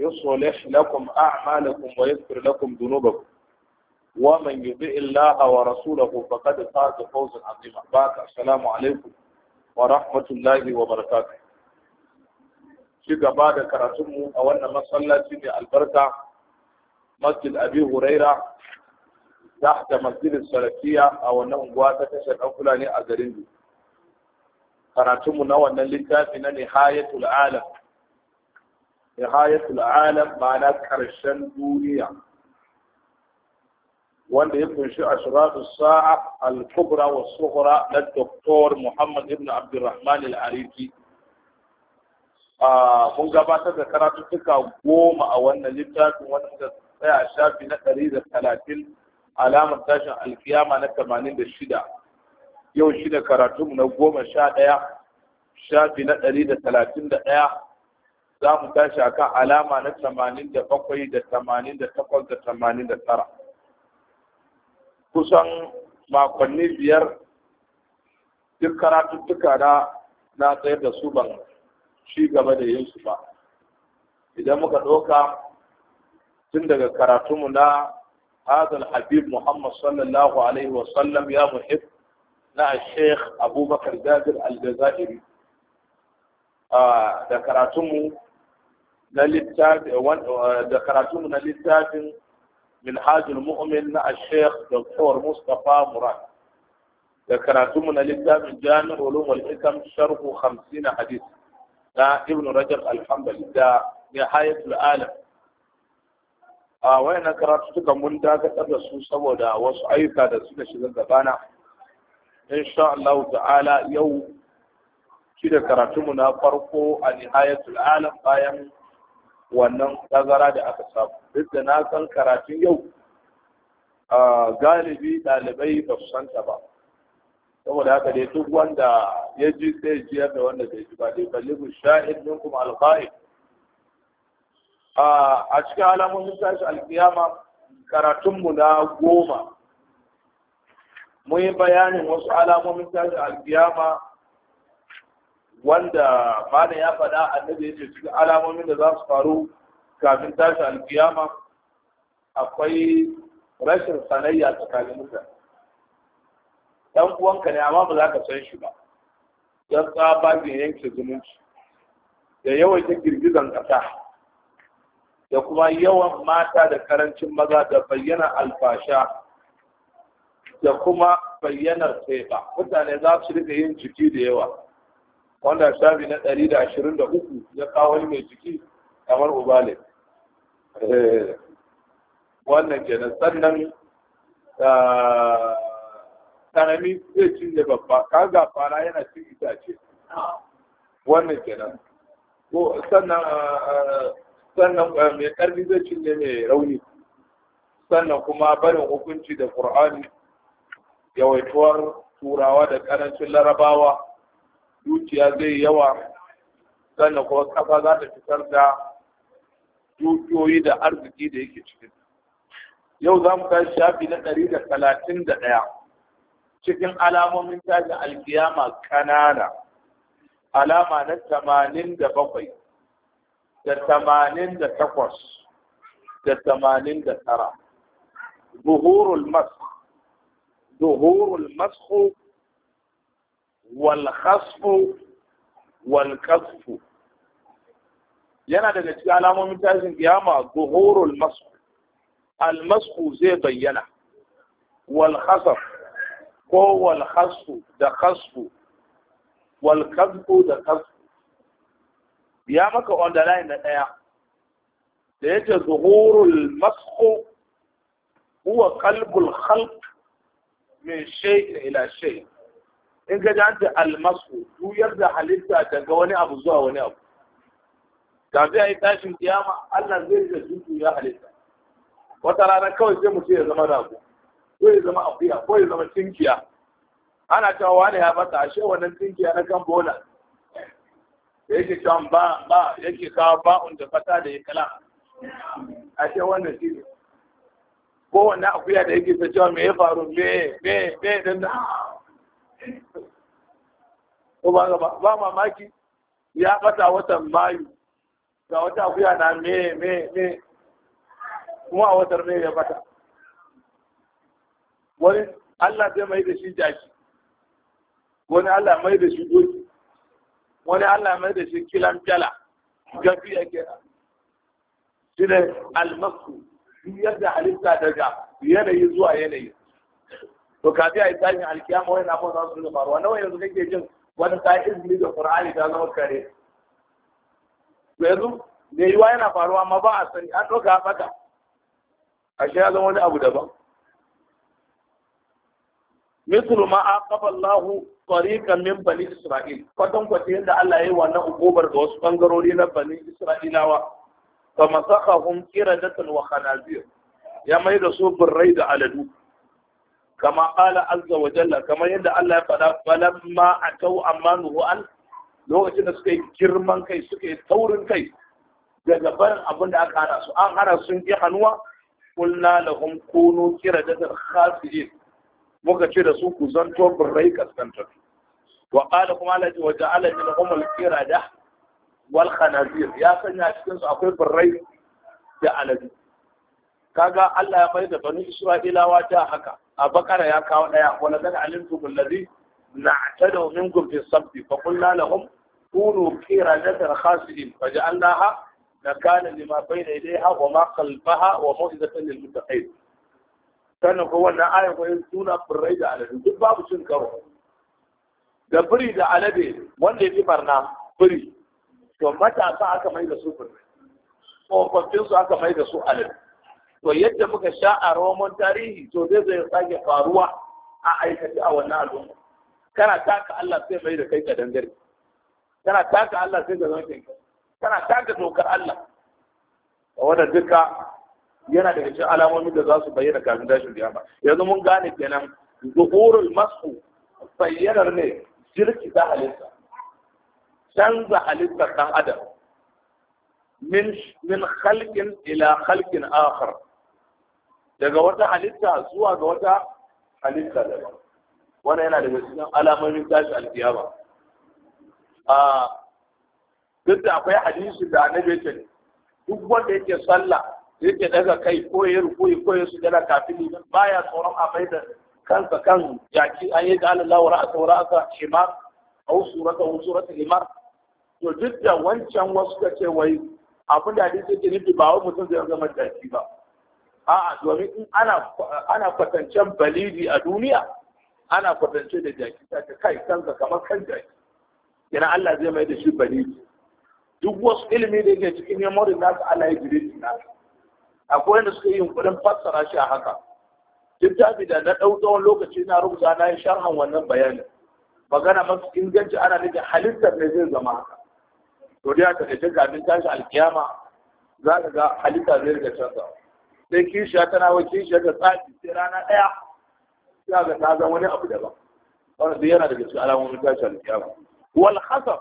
يصلح لكم أعمالكم ويغفر لكم ذنوبكم ومن يطع الله ورسوله فقد فاز فوزا عظيما بعد السلام عليكم ورحمة الله وبركاته ci gaba da karatunmu a wannan masallaci mai albarka masjid abi huraira tahta masjidin salafiya a wannan unguwa ta fulani a garin karatunmu na wannan littafi na nihayatul alam nihayatul alam ma'ana karshen duniya wanda ya kunshi ashratu sa'a al-kubra wa sughra na Dr. Muhammad ibn Abdurrahman al-Arifi mun gabatar da karatuttuka goma a wannan littafin wanda muka tsaya a shafi na ɗari da talatin alamar tashin alkiyama na tamanin da shida yau shida karatunmu na goma sha ɗaya shafi na ɗari da talatin da ɗaya za mu tashi akan alama na tamanin da bakwai da tamanin da takwas da tamanin da tara kusan makonni biyar duk karatuttuka na na tsayar da su ban shi gaba da yin su ba idan muka ɗauka tun daga karatunmu na hazal habib muhammad sallallahu alaihi wasallam ya muhib na sheikh abubakar jazir al-jazairi ah, da karatunmu na littafi da karatu na littafin min hajjul mu'min na ashekh doktor mustapha murad da karatu na littafin jami'ul ulum wal hikam sharhu 50 hadith na ibn rajab alhamdulillah da nihayatul alam a wayannan karatu suka mun dakatar da su saboda wasu ayyuka da suka shiga gabana insha Allah ta'ala yau shi da karatunmu na farko a nihayatul alam bayan wannan tazara da aka samu duk da na san karatun yau galibi ɗalibai ba su san ta ba saboda haka dai duk wanda ya ji sai jiyar da wanda zai ji ba dai ballibu sha'id kuma alqa'id a cikin alamomin tashi alkiyama karatunmu na goma mun yi bayanin wasu alamomin tashi alkiyama wanda malam ya faɗa annabi ya ce cikin alamomin da za su faru kafin tashi alkiyama akwai rashin sanayya tsakanin mutane ɗan uwanka ne amma ba za ka san shi ba don tsabagen yanke zumunci da ta girgizan ƙasa da kuma yawan mata da karancin maza da bayyana alfasha da kuma bayyanar tseba mutane za su rika yin jiki da yawa wanda shafi na ɗari da ashirin da uku ya kawo mai jiki kamar ubalin eh, wannan nan sannan karami ah, zai cinye babba kaga fara yana cin itace wannan kenan ko sannan ah, sannan ah, mai karfi zai cinye mai rauni sannan kuma barin hukunci da ƙur'ani, yawaituwar turawa da ƙarancin larabawa dukiya zai yawa sannan kuma kafa za ta fitar da dukiyoyi da arziki da yake cikin yau za mu kai shafi na ɗari da talatin da ɗaya cikin alamomin tashin alkiyama ƙanana alama na tamanin da bakwai da tamanin da takwas da tamanin da tara zuhurul masu zuhurul masu wal khasfu yana daga cikin alamomin tashin kiyama zuhurul masu almasu zai bayyana wal ko wal da khasfu wal da kasfu ya maka on the line na ɗaya da ce zuhurul masu huwa kalbul halk mai shay'in ila shay'in in ka ji an ta almasu juyar da halitta daga wani abu zuwa wani abu kafin a yi tashin kiyama Allah zai da juju ya halitta wata rana kawai sai mutum ya zama rago ko ya zama akuya ko ya zama tinkiya ana cewa wani ya bata ashe wannan tinkiya na kan bola da yake cewa ba ba yake kawo ba'un da fata da ya kala ashe wannan shi ne ko wani akuya da yake ta cewa me ya faru me me me dan na ba ba mamaki ya bata watan mayu ga wata kuya na me me me kuma a watar ne ya bata wani Allah zai mai da shi jaki wani Allah mai da shi doki wani Allah mai da shi kilan kyala gafi ya kira shi ne almasu yadda halitta daga yanayi zuwa yanayi to kafi a isa'in alkiyama wani abubuwan za su rika faruwa nawa yanzu kake jin wani ta izini da qur'ani ta zama kare to yanzu da yiwa yana faruwa amma ba a sani an ɗauka a ɓata ashe ya zama wani abu daban mislu ma aqaba Allah tariqan min bani Isra'il kwatan kwace yadda Allah yayi wannan ukubar ga wasu bangarori na bani Isra'ilawa fa masakahum qiradatan wa khanazir ya mai da su birrai da aladu kama qala azza wa jalla kamar yadda Allah ya faɗa falamma atau amma nuhu an lokacin da suka yi girman kai suka yi taurin kai daga barin abin da aka hana su an hana sun ki hannuwa muka ce da su ku zanto birrai kaskantar wa kuma la wa ja'ala minhum al-qirada wal khanazir ya sanya cikinsu akwai birrai da aladu kaga Allah ya mai da bani Isra'ilawa ta haka a bakara ya kawo daya wala zan alimtu bil ladhi na'tadu minkum fi sabti fa qulna lahum kunu qiradatan khasiin faja'alnaha nakana lima bayna ilayha wa ma khalfaha wa mawidatan lil muttaqin sannan ko wannan ayan ko suna furrai da alade duk babu cin karo da biri da alade wanda ya fi barna biri to matasa aka mai da su furrai tsofaffin su aka mai da su alade to yadda muka sha a roman tarihi to zai zai sake faruwa a aikace a wannan al'umma kana taka Allah sai mai da kai ka dangare kana taka Allah sai ka zama kai kana taka dokar Allah wanda duka yana daga cikin alamomin da za su bayyana kafin tashin kiyama yanzu mun gane kenan zuhurul masu bayyanar ne jirki da halitta canza halittar dan adam min min khalqin ila khalqin akhar daga wata halitta zuwa ga wata halitta da wani yana daga cikin alamomin tashi alkiyama a duk da akwai hadisi da annabi ce duk wanda yake sallah yake daga kai ko ya rukuyi ko ya sujada kafin liman baya tsoron abai da kansa kan yaki an yi ga Allah wa ra'asa wa ra'asa himar, au surata au surata himar to duk da wancan wasu ka ce wai abin da hadisi ke nufi ba wai mutum zai zama jaki ba a'a domin in ana ana kwatancen balidi a duniya ana kwatance da jaki ta kai kanka kamar kan jaki yana Allah zai mai da shi balidi duk wasu ilimi da yake cikin yamurin nasu Allah ya jire nasu akwai wanda suka yi yunkurin fassara shi a haka littafi da na ɗau tsawon lokaci na rubuta na yi sharhan wannan bayanin magana masu inganci ana nufin halittar ne zai zama haka to dai a takaice kafin tashi alkiyama za ka ga halitta zai daga canzawa sai kishiya tana wa kishiya ga sati sai rana ɗaya sai ga ta zan wani abu daban wannan duk yana daga cikin alamomin tashi alkiyama wal khasaf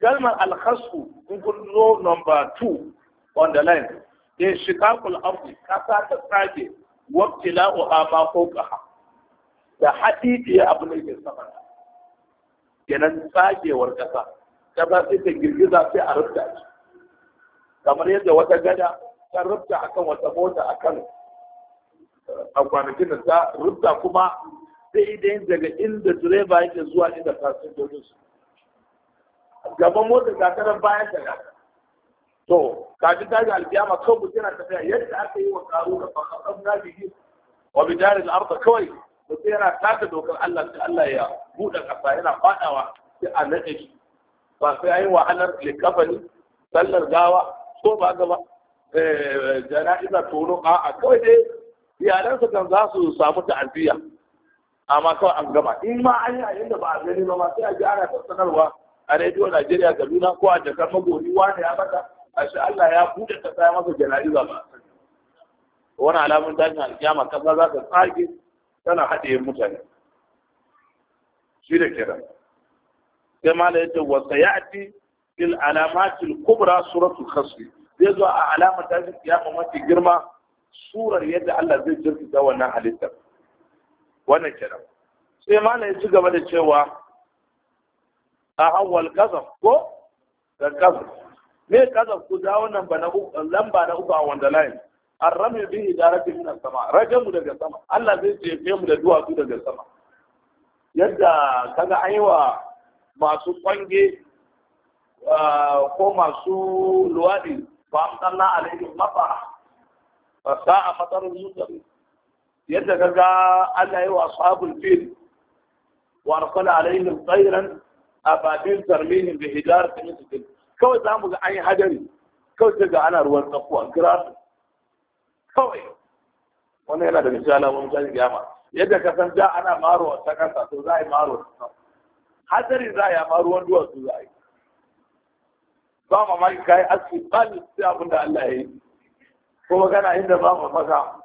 kalmar al khasfu in kun zo number 2 on the line in eh, shikakul ardi kasa ta tsage wabtila'uha ma fawqaha da hadidiya abu ne ke sama kenan tsagewar kasa kasa sai ta girgiza sai a rufta kamar yadda wata gada ta rubuta akan wata mota akan a kwanakin da ta rubuta kuma sai idan daga inda direba yake zuwa inda fasinjojin su gaban ga gatarar bayan ta gata to kafin ta ga alfiyama kan mutum yana tafiya yadda aka yi wa karu da fasakan nabihi wa bidarin arda kawai mutum yana taka dokar Allah sai Allah ya buɗe ƙasa yana faɗawa sai a naɗe shi ba sai yi wahalar likafani sallar gawa ko ba gaba Eh, jana'izar tono a kawai dai iyalansa kan za su samu ta'aziyya amma kawai an gama in ma an yi a inda ba a gani ba ma sai a ji ana sanarwa a rediyo Najeriya nuna, ko a jakar magori wani ya mata a shi Allah ya buɗe ta tsaya masa jana'iza ba wani alamun tashin alkiyama kasa za ta tsage tana haɗe mutane shi da kira sai ma da yake wasa ya'ti fil alamatil kubra suratul khasfi zai zo a shi ya kiyama mafi girma surar yadda Allah zai jirkita wannan halittar wannan kenan sai mana ya ci gaba da cewa a hawal kasaf ko da kasaf me kasaf ku dawo wannan ba na uku lamba na uku a wanda layin an rame bihi da rafi min sama rage mu daga sama Allah zai jefe mu da duwatsu daga sama yadda kaga aiwa masu kwange ah, ko masu luwaɗi. فأرسلنا عليهم مطرا فساء مطر المنذر يدك جاء الله وأصحاب الفيل وأرسل عليهم طيرا أبادل ترميهم بهجارة من سجن كو أي حجري كو تجا أنا روان قفوة كرار كو ونحن هنا دمي سالة ومشاهد جامعة يدك جاء أنا مارو أتكاسا سوزاي مارو حجري زاي مارو وندوا سوزاي ba ma ka yi aski ni sai abin da Allah ya yi kuma magana inda ba maka.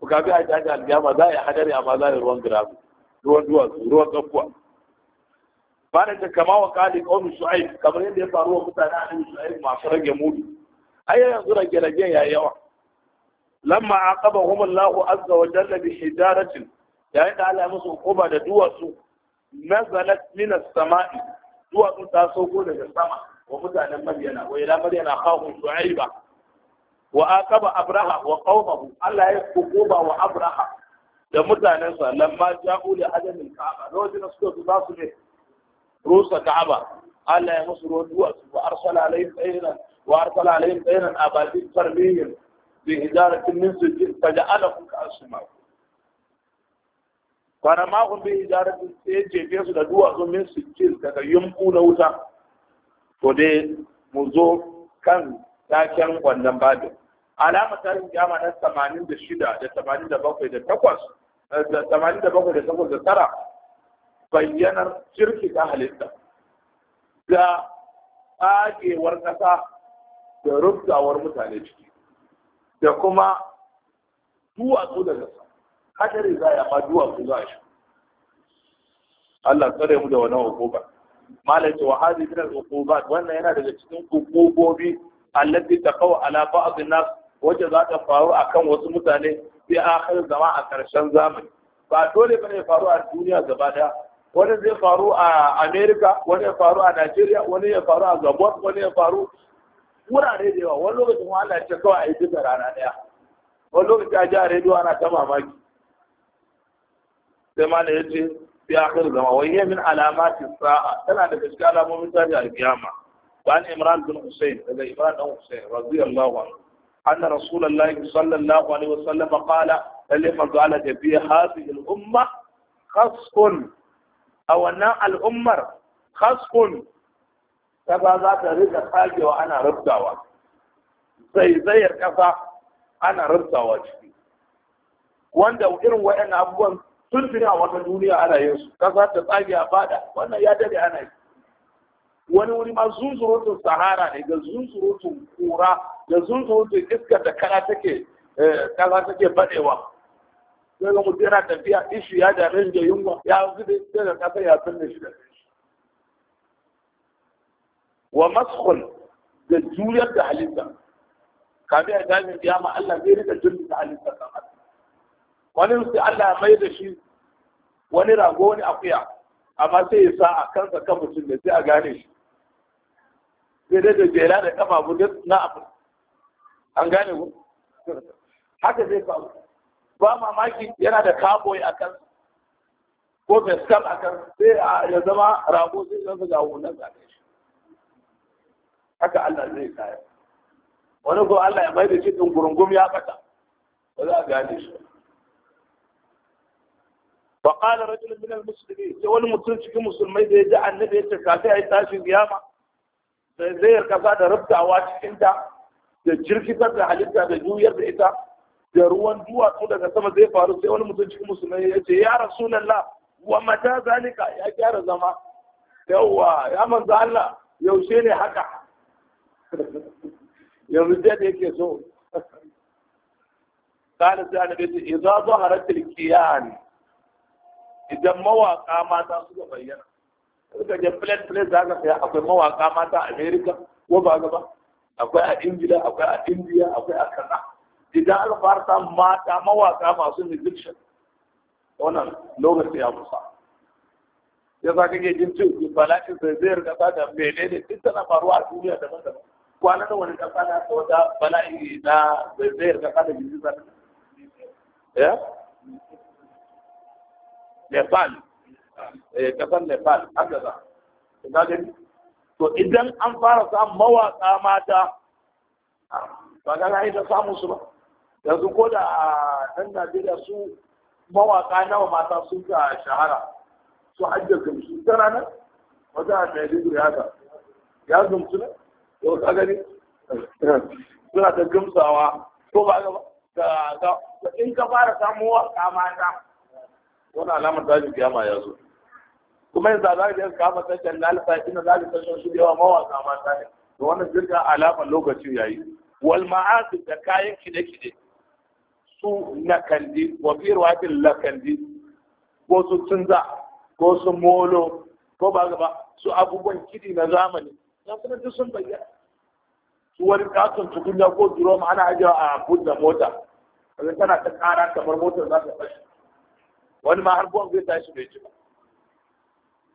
ku bi a jaji alƙiyama za a yi hadari amma za a yi ruwan giramu ruwan duwatsu ruwan kafuwa ba da kama wa kalin omi su'ai kamar yadda ya faru wa mutane a nan su'ai masu rage mudu ai yanzu rage-rage ya yawa lamma a hum Allah azza wa jalla bi hijaratin yayin da Allah ya musu hukuma da duwatsu nazalat minas samai duwatsun ta sauko daga sama wa mutanen maryana wa ila maryana khawfun shu'aiba wa aka ba abraha wa qaumahu Allah ya ba wa abraha da mutanensa, lamma ja'u li adamin ka'aba lokacin da suka zo za su ne rusa ka'aba Allah ya musu ruwan duwatsu wa arsala alayhim tayran wa arsala alayhim tayran ababil tarmihim bi hijaratin min sijil faja'alahum ka'asma kwana makon bai idara sai ya jefe su da duwatsu min sittin daga yumku na wuta to dai mu zo kan taken wannan babin alama ta rin jama na 86 da 87 da 8 da 87 da 8 eh, da 9 bayyanar shirki ta halitta da tsagewar kasa da rubtawar mutane ciki da kuma duwatsu da ƙasa hadari za a yi duwatsu za a shi Allah tsare mu da wannan hukuma malai ce wa hadi min al-uqubat wannan yana daga cikin hukumobi allati taqaw ala ba'd an-nas Wace za ta faru akan wasu mutane sai akhir zama a karshen zamani ba dole bane ya faru a duniya gaba daya wani zai faru a America wani ya faru a Nigeria wani ya faru a Gabon wani ya faru wurare da yawa wani lokacin Allah ya ce kawai a yi duka rana daya wani lokacin a ji a rediyo ana ta mamaki sai ma da yace fi akhir gama wa hiya min alamati sa'a tana daga cikin alamomin tashi alkiyama bani imran bin husayn daga imran dan husayn radiyallahu anhu anna rasulullahi sallallahu alaihi wasallam qala lalle manzo Allah ta fi hadhihi al-umma khasqun aw anna al-ummar khasqun ta ba za ta rika tsagewa ana rubdawa zaizayar kasa ana rubdawa ciki wanda irin waɗannan abubuwan tun fi a wata duniya ana yin su kasa ta tsage a fada wannan ya dade ana yi wani wuri ma zunzurutun sahara ne da zunzurutun kura da zunzurutun iskar da kala take eh, kala take badewa sai ga mutum yana tafiya ishi ya dame da yunwa ya zube sai da kasa ya binne shi da wa maskul da juriyar da halitta kafin ya dame Allah zai rika jirgin da halitta kamar wani sai Allah mai da shi wani rago wani akuya amma sai ya sa a kansa kan mutum da sai a gane shi sai dai da jela da kafa gudu na abu an gane ku haka zai faru ba mamaki yana da kaboy a kan ko feskal a kan sai ya zama rago sai zama ga wannan zane shi haka Allah zai kaya wani ko Allah ya mai da shi ɗin gurungum ya ɓata, ba za a gane shi fa qala rajul min al muslimin sai wani mutum cikin musulmai da ya ji annabi ya ce kafi ai tashin kiyama sai zai yarka sa da rubtawa cikin ta da jirkitar da halitta da juyar da ita da ruwan duwatsu daga sama zai faru sai wani mutum cikin musulmai ya ce ya rasulullah wa mata zalika ya gyara zama yawwa ya manzo Allah yaushe ne haka yanzu da yake so قال سعد بن إذا ظهرت الكيان idan mawaka mata suka bayyana suka je plate plate zaka ka akwai mawaka mata a america ko ba gaba akwai a ingila akwai a india akwai a kaza idan aka fara mata mawaka masu musician wannan lokaci ya kusa ya za ka ke jin cewa bala'in sai zai rika ta da ne, duk tana faruwa a duniya daban-daban kwana da wani kasa na ta wata bala'i na zai rika sa da jirgin ya eh? nepal eh, kasar nepal haka za ka gani to idan an fara samun mawaƙa mata ba ga ga da samun su ba yanzu ko da a ɗan najeriya su mawaƙa nawa mata sun ka shahara su hajjar gamsu ta ranar wata a mai dubu ya ga ya gamsu ne yau ka gani suna ta gamsawa ko ba ga ba in ka fara samun mawaƙa mata wani alamar tashin kiyama ya zo kuma yanzu za ka je ka kama tashin lalata ina za ka shi da yawa mawaka mata ne da wannan jirga alamar lokaci ya yi? wal ma'asi da kayan kide-kide su na kandi wa fiye ruwatin la kandi ko su tunza ko su molo ko ba gaba su abubuwan kidi na zamani ya kuma duk sun bayyana su wani katon tukunya ko duro ma ana ajiyar a budda mota kaga tana ta kara kamar motar za ta fashe wani ma har buwan zai tashi bai ci ba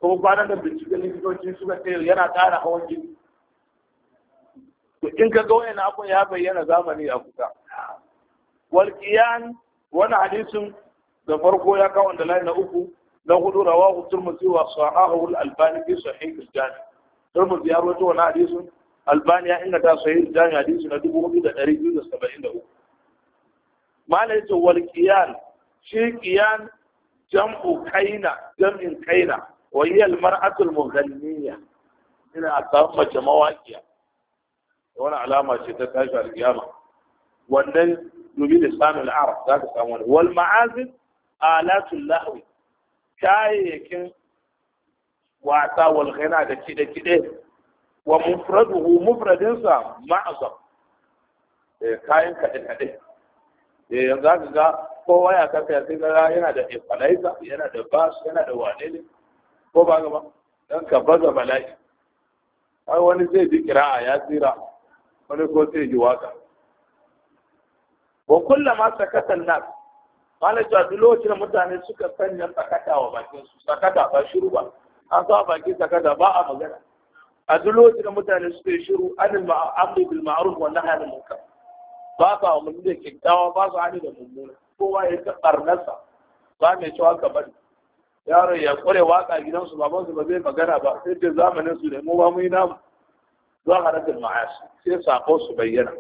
ko kwanan da binciken likitoci suka ce yana ƙara hawan jini in ka ga wani abun ya bayyana zamani a kusa walƙiyan wani hadisin da farko ya kawo da na uku na hudu rawahu turmuzi wa sahahu al-albani fi sahih al-jami turmuzi ya rawaito wani hadisin albani ya inganta sahih al-jami hadisi na 4273 malai ce wal qiyan shi qiyan جمع كينا جمع كينا وهي المرأة المغنية هنا أتهم جمواكيا وانا علامة شتاة أجل القيامة والنل نبيل إسلام العرب ذاك سامون والمعازف آلات اللهو كايك وعطا والغناء كده كده ومفرده مفرد إنسا معظم إيه، كاين كده كده إيه، ذاك kowa ya kafa ya sai gara yana da equalizer yana da bass yana da wane ne ko ba gaba dan ka baza bala'i ai wani zai ji kira'a ya tsira wani ko zai ji waka wa kullama sakata nas qala ja duk lokacin da mutane suka sanya sakata wa bakin su sakata ba shiru ba an sa baki sakata ba a magana a duk lokacin da mutane suka yi shiru anil ma'amri bil ma'ruf wa nahyi anil munkar ba sa umarni da kyakkyawa ba su hali da mummuna kowa ya ta barnasa ba mai cewa ka bari yaron ya kware waka gidansu babansu ba zai magana ba sai da zamanin su da mu ba mu yi namu ظهرت المعاصي sai sako su bayyana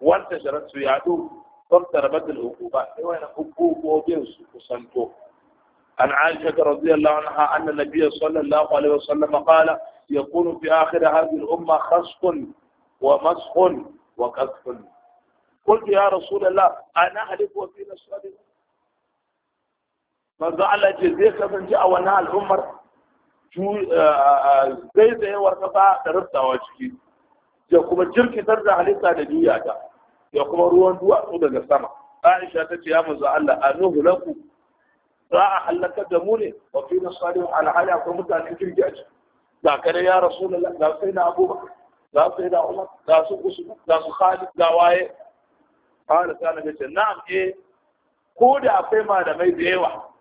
wanda sharar su yadu faktar badal hukuma ne wani hukumomin su kusanto an aisha ta radiyallahu anha anna nabiy sallallahu alaihi wasallam qala yakunu fi akhir hadhihi al-umma khasqun wa maskhun wa qasfun قلت يا رسول الله أنا أهلك وفينا الصالحون manzo Allah ce zai kasance a wani al'ummar zai zayewar kasa da rufsawa ciki ya kuma jirkitar da halitta da juya ta kuma ruwan duwatsu daga sama Aisha ta ce ya manzo Allah a nuhu laku za a halakar da mu ne wa fi na salihu alhali akwai mutane jirgi a ciki ga kare ya rasulullah ga sai na abubakar ga sai na umar ga su usman ga su khalid ga waye ƙara sa'ala ya ce na'am eh ko da akwai malamai da yawa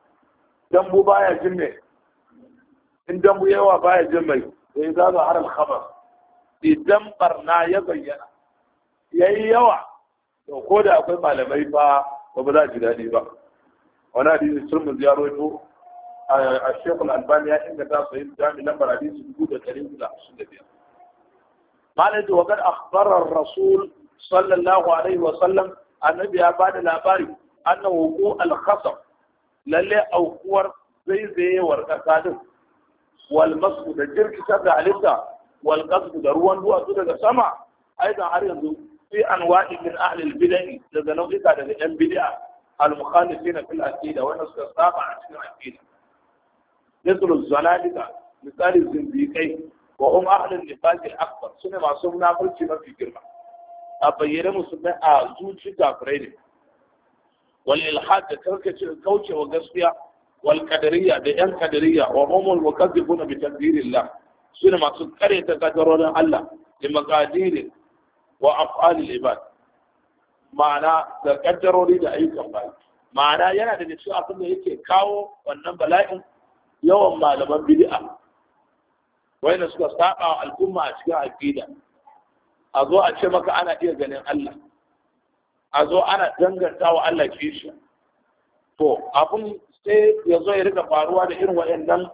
dambu baya jin mai in dambu yawa baya jin mai sai za zo har alkhabar idan barna ya bayyana yayi yawa to ko da akwai malamai ba ba ba za ji daɗi ba wani hadisi sun mu ziyaro to a shekul albani ya inda ta yin jami lambar hadisi dubu da ɗari da hamsin da biyar malai da wakar akhbarar rasul sallallahu alaihi wa sallam annabi ya bada labari anna wuku al-khasar lalle aukuwar zaizayewar kasa din wal masu da jirkitar da halitta wal da ruwan duwatsu daga sama aidan har yanzu fi anwa'i min ahli al daga nau'ika daga yan bid'a al-mukhalifina fil aqida wa nasu saba a cikin aqida yadru Zalalika, misali zindiqai wa hum ahli al akbar sunne masu munafurci mafi girma a bayyane musulmi a zuci kafirai ne wal ilhad da karkace kaukewa gaskiya wal qadariyya da yan qadariyya wa humul mukazzibuna bi taqdirillah Suna masu kare ta kadarorin Allah li maqadiri wa af'alil ibad ma'ana da kaddarori da ayyukan bayi ma'ana yana da cikin abin da yake kawo wannan bala'in yawan malaman bid'a wanda suka saba al'umma a cikin aqida a zo a ce maka ana iya ganin Allah a zo ana danganta wa Allah kishi to abun sai ya zo ya rika faruwa da irin waɗannan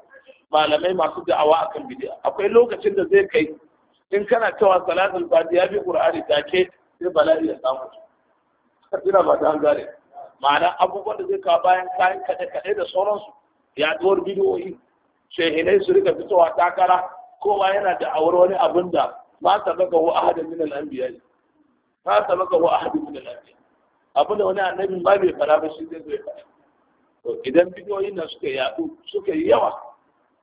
malamai masu da'awa akan bidiya akwai lokacin da zai kai in kana cewa salatul fatiha bi qur'ani ke? sai bala'i ya samu ina ba ta gare ma'ana abubuwan da zai kawo bayan kayan kaɗe-kaɗe da sauransu yaduwar bidiyoyi shehinai su rika fitowa takara kowa yana da awar wani abin da ma sabaqahu ahadun min al-anbiya ma sabaqahu ahadun min al-anbiya abu da wani annabi ba bai fara ba shi zai zo ya fara to idan bidiyoyin nan suka yaɗu suka yi yawa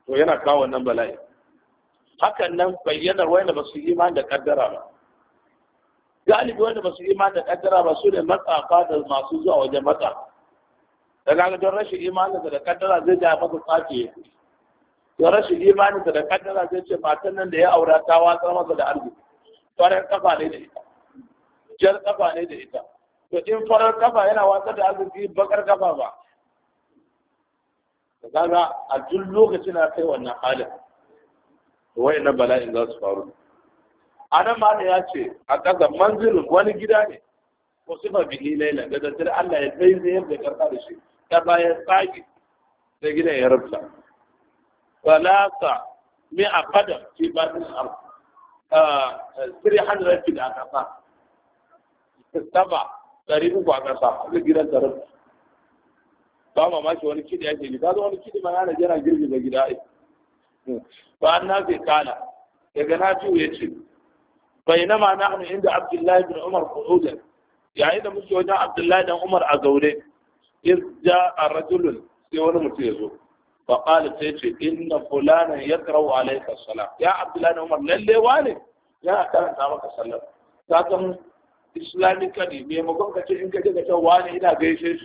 to yana kawo wannan bala'i hakan nan bayyanar wanda ba su yi iman da kaddara ba galibi wanda ba su yi iman da kaddara ba su ne matsafa da masu zuwa wajen matsa da kaga don rashin imanin da kaddara zai ja maka tsafi ya da rashin imani da kaddara zai ce matan nan da ya aura ta watsar masa da arziki farar kafa ne da ita jar kafa ne da ita to in farar kafa yana watsar da arziki bakar kafa ba da kaga a duk lokacin na kai wannan halin wai na bala'in za su faru a ma ne ya ce a ƙasa manzilin wani gida ne ko sifa bihi laila da daddare Allah ya tsaye zai yadda karɓa da shi ta bayan tsaki sai gidan ya rubuta salasa mai a kadar fi batin arz siri hannun fi da ƙasa. saba ɗari uku a ƙasa, a gidan tsarin ba mamaki wani kiɗi ake yi ka zo wani kiɗi ma yana jira girgiza gida ai ba an nafi kala daga na nafi'u ya ce bainama nahnu inda abdullahi bin umar qu'udan yayin da muke wajen abdullahi dan umar a zaure iz ja'a rajulun sai wani mutum ya zo فقال سيتي إن فلانا يقرأ عليك الصلاة يا عبد الله بن عمر للي والي يا كان تامك الصلاة كاكم إسلامي كدي ميمكم كتير إنك جدك واني إلى جيشش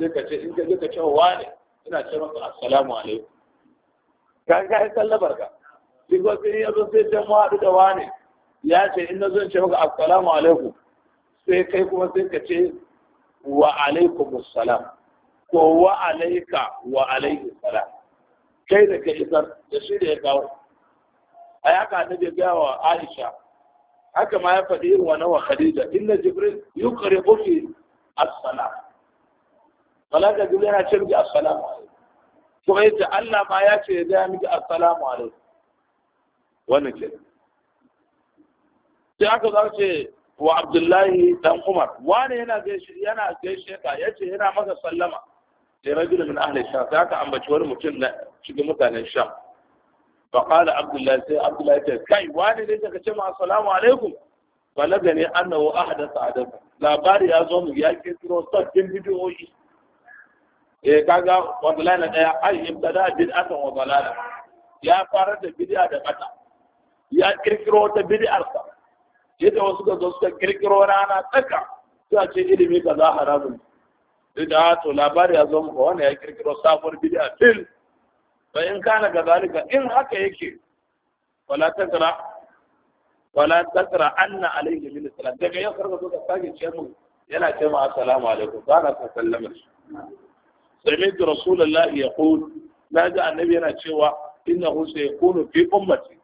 كتير إنك جدك واني ina ce maka assalamu alaikum kan ka san labarka duk wasu in sai ce mu haɗu da wani ya ce in nazo ce maka assalamu alaikum sai kai kuma sai ka wa alaikum assalam ko wa alaika wa alaihi salam kai da kai isar da shi da ya kawo a yaka annabi ga wa Aisha haka ma ya faɗi irin wannan wa Khadija inna jibril yuqribu fi as-salam malaka jibril yana ce miki assalamu alaikum kuma yace Allah ma ya ce ya miki assalamu alaikum wannan ke sai aka za ce wa Abdullahi dan Umar wani yana gaishe yana gaishe ka yace yana maka sallama sai rajul min ahli sham sai aka ambaci wani mutum na cikin mutanen sha. fa qala Abdullahi sai Abdullahi ta ce kai wani ne daga cewa assalamu alaikum gani balagani annahu ahdatha adab labari ya zo mu ya ke tiro sabbin bidiyoyi eh kaga wallahi na daya ai ibtada bid'atan wa dalala ya fara da bid'a da bata ya kirkiro ta bid'ar sa yadda wasu ga zo suka kirkiro rana tsaka suka ce ilimi ka zahara zuwa bid'a to labari ya zo muka wani ya kirkiro sabuwar bid'a fil Ba in kana gazalika in haka yake wala takra wala takra anna alayhi min salam daga yau karka zo ka sake ce mu yana ce mu assalamu alaikum ba na ka sallama shi sami da rasulullahi ya qul na ji annabi yana cewa innahu ku fi ummati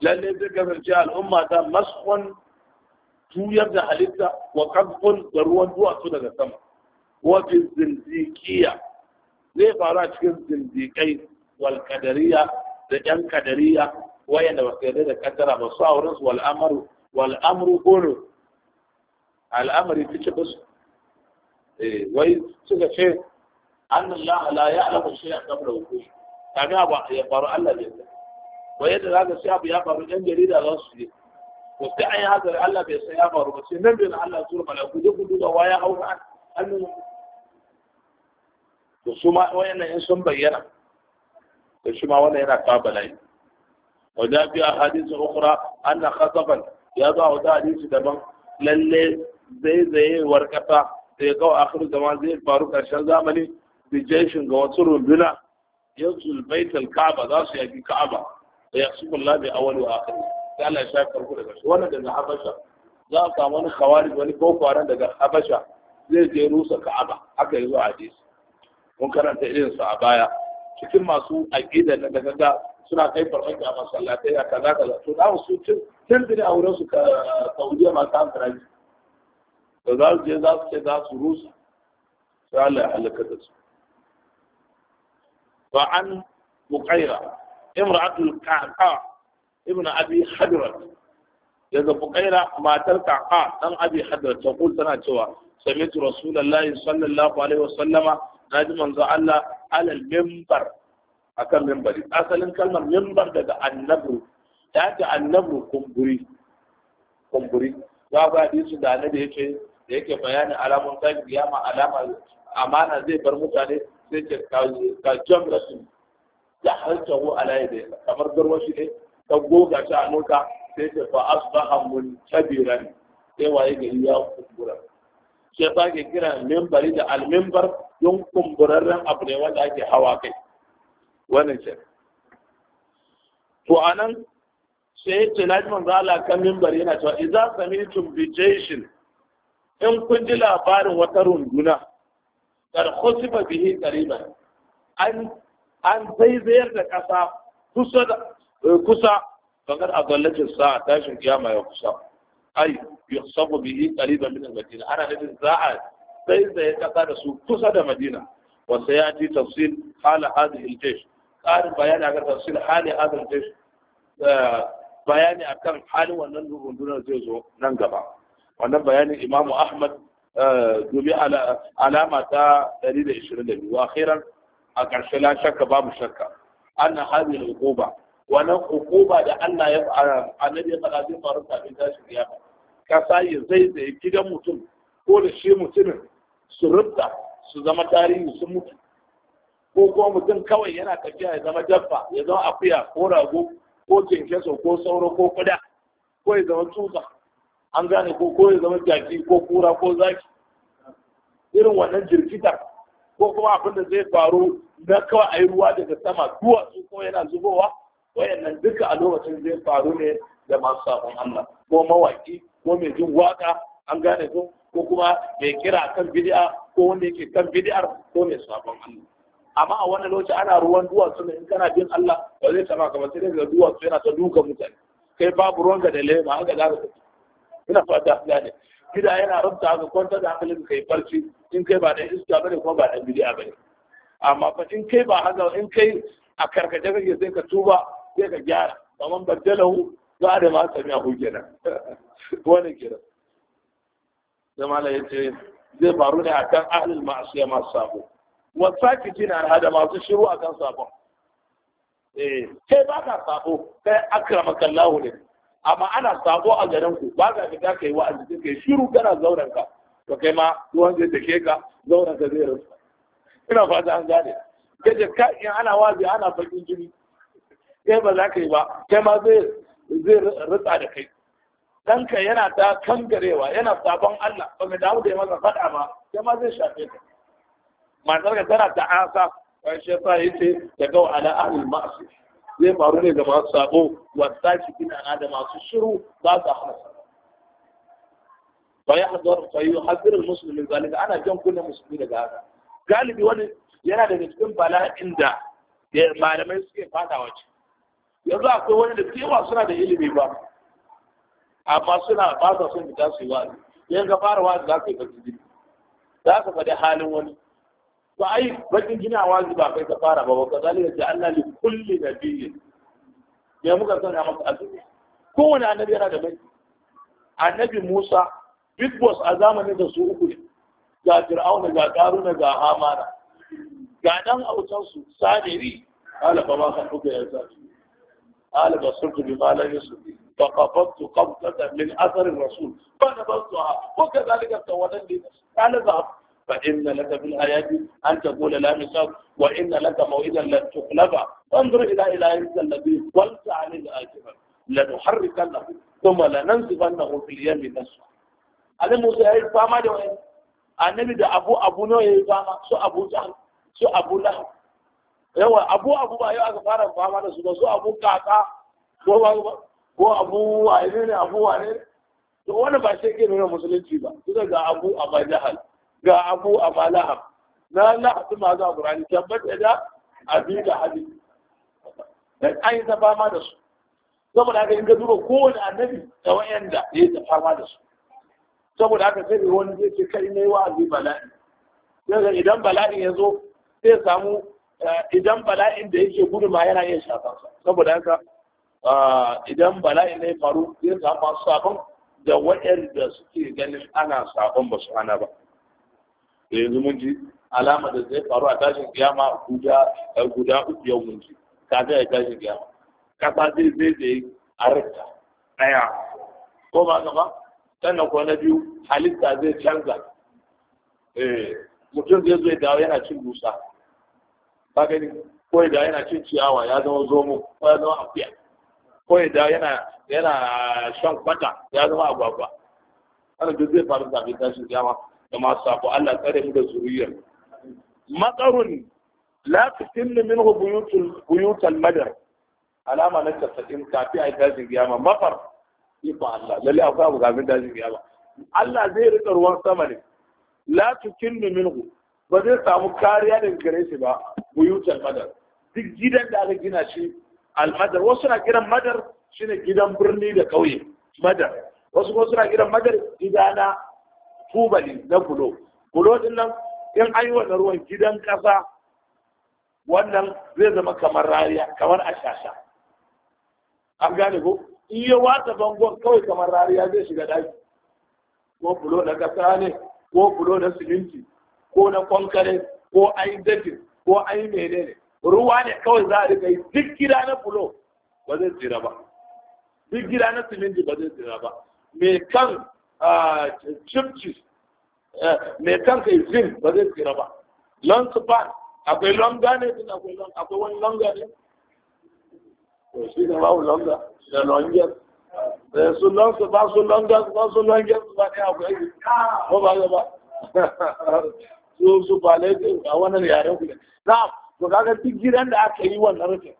lalle zai kasance al'umma ta kwan tuyar da halitta wa qabqun da ruwan duwatsu daga sama wa bi zai faru a cikin zindikai wal kadariya da yan qadariyya wayanda ba su da kaddara ba su auren su wal amru wal amru qulu al amri take bas eh wai suka ce annallaha la a kan qabla wuqu'i kaga abu ya faru Allah ne wai yadda ka sai abu ya faru yan jarida za su yi ko sai an yi hazari Allah bai sai ya faru ba sai nan na Allah zuwa malaku je ku duba waya an nan to su ma wayannan in sun bayyana to shi ma wannan yana kawo bala'i wa da bi ahadithu ukhra anna khataban ya za a hadisi daban lalle zaizayewar kasa da ya kawo akhir zaman zai faru karshen zamani bi jeshin ga wasu rubuna yanzu baitul ka'aba za su yaki ka'aba da yasubullah bi awwal wa akhir sai Allah ya shafi farko daga shi wannan daga habasha za a samu wani khawarij wani ko daga habasha zai je rusa ka'aba haka yazo a hadisi mun karanta irin a baya cikin masu aqida da daga suna kai farmaki a masallatai a kaza kaza to da su tun tun da auren su ka saudiya ma ta amfani da za su je za su ce za su rusa sai Allah halaka da su wa an buqaira imra'atul qaqa ibn abi hadrat daga buqaira matar qaqa dan abi hadrat ta kul tana cewa sami'tu rasulullahi sallallahu alaihi wasallama na manzo Allah alal mimbar akan mimbari asalin kalmar mimbar daga annabu ta ce annabu kumburi kumburi za ku su da annabi yake da yake bayanin alamun zai kiyama alama amana zai bar mutane sai ce ka jamra su da go ala da kamar garwashi ne ka goga shi a nuka sai ce fa asbaha muntabiran sai waye gari ya kumbura ke ba ke kira membari da almimbar don kumburarren abu ne wanda ake hawa kai wannan ce to anan sai ya ce lafi manzo Allah kan membari yana cewa idza sami'tum bi jayshin in kun ji labarin wata runduna kar khusiba bihi qariban an an zaizayar da kasa kusa kusa bangar a tashin kiyama ya kusa ai yusabu bihi qariban min al-madina ana nufin za a sai sai kasa da su kusa da madina wa sayati tafsil hala hadhihi al-jaysh qarin bayani akan tafsil hali hadhihi al-jaysh bayani akan halin wannan rundunar zai zo nan gaba wannan bayanin Imam ahmad domin alama ta 122 wa akhiran a ƙarshe la shakka babu shakka anna hadhihi al-uquba wannan hukuma da Allah ya fara annabi ya fara zai faru kafin tashin kiyama kasa ya zai zai gidan mutum ko da shi mutumin su rubta su zama tarihi sun mutu ko kuma mutum kawai yana tafiya ya zama dabba ya zama akuya ko rago ko cinkeso ko sauro ko kuda ko ya zama tsutsa an gane ko ko ya zama jaki ko kura ko zaki irin wannan jirkitar ko kuma abin da zai faru na kawai a yi ruwa daga sama duwatsu ko yana zubowa wayannan duka a lokacin zai faru ne da masu sabon Allah ko mawaki ko mai jin waka an gane su ko kuma mai kira kan bid'a ko wanda yake kan bid'ar ko mai sabon Allah amma a wannan lokaci ana ruwan duwatsu ne in kana bin Allah ba zai sama kamar ba sai daga duwatsu yana ta duka mutane kai babu ruwan ga da lema haka za ka tafi ina fata gane gida yana rubuta ga kwanta da hankalin kai barci in kai ba da iska bane kuma ba da bid'a bane amma fa in kai ba haka in kai a karkace kake sai ka tuba sai ka gyara kamar baddalahu za da ma sami a ahu kenan wani kenan zama la ce zai faru ne a kan ma'asiya masu sabo wasaki jina hada masu shiru akan sabon eh, ke ba ka sabo kai akramaka Allah ne amma ana sabo a garin ku ba ka fita kai wa'azi kai shiru kana zauren ka to kai ma ruwan zai take ka zauren ka zai rasu ina fata an gane kaje ka in ana wazi ana fakin jini kai ba za ka yi ba kai ma zai zai ritsa da kai ɗanka yana ta kangarewa yana sabon Allah ba mai damu da ya masa faɗa ba kai ma zai shafe ka matar ka tana ta asa wani shi yasa yace ya ga ala ahlul ma'asi zai faru ne ga masu sabo wasa ki kina da masu shiru ba sa hana fa Bayan fa yuhadhir al musulmi, zalika ana jan kunnen musulmi daga haka galibi wani yana daga cikin bala'in da malamai suke fadawa ciki yanzu akwai wani da kewa suna da ilimi ba amma suna ba sa son da su yi wa'azi yan ga fara wa'azi za ka yi bakin jini za ka faɗi halin wani ba ai bakin jini a wa'azi ba kai ka fara ba ba ka zalika ji Allah li kulli nabiyyin ya muka sanya maka azumi kowane annabi yana da mai annabi Musa big boss a zamanin da su uku ne ga Fir'auna ga Karuna ga Hamana ga dan autansu su Sadiri ala ba ma kan ya Sadiri قال بصرت بما لا يصلي فقبضت قبضة من أثر الرسول فنبضتها وكذلك تولى نفسي قال ذهب فإن لك في الآيات أن تقول لا مساق وإن لك موئدا لن تخلفه انظر إلى إله الذي ولت عن الآجبة لنحركنه ثم لننصفنه في اليم نسوى أنا موسى يا فاما ده النبي ده أبو أبو نوية يا فاما سو أبو جهل سو أبو لهب yawa abu abu ba yau aka fara fama da su ba su abu kaka ko ba ko abu wane ne abu wane ne to wani ba shi ke nuna musulunci ba kusa ga abu a jahal ga abu a malahab na lahab ma za burani tabbat da abi da hadi dan an yi ta fama da su saboda haka in ka duba kowane annabi da wayanda ya ta fama da su saboda haka sai wani zai ce kai ne wa abi bala'i daga idan bala'in ya zo sai samu Eh, idan bala'in da yake gudu ma yana iya shafan saboda haka ah, idan bala'in ne faru zai samu sabon da waɗanda suke ganin ana sabon ba su hana ba yanzu mun ji alama da zai faru a tashin kiyama guda eh, guda uku yau mun ji kafin a tashin kiyama kasa zai zai zai a rikta ɗaya ko ba gaba sannan ko na biyu halitta zai canza eh, mutum zai zai dawo yana cin dusa ka gani ko da yana cin ciyawa ya zama zomo ko ya zama akuya ko da yana yana shan kwata ya zama agwagwa ana duk zai faru kafin shi kiyama da masu sako Allah tsare mu da zuriyar matsarun la tusillu minhu buyutul buyutul madar alama na tasa'in kafi a tashin kiyama mafar ifa Allah lalle akwai abu kafin tashin kiyama Allah zai rika ruwan sama ne la tusillu minhu ba zai samu kariya daga gare shi ba wutar madar duk gidan da aka gina shi almadar wasu na kiran madar shine gidan birni da ƙauye madar wasu kuma suna kiran madar gida na tubali na bulo bulo din nan in an yi wannan ruwan gidan ƙasa wannan zai zama kamar rariya kamar ashasha an gane ko in ya watsa bangon kawai kamar rariya zai shiga daki ko bulo na ƙasa ne ko bulo na siminti ko na kwankare ko yi dafin ko mere menene ruwa ne kawai za a riga yi duk gida na bulo ba zai tsira ba duk gida na siminti ba zai tsira ba mai kan chipchis mai kan kai zin ba zai tsira ba long span akwai longa ne din akwai long akwai wani long gane to shi ne babu longa da longest da su long ba su longest ba su longest ba ne akwai ko ba ba su ba laifin a wannan yaren ku na to kaga duk gidan da aka yi wannan rufin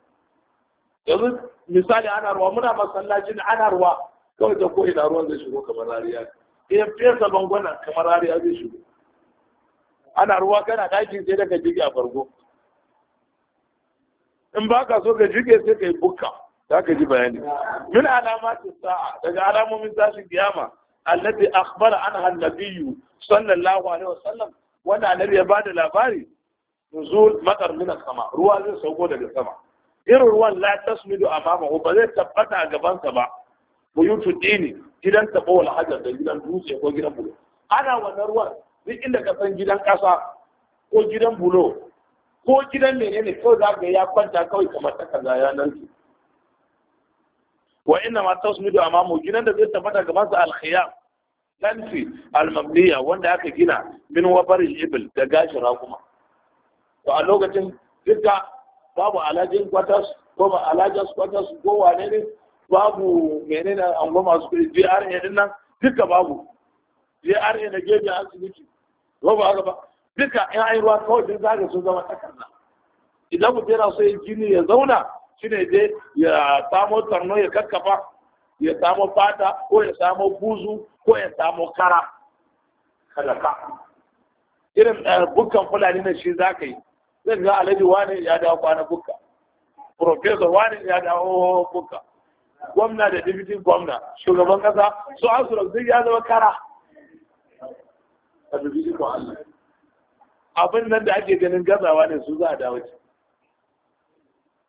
yanzu misali ana ruwa muna masallacin ana ruwa kawai da ko da ruwan zai shigo kamar rariya in eh, fesa bangona kamar rariya zai shigo ana ruwa kana ɗakin sai daga jirgi a farko in ba ka so ka jige sai ka yi bukka za ka ji bayani min alamati sa'a daga alamomin tashin kiyama allati akhbara anha an-nabiyyu sallallahu alaihi wasallam wanda annabi ya bada labari nuzul matar minas sama ruwa zai sauko daga sama irin ruwan la tasmidu amama ba zai tabbata a gabansa ba buyutu dini gidan tabo wal hajar da gidan dutse ko gidan bulo ana wannan ruwan duk inda ka san gidan kasa ko gidan bulo ko gidan menene kawai za ka ya kwanta kawai kamar ta kaza ya nan wa inna ma tasmidu amama gidan da zai tabbata gaban sa al khiyam kanti almamliya wanda aka gina min wabarin ibil da gashi raguma to a lokacin duka babu alajin kwatas ko ba alajin kwatas ko wane ne babu menene an goma su kuri jra din nan duka babu jra na gefe asibiti ko ba haka ba duka in ai ruwa kawai din zaga sun zama takarda idan mutum yana so ya gini ya zauna shine dai ya samo tarno ya kakkafa ya samu fata ko ya samu buzu ko ya samu kara ka irin eh, bukkan fulani na shi za ka yi zan ga alhaji wani ya dawo kwana bukka profesor wani ya dawo bukka gwamna da dibitin gwamna shugaban kasa su su duk ya zama kara a dibitin ko Allah abin nan da ake ganin gazawa ne su za a dawo ci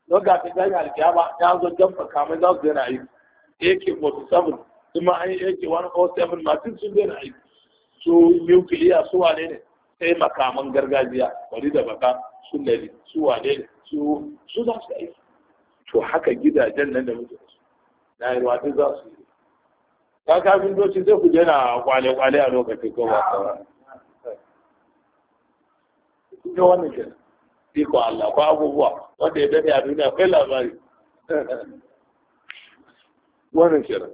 don ga ta gani alkiyama ya zo jamfa kamar za su yana aiki AK-47 kuma an yi AK-107 masu sun daina aiki su nukiliya su wane ne sai makaman gargajiya wani da baka su lari su wane ne su za su aiki to haka gidajen nan da muke na yi wata za su yi ta kafin doci zai ku daina kwale-kwale a lokacin ko wasa ne wannan kenan ko Allah ko abubuwa wanda ya dade a duniya kai labari wannan kenan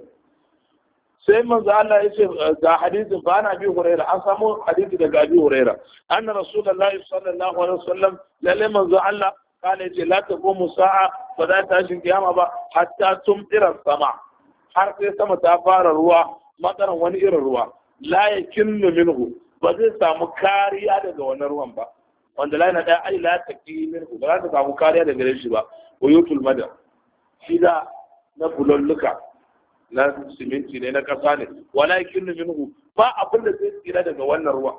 sai manzo Allah yace eh, ga hadisin ba na bi Huraira an samu hadisi daga Abi Huraira anna Rasulullahi sallallahu alaihi wasallam lalle manzo Allah kana yace la taqumu sa'a ba za ta shin kiyama ba hatta tumtira sama har sai sama ta fara ruwa madaran wani irin ruwa la yakinnu minhu ba zai samu kariya daga wannan ruwan ba wanda la na da ai la taqi minhu ba za ta samu kariya daga shi ba wayutul madar shi da na bulalluka. na siminti ne na kasa ne wala ne minhu ba abin da zai tsira daga wannan ruwa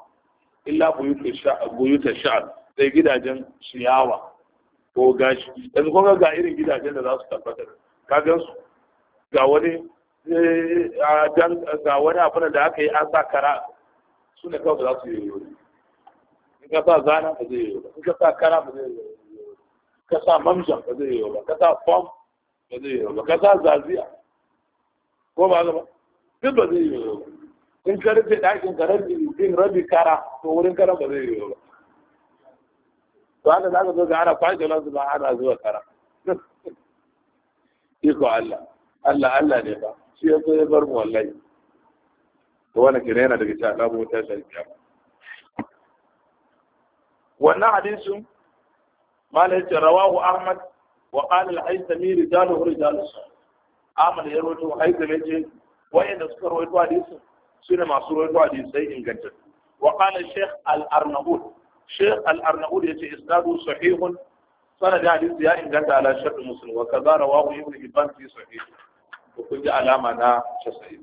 illa buyutar sha'ar sai gidajen ciyawa ko gashi yanzu kuma ga irin gidajen da za su tabbatar ka gan su ga wani eh, ga wani abin da aka yi an sa kara su ne kawai za su yi yoyo in ka sa zana ba zai yoyo in ka sa kara ba zai yoyo ka sa mamjan ba zai yoyo ka sa fam ba zai yoyo ka sa zaziya ko ba zama duk ba zai yi ba in ka rufe ɗakin ka rabi in rabi kara to wurin kara ba zai yi ba to haka za ka zo ga ana kwashe lansu ba ana zuwa kara iko Allah Allah Allah ne ba shi ya so ya bar mu wallahi to wani kira yana daga cikin alamu ta shari'a wannan hadisin malai ce rawahu ahmad wa qala al-haythami rijaluhu rijalus Ahmad ya rawaito Haizam yace wayanda suka rawaito hadisin sune masu rawaito hadisai ingantattu wa qala Sheikh Al-Arnaud Sheikh Al-Arnaud yace isnadu sahihun sanad hadis ya inganta ala shart Muslim wa kaza rawahu Ibn Hibban fi sahih ko kun ji alama na 90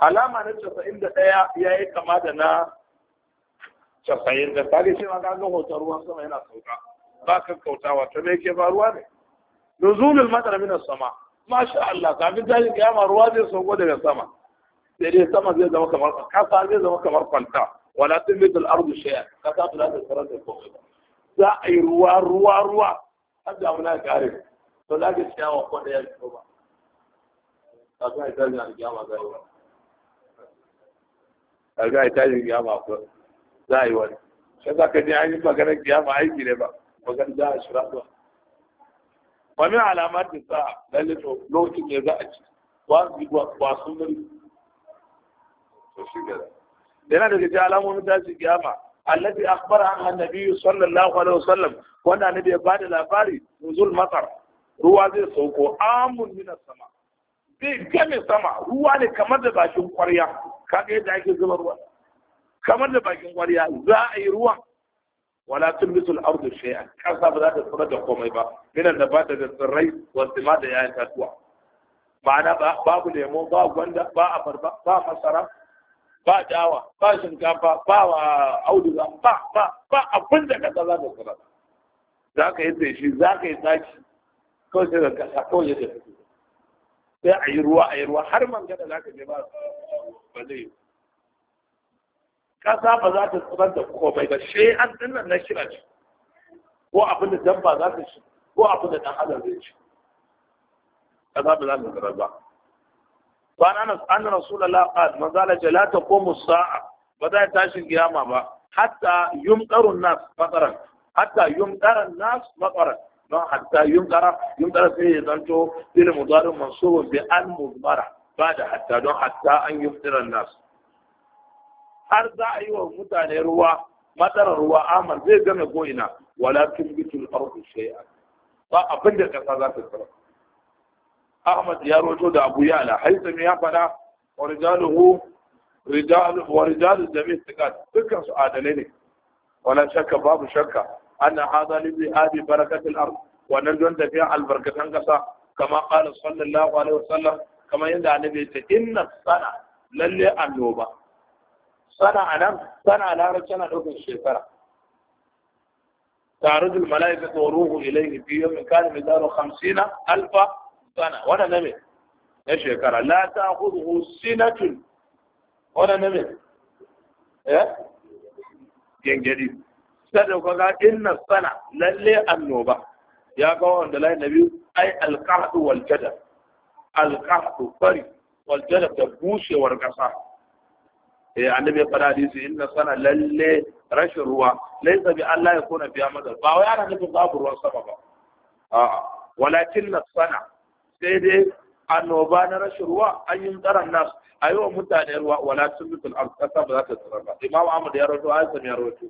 alama na 91 yayi kama da na 90 da kage shi ma ga hoton ruwan sama yana sauka ba ka kautawa ta me ke faruwa ne nuzulul madar min as-sama' masha Allah kafin tashin kiyama ruwa zai sauko daga sama sai dai sama zai zama kamar kasa zai zama kamar kwanta wala tumitul ardu shay'a kasa ba za ta da komai ba za a yi ruwa ruwa ruwa har da muna kare to za ka ciyawa ko da ya fito ba kafin a tashin kiyama za yi wani kaga a tashin kiyama ko za a yi wani shi za ka ji an yi maganar kiyama aiki ne ba maganar za a shira ba wa alamar da sa lalle lokacin da za a ci wa su ba sun muri to da yana da cikin alamomin ce kiyama allati akhbara anha biyu sallallahu alaihi wasallam wanda annabi ya bada labari nuzul matar ruwa zai sauko amun min sama zai game sama ruwa ne kamar da bakin kwarya kaga yadda ake zuba ruwa kamar da bakin kwarya za a yi ruwan wala tulbisu al-ardu shay'an kasa ba za ta tsira da komai ba min an-nabata da tsirrai wa sima da yayin tatuwa ma'ana babu lemo ba gwanda ba abarba ba masara ba dawa ba shinkafa ba wa auduga ba ba ba abin da kasa za ta tsira za ka yi tsaye za ka yi tsaki kawai sai da kasa kawai yadda sai a yi ruwa a yi ruwa har man gada za ka je ba ba zai yi Kasa ba za ta tsirar da komai ba sai an dinnan na shira ce ko abin da dabba za ta ci ko abin da ɗan adam zai ci ƙasa ba za ta tsirar ba Ba na an rasulullah qad manzala jala ta komu sa'a ba za ta tashin kiyama ba hatta yumqaru nas mataran hatta yumqara nas mataran don hatta yumqara yumqara sai ya zanto ilmu zarin mansubun bi al mudmara ba da hatta don hatta an yumqira nas har za a yi wa mutane ruwa matsalar ruwa amal zai gane ko'ina, wala walakin bitul ardu shay'a ba abin da kasa za ta tsara Ahmad ya roto da Abu Yala Haitham ya fada wa rijal wa rijal jami' thiqat dukkan su adalai ne wala shakka babu shakka anna hadha li abi barakatil ard wa nan don tafiya barakatan kasa kama qala sallallahu alaihi wasallam kama yanda annabi ya ce inna sana lalle annoba sana a nan sana larabci na ɗaukin shekara tare da mala'ika tsoro ilai ilayhi fi yawmin kana min daru 50 alfa sana wannan ne ya shekara la ta ta'khudhu sinatun wannan ne eh gengedi sai ko ga inna sana lalle annoba ya ga wanda lai nabi ai alqahdu wal jadal fari wal jadal da bushewar ƙasa. eh annabi ya fara hadisi inna sana lalle rashin ruwa laysa bi Allah ya kuna biya maza ba wai ana nufin babu ruwan sama ba a'a walakin na sana sai dai annoba na rashin ruwa an yi tsaron nasu a yi wa mutane ruwa walakin mutum a ƙasa ba za ta tsara ba imam ahmad ya rawaito a yasa ya rawaito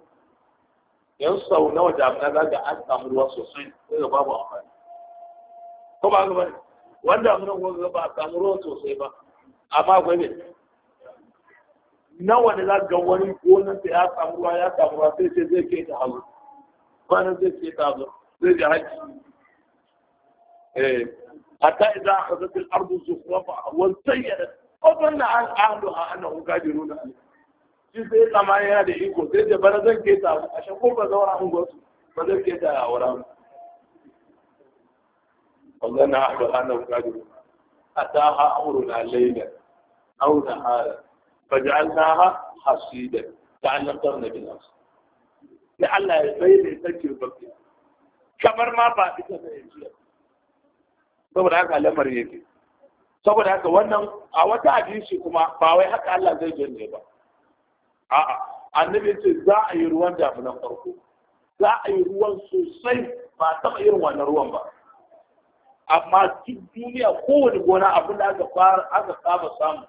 yan sau nawa jami'a za ga an samu ruwa sosai sai da babu amfani ko ba ga bane wanda mun ga ba samu ruwa sosai ba amma akwai ne nawa ne za ga wani gonan da ya samu ruwa ya samu ruwa sai ce zai ke ta hazo kwanan zai ke ta hazo zai ji haji eh hatta idza akhadhat al-ard zukhrafa wa sayyarat qadanna an ahluha annahu qadirun alayha shi sai kama yana da iko sai da bara zan ke ta a shan ko ba zaura an gosu ba zan ke ta a wurin qadanna ahluha annahu qadirun ataha amruna laylan aw nahara فجعلناها حصيدا كأن نقرن بالأرض لعل يبين يسكر بكي kamar ma ba ita da yanzu saboda haka lamarin yake saboda haka wannan a wata hadisi kuma ba wai haka Allah zai janye ba a'a annabi ce za a yi ruwan damunan farko za a yi ruwan sosai ba taɓa irin wannan ruwan ba amma duk duniya kowane gona abin da aka fara aka saba samu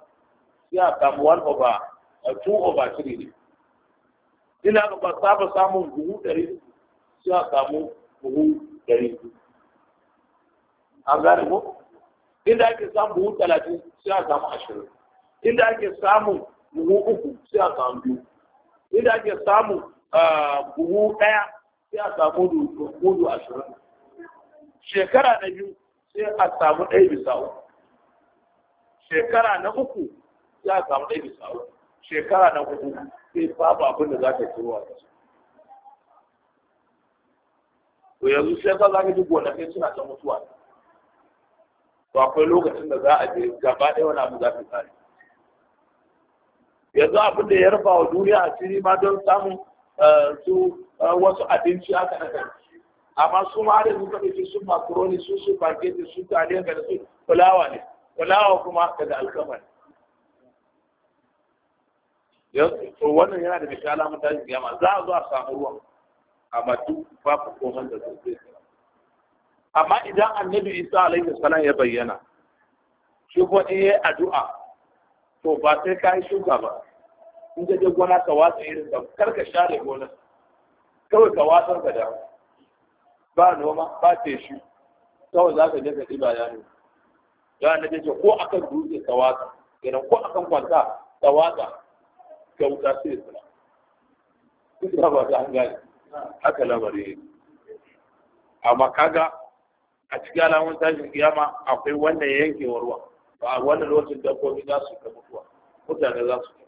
ya a samu one over uh, two over three ne ina ga ba saba samun buhu ɗari sai a samu buhu ɗari an gane ko inda ake samun buhu talatin sai a samu ashirin inda ake samun buhu uku sai a samu biyu inda ake samun uh, buhu ɗaya sai a samu mudu ashirin shekara na biyu sai a samu ɗaya bisa uku shekara na uku ya samu ɗaya bisa shekara na hudu sai babu abin da za ta turo a ƙasa to yanzu sai ka za ka gona kai suna ta mutuwa to akwai lokacin da za a je gaba ɗaya wani abu za ta tsari yanzu abin da ya rufa wa duniya a ciri ma don samun eh, su eh, wasu abinci haka na kan amma su ma da suka ɗauki su makaroni su su paketi su taliyan da su fulawa ne fulawa kuma daga alkama ne to wannan yana da misali mun tashi kiyama za a zo a samu ruwan amma duk babu komai da zai amma idan annabi isa alaihi salam ya bayyana shi kuma in yi addu'a to ba sai ka yi shuka ba in ka je gona ka watsa irin ka kar ka share gonar kawai ka watsar ka da ba noma ba teshi kawai za ka je ka ɗiba yano ya annabi ce ko akan dutse ka watsa idan ko akan kwanta ka watsa kyauta sai ya tsira duk da ba ta gane haka lamari ne amma kaga a cikin alamun tashin kiyama akwai wannan yankewar ruwa ba a wannan lokacin dabbobi za su ta mutuwa mutane za su ta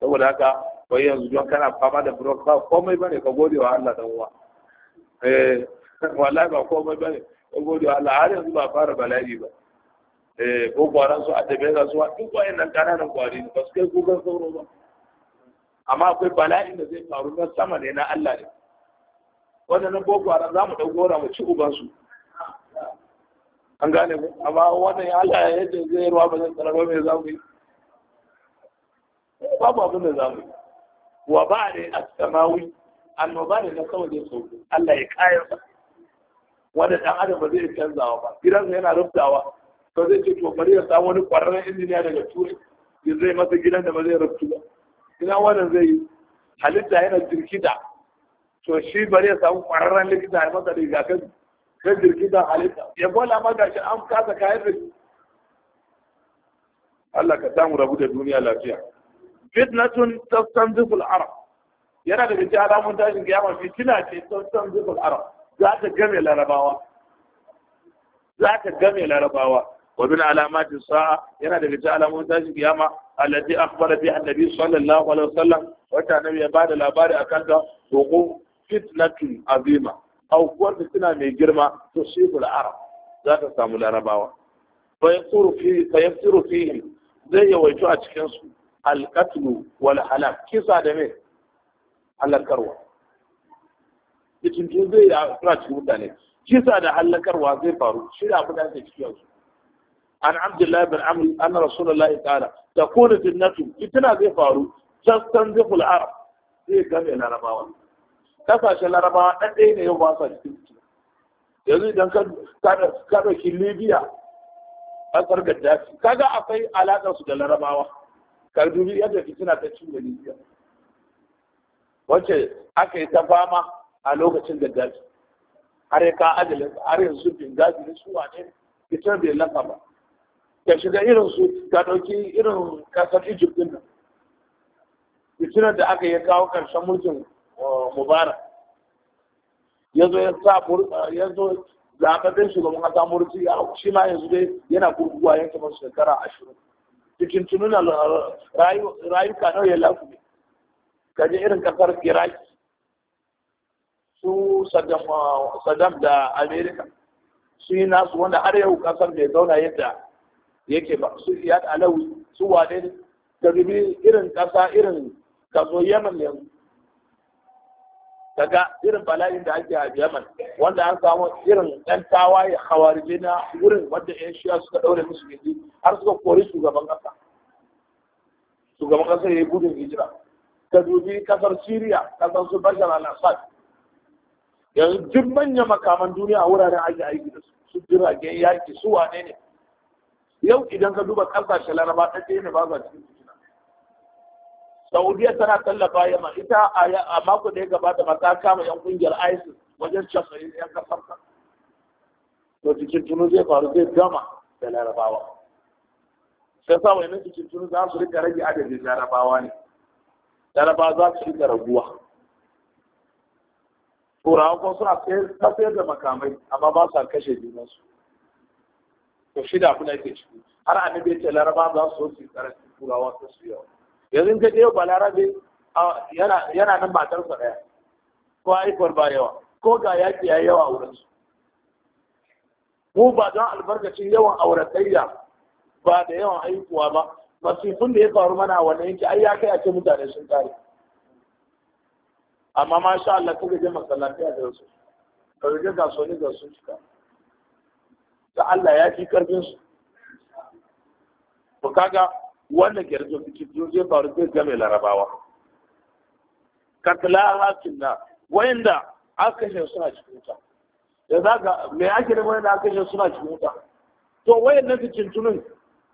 saboda haka wai yanzu don kana fama da burok ba komai bane ka gode wa Allah dan uwa eh wallahi ba komai bane ka gode wa Allah har yanzu ba fara bala'i ba Eh, ko kwaran su a tafiya da suwa duk wayan nan kananan kwari ba su kai kukan sauro ba amma akwai bala'in da zai faru na sama ne na Allah ne waɗannan boko haram za mu ɗauko mu ci uban su. an gane mu. amma wannan ya Allah ya yace zai ruwa ba zai tsara ba me za mu yi eh, babu abin da za mu yi wa ba ne a samawi annoba ne na kawai zai sauko Allah ya kayar wanda dan adam ba zai canzawa ba gidansa yana rubtawa Ba zai ce to bari ya samu wani ƙwararren injiniya daga turai ya zai masa gidan da ba zai rasu ba ina wannan zai yi halitta yana jirkita to shi bari ya samu ƙwararren likita ya masa rigakafi kan jirkita halitta ya bola ma gashi an kasa kayan da shi Allah ka samu rabu da duniya lafiya fitnatun tastanziful arab yana da cikin alamun tashin kiyama fitina ce tastanziful arab za ta game larabawa za ta game larabawa wa min alamati sa'a yana daga cikin alamomin tashin kiyama allati akhbara bi annabi sallallahu alaihi wasallam wata nabi ya bada labari akan ta wuqu fitnatun azima aw kuwar fitina mai girma tusibul arab za ta samu larabawa fayyaftiru fihim zai yawaitu a cikinsu alkatlu wal halak kisa da mai zai kisa da halakarwa zai faru shi da an abdullahi bin amr anna rasulullahi qala takunu fitnatu fitna zai faru Sassan al-arab zai game larabawa kasashen larabawa dan ɗaya ne yau ba sa cikin yanzu idan ka ɗauki libya ƙasar gaddafi kaga akwai alaƙar su da larabawa ka dubi yadda fitina ta cinye libya wacce aka yi ta fama a lokacin gaddafi har ka ajalin har yanzu bin gaji da su wane fitar bai lafa ba ka shiga irin su ka ɗauki irin ƙasar egypt din nan fitinar da aka yi kawo ƙarshen mulkin eh, mubarak ya zo ya sa eh, ya zo zaɓaɓɓen shugaban ƙasa murci shi ma yanzu dai yana kurkuwa ya kamar shekara ashirin cikin tunan eh, rayuka nawa ya lafi ka je irin ƙasar iraki su saddam da amerika su yi nasu wanda har yau ƙasar bai zauna yadda yake ba su iyad alawi su wane da dubi irin ƙasa irin kaso yaman ne. Daga irin bala'in da ake a yaman wanda an samu irin ɗan tawaye hawarije na wurin wanda yan shiya suka ɗaure musu gindi har suka kori shugaban ƙasa shugaban ƙasa ya yi gudun hijira ta dubi ƙasar siriya ƙasar su bashar al-assad yanzu duk manyan makaman duniya a wuraren ake aiki da su su gen yaki su wane ne yau idan ka duba shi laraba ta ne ba za cikin fitina saudiya tana tallafa yamma ita a mako da ya gabata ba ta kama yan kungiyar isis wajen casa'in yan kasar ta to cikin tunu zai faru zai gama da larabawa sai sa wani cikin tunu za su rika rage adadin larabawa ne larabawa za su rika raguwa turawa kuma suna sayar da makamai amma ba sa kashe junansu to da abu na yake ciki har annabi ya ce laraba za su su karanci turawa su su yawa yanzu ka je balarabe yana yana nan matarsa daya ko haifuwar ba yawa ko ga yaki ya yawa wurin su mu ba don albarkacin yawan auratayya ba da yawan haihuwa ba masifin da ya faru mana a wannan yanki ai ya kai a ce mutane sun kare amma masha Allah kaga je masallaci a da su kaga ga so ne ga sun cika da Allah ya fi karfin su to kaga wannan gerzo cikin zai faru zai game larabawa katla hakin na wayanda aka kashe suna cikin wuta da za ka mai ake da wayanda aka kashe suna cikin wuta to wayannan tunin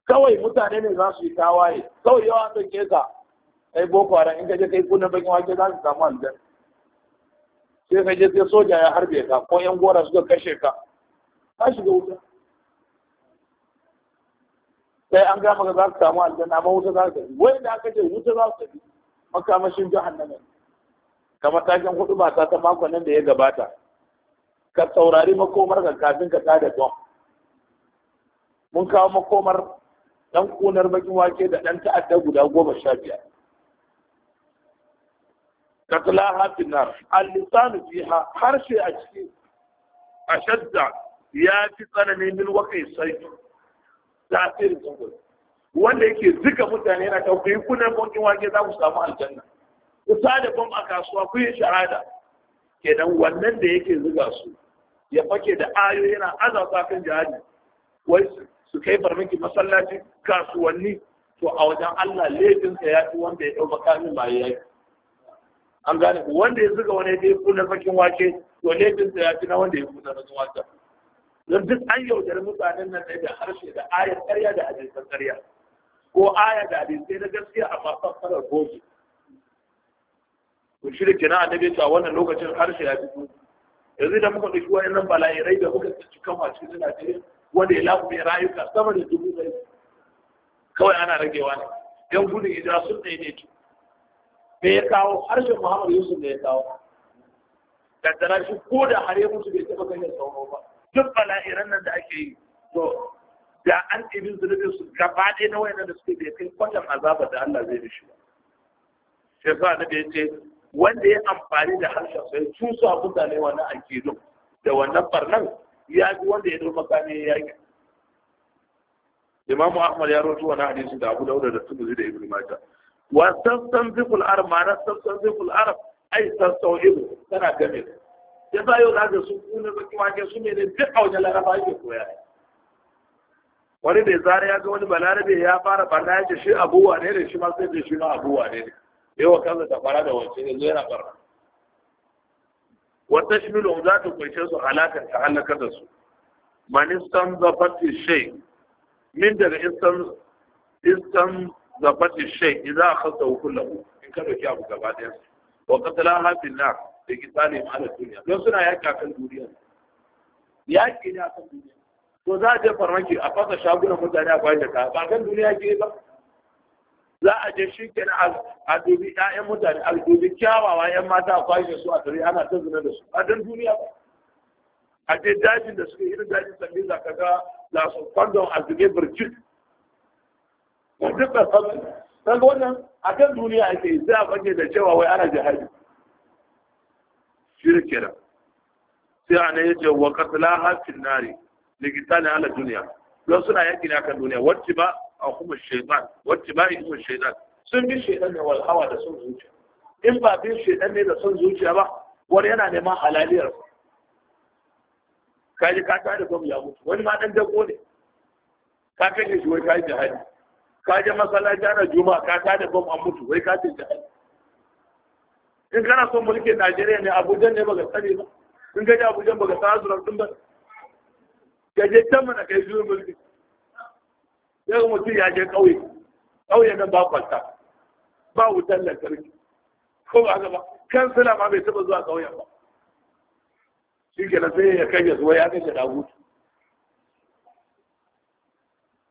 kawai mutane ne za su yi tawaye kawai yawa ta ke ka kai boko haram in ka je kai kuna bakin wake za su samu aljanna sai ka je sai soja ya harbe ka ko yan gora suka kashe ka ka shiga wuta sai an gama ga za su samu aljanna ba wuta za su tafi wai da aka ce wuta za su tafi makamashin jahannama kamar matakin hudu ba ta ta makon nan da ya gabata ka saurari makomar ka kafin ka tada don mun kawo makomar dan kunar bakin wake da dan ta'adda guda goma sha biyar katlaha finar al-lisanu fiha harshe a ciki ashadda ya fi tsananin min wakai sai tasirin sun wanda yake zika mutane yana ta ku yi kunan bankin wake za ku samu aljanna ku sada bam a kasuwa ku yi sharada kenan wannan da yake zuga su ya fake da ayo yana azaba kan jihadi wai su kai farmaki masallaci kasuwanni to a wajen Allah sa ya fi wanda ya dauka kamin ba ya an gane wanda ya zuga wani ya fi kunan bakin wake to sa ya fi na wanda ya fi kunan bakin wake don duk an yaudari mutanen nan ne da harshe da ayar ƙarya da hadisan ƙarya ko aya da hadisai na gaskiya a fassarar farar to ku da kina annabi ta wannan lokacin harshe ya fito yanzu da muka ɗauki wayannan bala'irai da muka tsinci kan wasu cikin Najeriya wanda ya lafi mai rayuka sama da dubu ɗari kawai ana ragewa ne yan gudun hijira sun ɗaya ne me ya kawo harshen Muhammadu Yusuf ne ya kawo kaddara shi ko da har ya mutu bai taɓa ganin sauro ba duk bala'iran nan da ake yi to da an ibin zunubin su gaba ɗaya na wayannan da suke da kai kwatan azaba da Allah zai da shi ba shi yasa da ya ce wanda ya amfani da harshen sai da lewa na akidun da wannan barnan ya ji wanda ya dauka kane ya yi Imam Ahmad ya rawaito wannan hadisi da Abu Dawud da Tirmidhi da Ibn Majah wa tastanziqul arab ma na tastanziqul arab ai tastawibu kana gane ya sa yau zaga su kuna zaki wake su ne duk a wajen laraba yake koya wani bai zara ya ga wani balarabe ya fara barna ya ce shi abuwa ne da shi ma sai da shi ma abuwa ne yawa kansa ta fara da wance ne yana barna wata shimilu za ta kwaice su halakar ta halakar da su manistan zafati shai min daga istan zafati shai idan a kasa hukun lahu in ka dauki abu gaba ɗaya wa katala hafi na da kisanin ala duniya don suna yaƙi a kan duniya yaƙi ne a kan duniya to za a je farmaki a fasa shagunan mutane a kwashe ka ba kan duniya ke ba za a je shi kenan a dubi ƴaƴan mutane a dubi kyawawa ƴan mata a kwashe su a tare ana ta zina da su ba don duniya ba a je dajin da suke irin dajin sami za ka ga lasu kwandon a zube birjit wanda ka san ga wannan a kan duniya ake sai a fage da cewa wai ana jihadi shirk kenan sai ana yace wa qatlaha fil nari ligitana ala duniya don suna yaki ne akan duniya wacce ba a kuma shaytan wacce ba kuma shaytan sun bi shaytan ne wal hawa da sun zuciya in ba bin shaytan ne da sun zuciya ba wani yana neman halaliyar ka ji ka tare gwam ya mutu wani ma dan dago ne ka kai shi wai ka yi jihadi ka je masallaci ana juma'a ka tare gwam an mutu wai ka ce jihadi in kana son mulkin Najeriya ne Abuja ne baka sani ba in gaji Abuja baka san azurar ba ya je can mana kai zuwa mulki ya ga mutum ya je ƙauye ƙauye nan ba kwalta ba wutar lantarki ko ba haka ba kansila ma bai taɓa zuwa ƙauyen ba shi ke na sai ya kai ya zuwa ya kai da hutu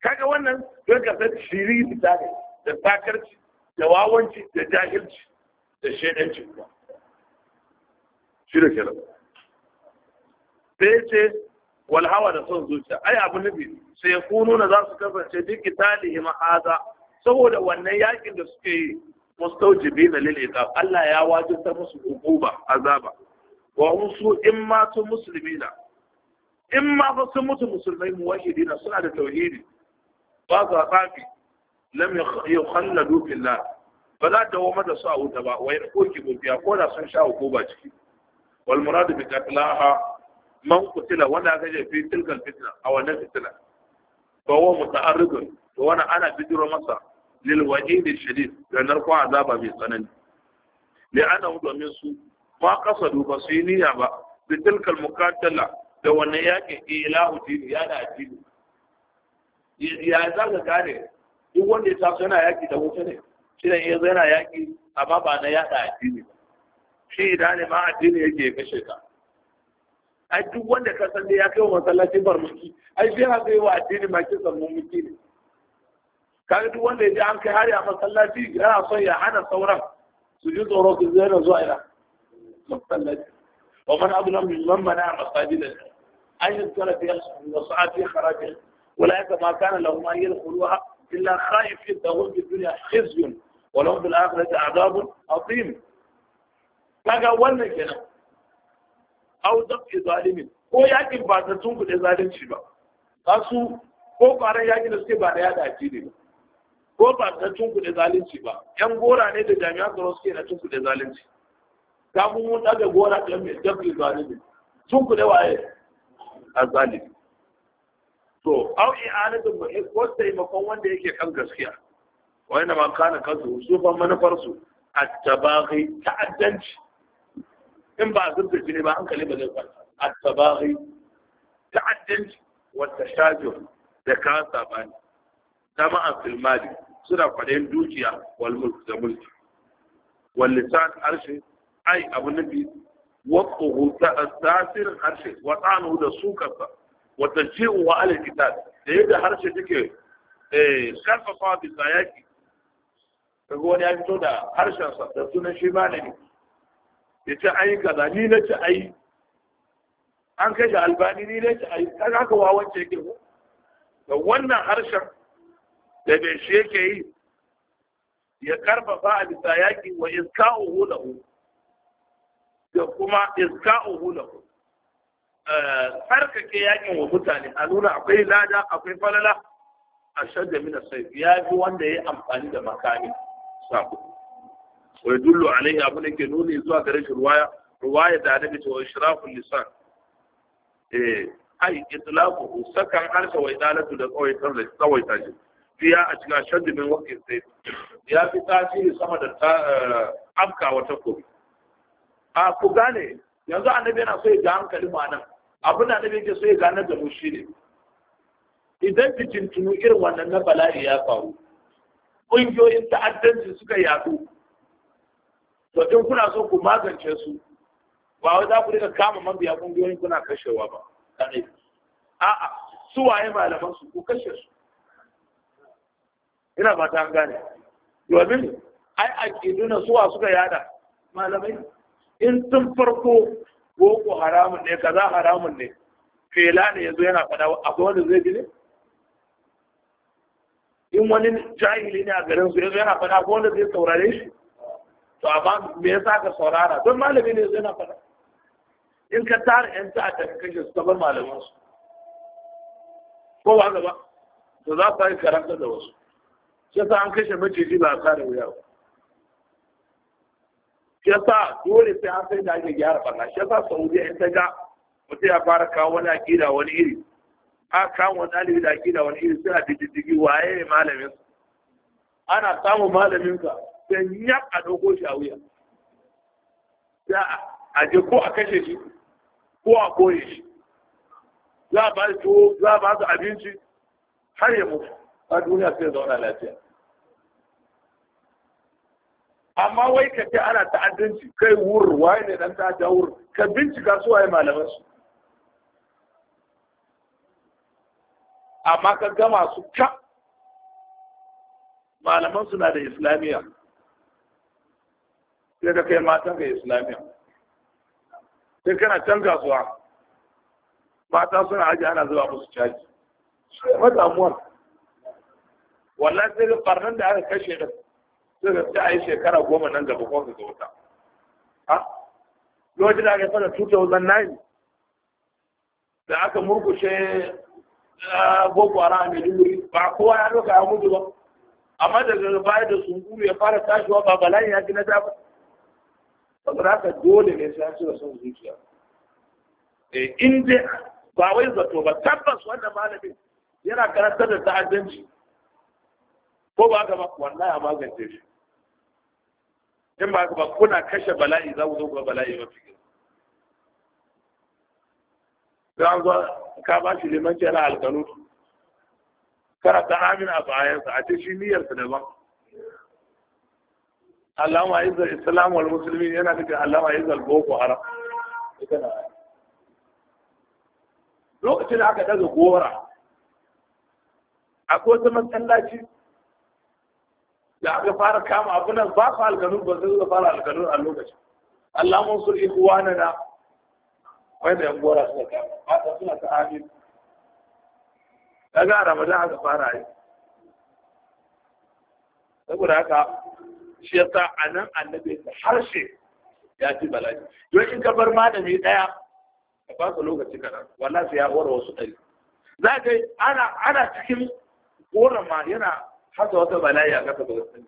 kaga wannan don ka san shiri da sakarci da wawanci da jahilci da shaidanci kuma shi da kenan sai ce walhawa da son zuciya ai abu nufi sai ya kuno na za su kasance duk italihi ma'aza saboda wannan yakin da suke yi mustaujibi na lilita Allah ya wajibta musu hukuma azaba wa musu in ma su musulmi na in ma fa sun mutu musulmai muwahidi na suna da tauhidi ba su tsafi lam yukhalladu fillah ba za ta wama da su a wuta ba wa yana koki gobiya ko da sun sha ba ciki wal muradu bi qatlaha man qutila wanda aka je fi tilkal fitna a wannan fitna fa huwa muta'arridun to wana ana bidiro masa lil wa'id shadid da narko azaba mai tsanani wudo domin su ma qasadu ba su yi niyya ba bi tilkal muqatala da wannan yakin ilahu din ya da addini ya za ka gane duk wanda ya taso yana yaki da wuta ne shi ne yanzu yana yaƙi amma ba na yaɗa addini ba shi idan ne ma addini yake ya kashe ka ai duk wanda ka san ya kai wa masallacin barmaki ai shi haka kai wa addini ma kisan mummuki ne kaga duk wanda ya ji an kai hari a masallaci yana son ya hana sauran su ji tsoro su zai na zuwa ina masallaci wa man abu nan mimman mana masajidan an yi tsara fiye da sa'afi harajin ولا ما كان لهم أن يدخلوها إلا خائفين لهم في الدنيا خزي ولهم في الآخرة عذاب عظيم kaga wannan kenan au dafi zalimin ko yakin ba ta tun zalunci ba za su ko ƙwarar yakin da suke ba da yada ba ko ba ta tun zalunci ba yan gora ne da jami'an tsaro suke na tun zalunci kafin mun gora ɗan mai dafi zalimin waye a zalimi to au i'anatin ko taimakon wanda yake kan gaskiya wa inna ma kana kasu sufan fa manufar su at-tabaghi ta'addanci in ba zubda jini ba hankali ba zai kwanta at-tabaghi ta'addanci wata tashajuh da ka sabani kama asil mali suna kwadayin dukiya wal mulk da mulki wal lisan arshi ai abu na nabi waquhu ta'asir arshi wa ta'anu da sukarsa Wata tajihu wa al kitab da yadda harshe take eh karfafa bisa yaki kaga wani ya fito da harshensa da sunan shi malami ya ce ayi kaza ni na ce ayi an kai da albani ni na ce ayi kaga haka wawance yake ko da wannan harshen da bai shi yake yi ya karfafa a bisa yaƙi wa iska'uhu lahu da kuma iska'uhu lahu eh, tsarkake yakin wa mutane a nuna akwai lada akwai falala a shadda mina sai ya fi wanda ya yi amfani da makami sa wa yadullu alaihi abu ne ke nuni zuwa gare shi ruwaya ruwaya da annabi ta ishraful lisan eh ai itlaqu sakan harka wa idalatu da kawai tarda kawai ji. fiya a cikin shaddu min waqti sai ya fi tasiri sama da ta eh, afka wata kobi a ku gane yanzu annabi yana so ya ga hankali ma nan abin da annabi yake so ya gane da mu ne. idan fitintunu irin wannan na bala'i ya faru ƙungiyoyin ta'addanci suka yaɗu to in kuna so ku magance su ba wai za ku rika kama mabiya ƙungiyoyin kuna kashewa ba kaɗai a'a su waye malaman su ku kashe su ina ba ta gane domin ai aƙiduna suwa suka yada malamai in sun farko boko haramun ne kaza haramun ne fela ne yanzu yana faɗa akwai wanda zai gine? ne in wani jahili ne a garin su yanzu yana fada ko wanda zai saurare shi to amma me yasa ka saurara don malami ne yana fada in ka tara yan ta a tafi su ka bar malaman su ko ba gaba to za ka yi karanta da wasu shi sa an kashe maciji ba a da wuya ba shi yasa dole sai an sai da ake gyara barna shi yasa saudiya in ta ga mutum ya fara kawo wani akida wani iri a wani ɗalibi da ake da wani iri suna diddigi waye malamin ana samun malamin ka sai yab a ɗauko shi a wuya za a je ko a kashe shi ko a koye shi za a ba tuwo za a ba su abinci har ya mutu a duniya sai zauna lafiya amma wai ka ce ana ta'addanci kai wur waye ne dan ta'adda wur ka bincika su waye malaman su amma ka gama su ka malaman suna da islamiyya sai ka kai matan ga islamiyya sai kana can kasuwa mata suna aji ana zuba musu caji matamuwar wallahi sai ga da aka kashe da sai ga ta yi shekara goma nan gaba kwanza ga wuta ha lokacin da aka yi fara 2009 da aka murkushe boko haram mai duburi ba kowa ya doka ya mutu ba amma daga baya da guru ya fara tashiwa ba bala'in ya gina ta ba saboda haka dole ne sai an cire son zuciya eh, in dai ba wai zato ba tabbas wannan malamin yana karantar da ta'addanci ko ba ka ba wallahi a magance shi in ba ka ba kuna kashe bala'i za ku zo ga bala'i mafi girma an zo ka ba shi limanci alkanu kara ta amin a bayansa a ce shi sa daban allama izza islam wal muslimin yana daga allama izza boko haram lokacin da aka daga gora akwai wata matsalaci da aka fara kama abunan ba su alkanu ba su fara alkanu a lokacin allamun na na wai da yan gora suka kama ta aka fara yi saboda haka shi ya sa a nan annabi da harshe ya ci bala'i in ka bar malami daya ka ba lokaci ya wasu ɗari za ana cikin horon yana hasa wata bala'i a kasa ba wasu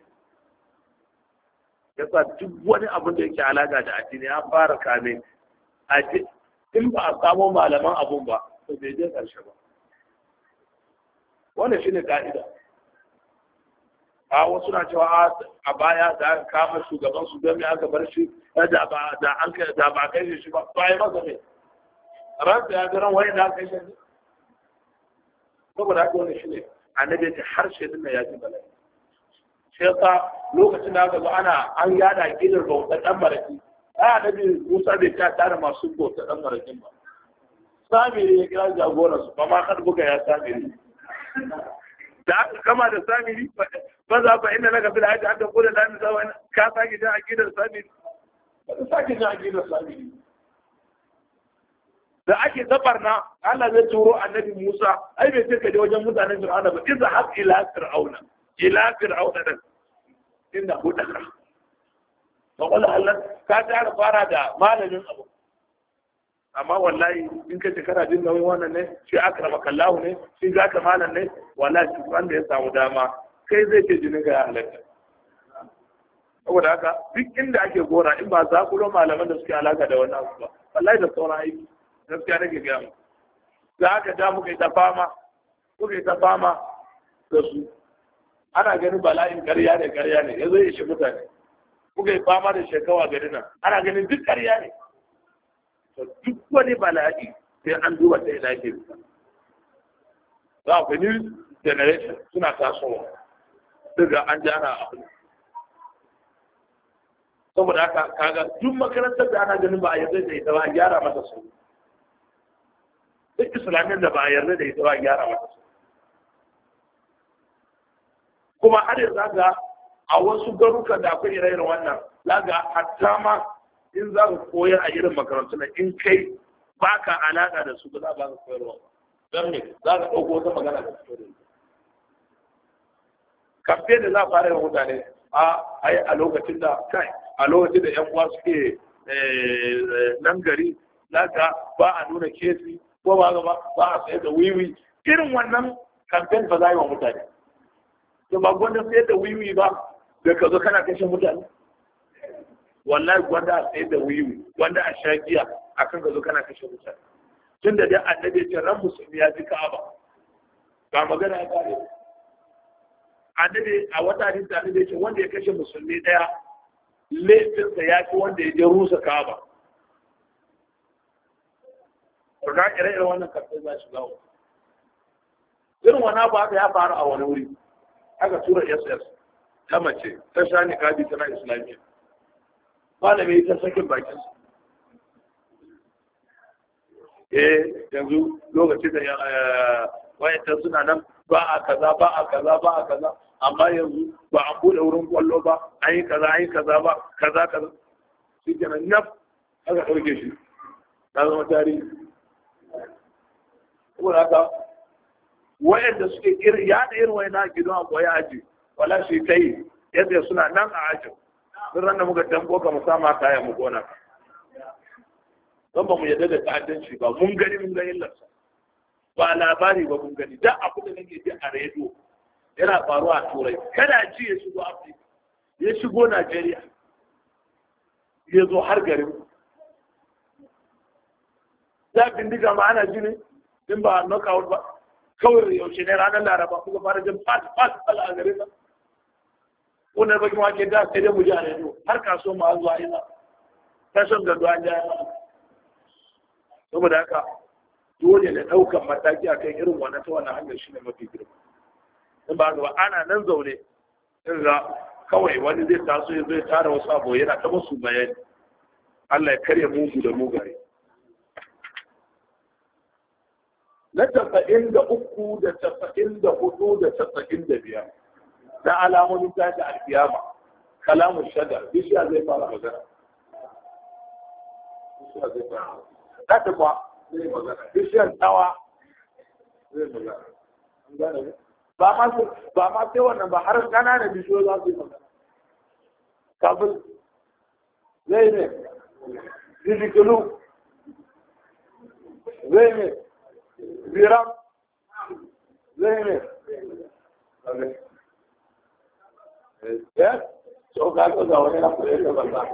ya sa duk wani abin da yake alaƙa da addini ya fara kame in ba a samo malaman abun ba to bai je ƙarshe ba wannan shine ka'ida a wasu na cewa a baya da aka kama shugaban su don me aka bar shi eh, da ba da an kai da ba kai shi ba bai maza ne ran ya ga ran wani da kai shi ne saboda haka wannan shine annabi ta harshe din ya ji bala'i sai ka lokacin da aka zo ana an yada gidan bautar dan maraki ai annabi Musa bai ta tare masu bauta dan marakin ba samiri ya kira jagoran su ba ma kan buga ya samiri da aka kama da samiri ba za ba inda na gafi da hajji aka kula da misa wani ka sake jan akidar samiri ba ta sake jan akidar samiri da ake na, Allah zai turo annabi Musa ai bai ce ka je wajen mutanen Fir'auna ba idza haq ila fir'auna ila fir'auna dan inna hudaka faƙon Allah ka tsara fara da malamin abu amma wallahi in ka ce kana jin nauyin wannan ne shi akrama kallahu ne shi ka malam ne wallahi shi wanda ya samu dama kai zai ce jinin ga halatta saboda haka duk inda ake gora in ba za ku malaman da suke alaka da wannan abu ba wallahi da sauran aiki gaskiya nake gaya mu da haka da muka yi ta fama muka yi ta fama da su ana ganin bala'in karya ne karya ne ya zai ishe mutane kuka yi fama da shekawa gari nan ana ganin duk ƙarya ne duk wani bala'i sai an duba ta ina ke bisa za a new generation suna tasowa daga an ji ana abu saboda haka kaga duk makarantar da ana ganin ba a yarda da ita ba a gyara mata su duk islamin da ba a yarda da ita ba a gyara mata su kuma har yanzu ga a wasu garuka da akwai irin wannan laga hatta ma in za ka koya a irin makarantu na in kai ba ka alaƙa da su ba za ka koyarwa ba don ne za ka ɗauko wata magana da su da kamfe da za a fara yin mutane a ai a lokacin da kai a lokacin da yan uwa suke eh, nan gari za ba a nuna kesi ko ba ga ba a sayar da wiwi irin wannan kamfen ba za a yi wa mutane to ba gwanda sayar da wiwi ba da ka zo kana kashe mutane wallahi gwanda a tsaye da wiwi gwanda a shagiya a kan ka zo kana kashe mutane tun da dai annabi ce ran musulmi ya ji ka'aba ba magana ya kare annabi a wata hadisi annabi ce wanda ya kashe musulmi daya laifinsa ya fi wanda ya je rusa ka'aba to na ire-iren wannan karfe za shi zawo? irin wani abu haka ya faru a wani wuri haka tura ss ta mace ta sha niqabi tana islamiyya malami ta sakin bakin su eh yanzu lokacin da ta eh, suna nan ba a kaza ba a kaza ba a kaza amma yanzu ba a bude wurin kwallo ba an yi kaza an yi kaza ba kaza kaza shi nan naf aka ɗauke shi ta zama tarihi Kuma haka wayanda suke irin ya da irin wayanda a gidan akwai aji wala su yi ta yi yadda suna nan a ajin sun ranar muka danko ka mu sama kaya mu gona don ba mu yadda da ta'addanci ba mun gani mun gani lansa ba labari ba mun gani da abu da nake ji a rediyo yana faruwa a turai kada ji ya shigo afirka ya shigo najeriya ya zo har garin za bindiga ma ana ji ne in ba knockout ba kawai yaushe ne ranar laraba kuka fara jin fat fat a garin nan wannan bakin ke da sai dai mu ji a rediyo har kaso ma zuwa ina san da zuwa ina saboda haka dole ne ɗaukan mataki a kan irin wannan ta wannan hanyar shi ne mafi girma in ba ga ana nan zaune in ga kawai wani zai taso ya zai tara wasu abu yana ta musu bayani Allah ya karya mugu da mugaye na tafa'in da uku da tafa'in da hudu da tafa'in da biyar na alamomin da alkiyama kalamun shada bishiya zai fara magana bishiya zai fara magana kada kuwa zai magana bishiyar tawa zai magana ba ma ba ma sai wannan ba har ƙananan bishiyoyi za su yi magana kafin zai ne jijikilu zai ne biram zai ne eh to duk da da ba magana ba ya ne ba magana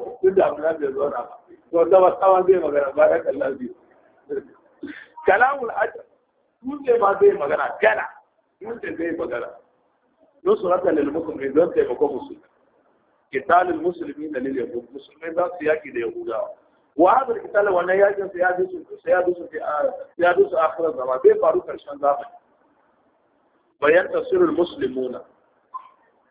don taimako musulmi kitalul musulmai za su yaki da yahudawa wa hada kital wannan yakin sai ya dusu sai ya dusu ya dusu akhirat zama bai faru karshen zamani bayan tafsirul muslimuna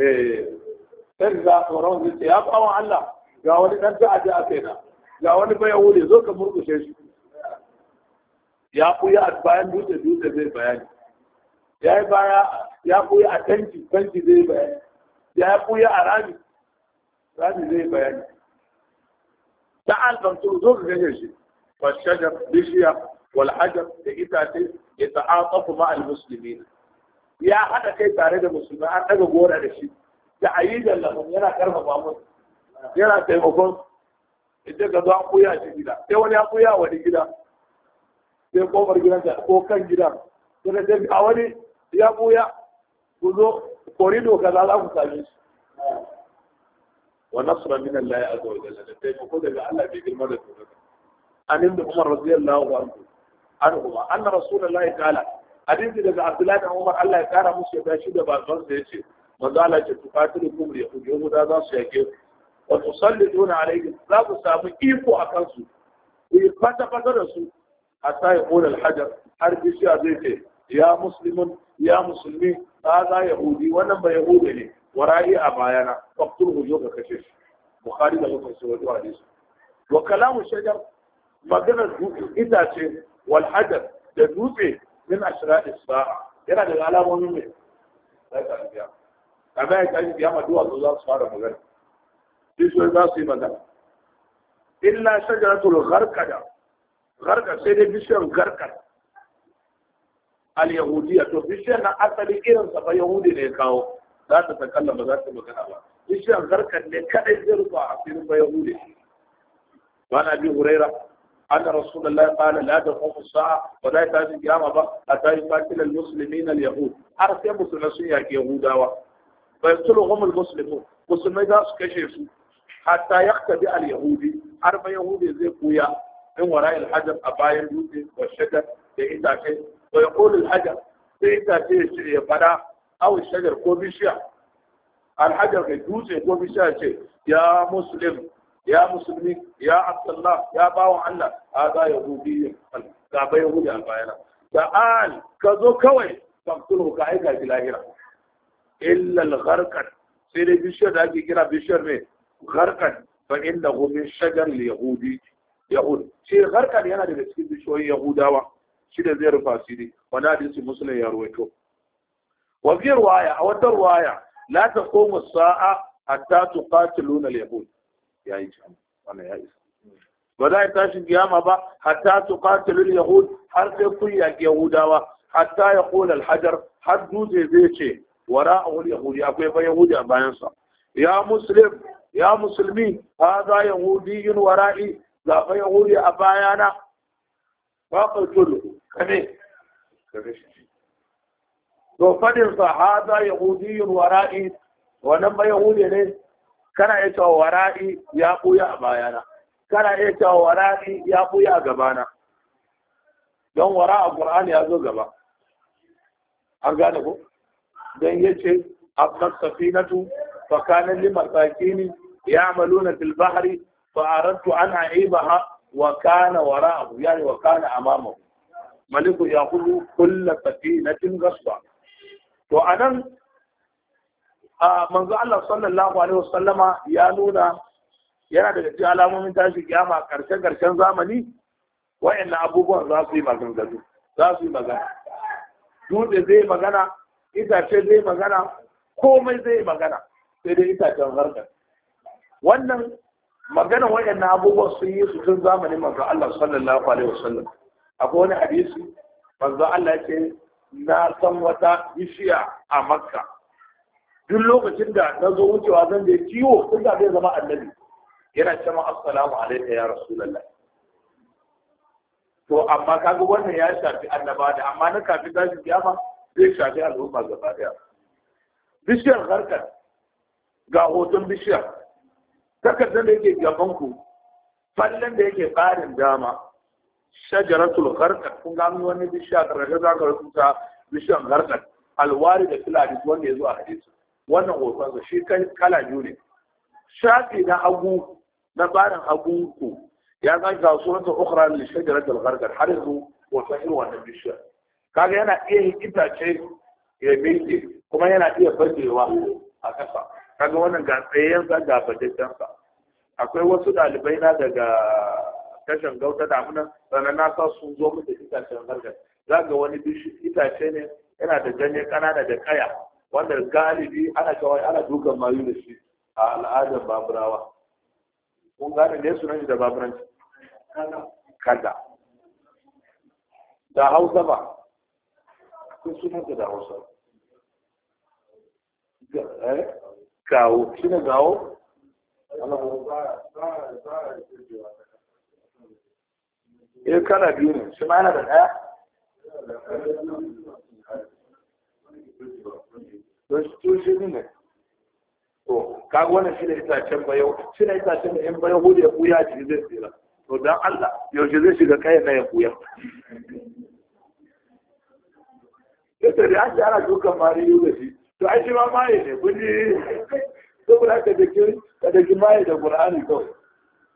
Eh, sai za a tsoron zai ce ya bawan Allah ga wani dan ta'adda a kaina ga wani bai wuri zo ka murkushe shi ya kuya a bayan dutse dutse zai bayani ya yi baya ya kuya a tanki tanki zai bayani ya kuya a rami rami zai bayani ta alfamtu zo ka gane shi fashajar bishiya itace, لإتاته يتعاطف مع المسلمين ya haɗa kai tare da musulmi an ɗaga gora da shi da yi lafin yana karfafa mun. yana taimakon idan ka zo an kuya shi gida sai wani ya kuya wani gida sai kofar ka ko kan gida. sai ka tafi a wani ya kuya ku zo korido kaza za ku same shi wa nasra min Allah azza wa jalla da taimako daga Allah bai girma da tsoro an inda Umar radiyallahu anhu anhu anna rasulullahi ta'ala hadisi daga Abdullahi da Umar Allah ya kara musu ya tashi da bazon da yace manzo Allah ce tuqatilu kum yahudu da za su yake wa tusalliduna alayhi za ku samu iko a kansu ku yi fata fata da su hatta ya kula alhajar har bishiya zai ce ya muslimun ya musulmi hada yahudi wannan ba yahudi ne wara'i a bayana faqtulhu yau ka kashe shi bukhari da muslim sai wato hadisi wa kalamu shajar maganar itace wal hajar da dutse من أشراء الساعة يرى لغالا ونمي لا يتعلم بيا أما يتعلم بيا ما دوا الله صار مغير في سورة باسي مدى إلا شجرة الغرقة غرقة سيدي بشيان غرقة اليهودية بشيان أصلي إيران سفا يهودي نيكاو لا تتكلم ذات مكانا بشيان غرقة لكأي زرطة عصير فيهودي وانا أبي هريرة أن رسول الله قال لا تقوم الساعة ولا يتعزي القيامة حتى يقاتل المسلمين اليهود أرسل مسلمين يهودا فيقتلهم المسلمون مسلمين ذا سكشفوا حتى يختبئ اليهودي أربع يهودي زي قويا من وراء الحجر أبايا اليهودي والشجر لإنتاكي ويقول الحجر لإنتاكي يبرا أو الشجر كوبيشيا الحجر يدوس كوبيشيا يا مسلم ya musulmi ya abdullah ya bawo Allah hada yahudi ga bai yahudi al bayana ta'al ka zo kawai faktulu ka aika ki lahira illa al sai dai bishiyar da ake kira bishiyar ne gharqan fa innahu min shajar al yahudi yahud shi yana daga cikin bishiyoyin yahudawa shi da zai rufa siri wani hadisi musulun ya ruwaito wa fi a wata waya, la taqumu as-sa'a hatta tuqatiluna al yahud ya yi can wannan ya isa ba za a tashin kiyama ba hatta su qatilul yahud har sai kun yaƙi yahudawa hatta ya qula al har dutse zai ce Wara a al-yahudi akwai fa yahudi a bayansa ya muslim ya musulmi hadha yahudiyin wara'i za ba yahudi a bayana ba ka tudu kame to fadin sa hadha yahudiyyun wara'i wannan ba yahudi ne kana iya cewa wara'i ya buya a bayana kana iya cewa wara'i ya buya a gabana don wara a qur'ani ya zo gaba an gane ku. don yace abqat safinatu fa kana limasakini ya'maluna fil bahri fa aradtu an a'ibaha wa kana wara'ahu yani wa kana amamahu maliku ya'khudhu kull safinatin ghasba to anan manzo Allah sallallahu alaihi wasallama ya nuna yana daga cikin alamomin tashi kiyama karshe karshen zamani na abubuwan za su yi magana, za su yi magana dole zai magana itace zai magana komai zai magana sai dai itacen harkar wannan magana na abubuwan sun yi su tun zamanin manzo Allah sallallahu alaihi wasallam akwai wani hadisi manzo Allah ya ce na san wata bishiya a Makka duk lokacin da na zo wucewa zan je ciwo duk da zai zama annabi yana ce ma assalamu alaikum ya rasulullah to amma kaga wannan ya shafi annaba da amma na kafin tashi kiyama zai shafi al'umma gaba daya bishiyar harkar ga hoton bishiyar takardar da yake gaban ku fallan da yake tsarin dama shajaratul harkar kun gano wani bishiyar da za ka rubuta bishiyar harkar alwari da filadis wanda ya zo a hadisu wannan hotonsa shi kala biyu ne shafi na hagu na barin hagu ko ya ga ga sunanta ukhra li shajarat al gharqad har yanzu hoton irin wannan bishiyar kaga yana iya yin itace ya miƙe kuma yana iya barkewa a ƙasa kaga wannan ga tsayayyen sa ga bajajen sa akwai wasu dalibai na daga tashan gauta da damuna sannan na sa sun zo mu da itacen gargar za ga wani bishi itace ne yana da ganye ƙanana da kaya wanda galibi ana kawai ana dukan mayu da shi a al'adar baburawa kun gane ne sunan shi da baburanci kada da hausa ba sun sunan da hausa eh? kawo shi ne gawo eh kana biyu ne shi ma yana da ɗaya don su shi ne to ka wannan shi ne itacen bayo shi ne itacen da in bayo hudu ya buya a cikin zai tsira to dan Allah yaushe zai shiga kayan na ya buya yadda da ake ana dukan mari yi da shi to ai shi ma maye ne kun saboda ka daki ka ki maye da qur'ani kawai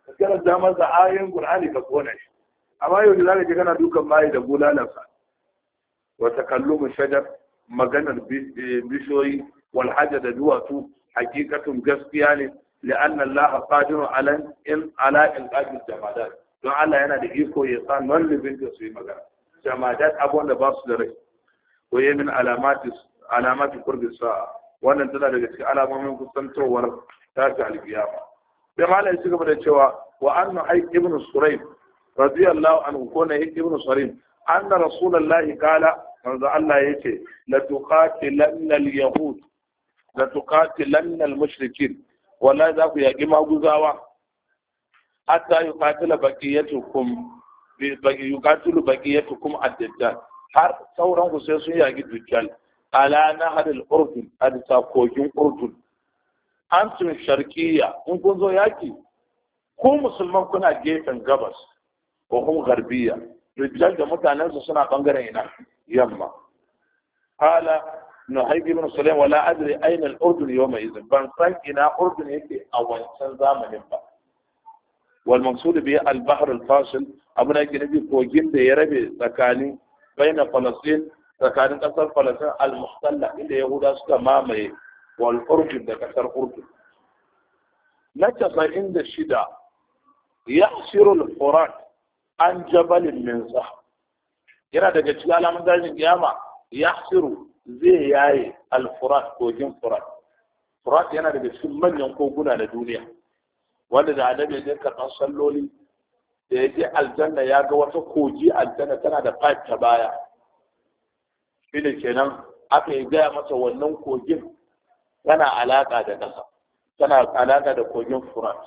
ka karanta masa ayoyin qur'ani ka kona shi amma yau da zaka ji kana dukan maye da bulalansa wa takallumu shajar maganar eh, bishoyi wal hajar da duwatsu hakikatun gaskiya ne لأن الله قادر in إن على إنقاذ الجمادات don Allah yana da iko ya sa non living da su yi magana jamadat abubuwan da ba su da rai ko yi min alamati kurbi sa'a wannan tana daga cikin alamomin kusantowar tashi alkiyama sai malam shi gaba da cewa wa annu hay ibnu surayn radiyallahu anhu ko ne ibnu surayn anna rasulullahi qala manzo Allah ya ce la tuqatilanna al-yahud la tuqatilanna al-mushrikin wallahi za ku yaƙi maguzawa hatta yuqatila baqiyatukum yuqatilu baqiyatukum ad-dajjal har sauran ku sai sun yaƙi dajjal ala nahar al-urdun a bisa kogin urdun antum sharqiyya in kun zo yaki ku musulman kuna gefen gabas ko kuma garbiya dajjal da mutanensu suna bangaren ina yamma qala nuhayb ibn sulaim wala adri aina al-urdun yawma ban san ina urdun yake a wancan zamani ba wal maqsud bi al-bahr al-fasil abuna yake kogin da ya rabe tsakanin baina falastin tsakanin ƙasar falastin al-mustalla inda yahuda suka mamaye wal da kasar urdun na casa'in da shida ya shirul furat an jabalin min yana daga cikin alamun tashin kiyama shiru zai yaye alfurat kogin furat furat yana daga cikin manyan koguna na duniya wanda da annabi ya karɓar salloli da ya je aljanna ya ga wata kogi aljanna tana da pipe ta baya shi da kenan aka yi gaya masa wannan kogin tana alaƙa da ƙasa tana alaƙa da kogin furat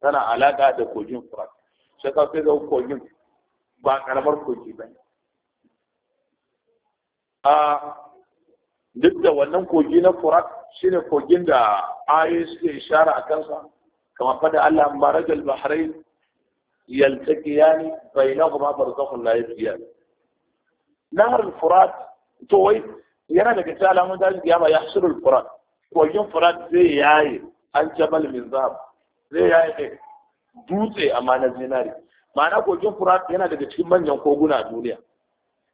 tana alaƙa da kogin furat sai ka fi kogin ba karamar kogi ba ne a duk da wannan kogi na furat shine kogin da ayoyi suke ishara a kansa kama fada Allah marajal bahrain yaltaqiyani bainahuma barzakhun la yabghiyan nahar al-furat to wai yana daga cikin alamun da ya ma yahsuru al-furat kogin furat zai yaye an jabal min zab zai yaye dutse amma na zinari ma'ana kogin furat yana daga cikin manyan koguna a duniya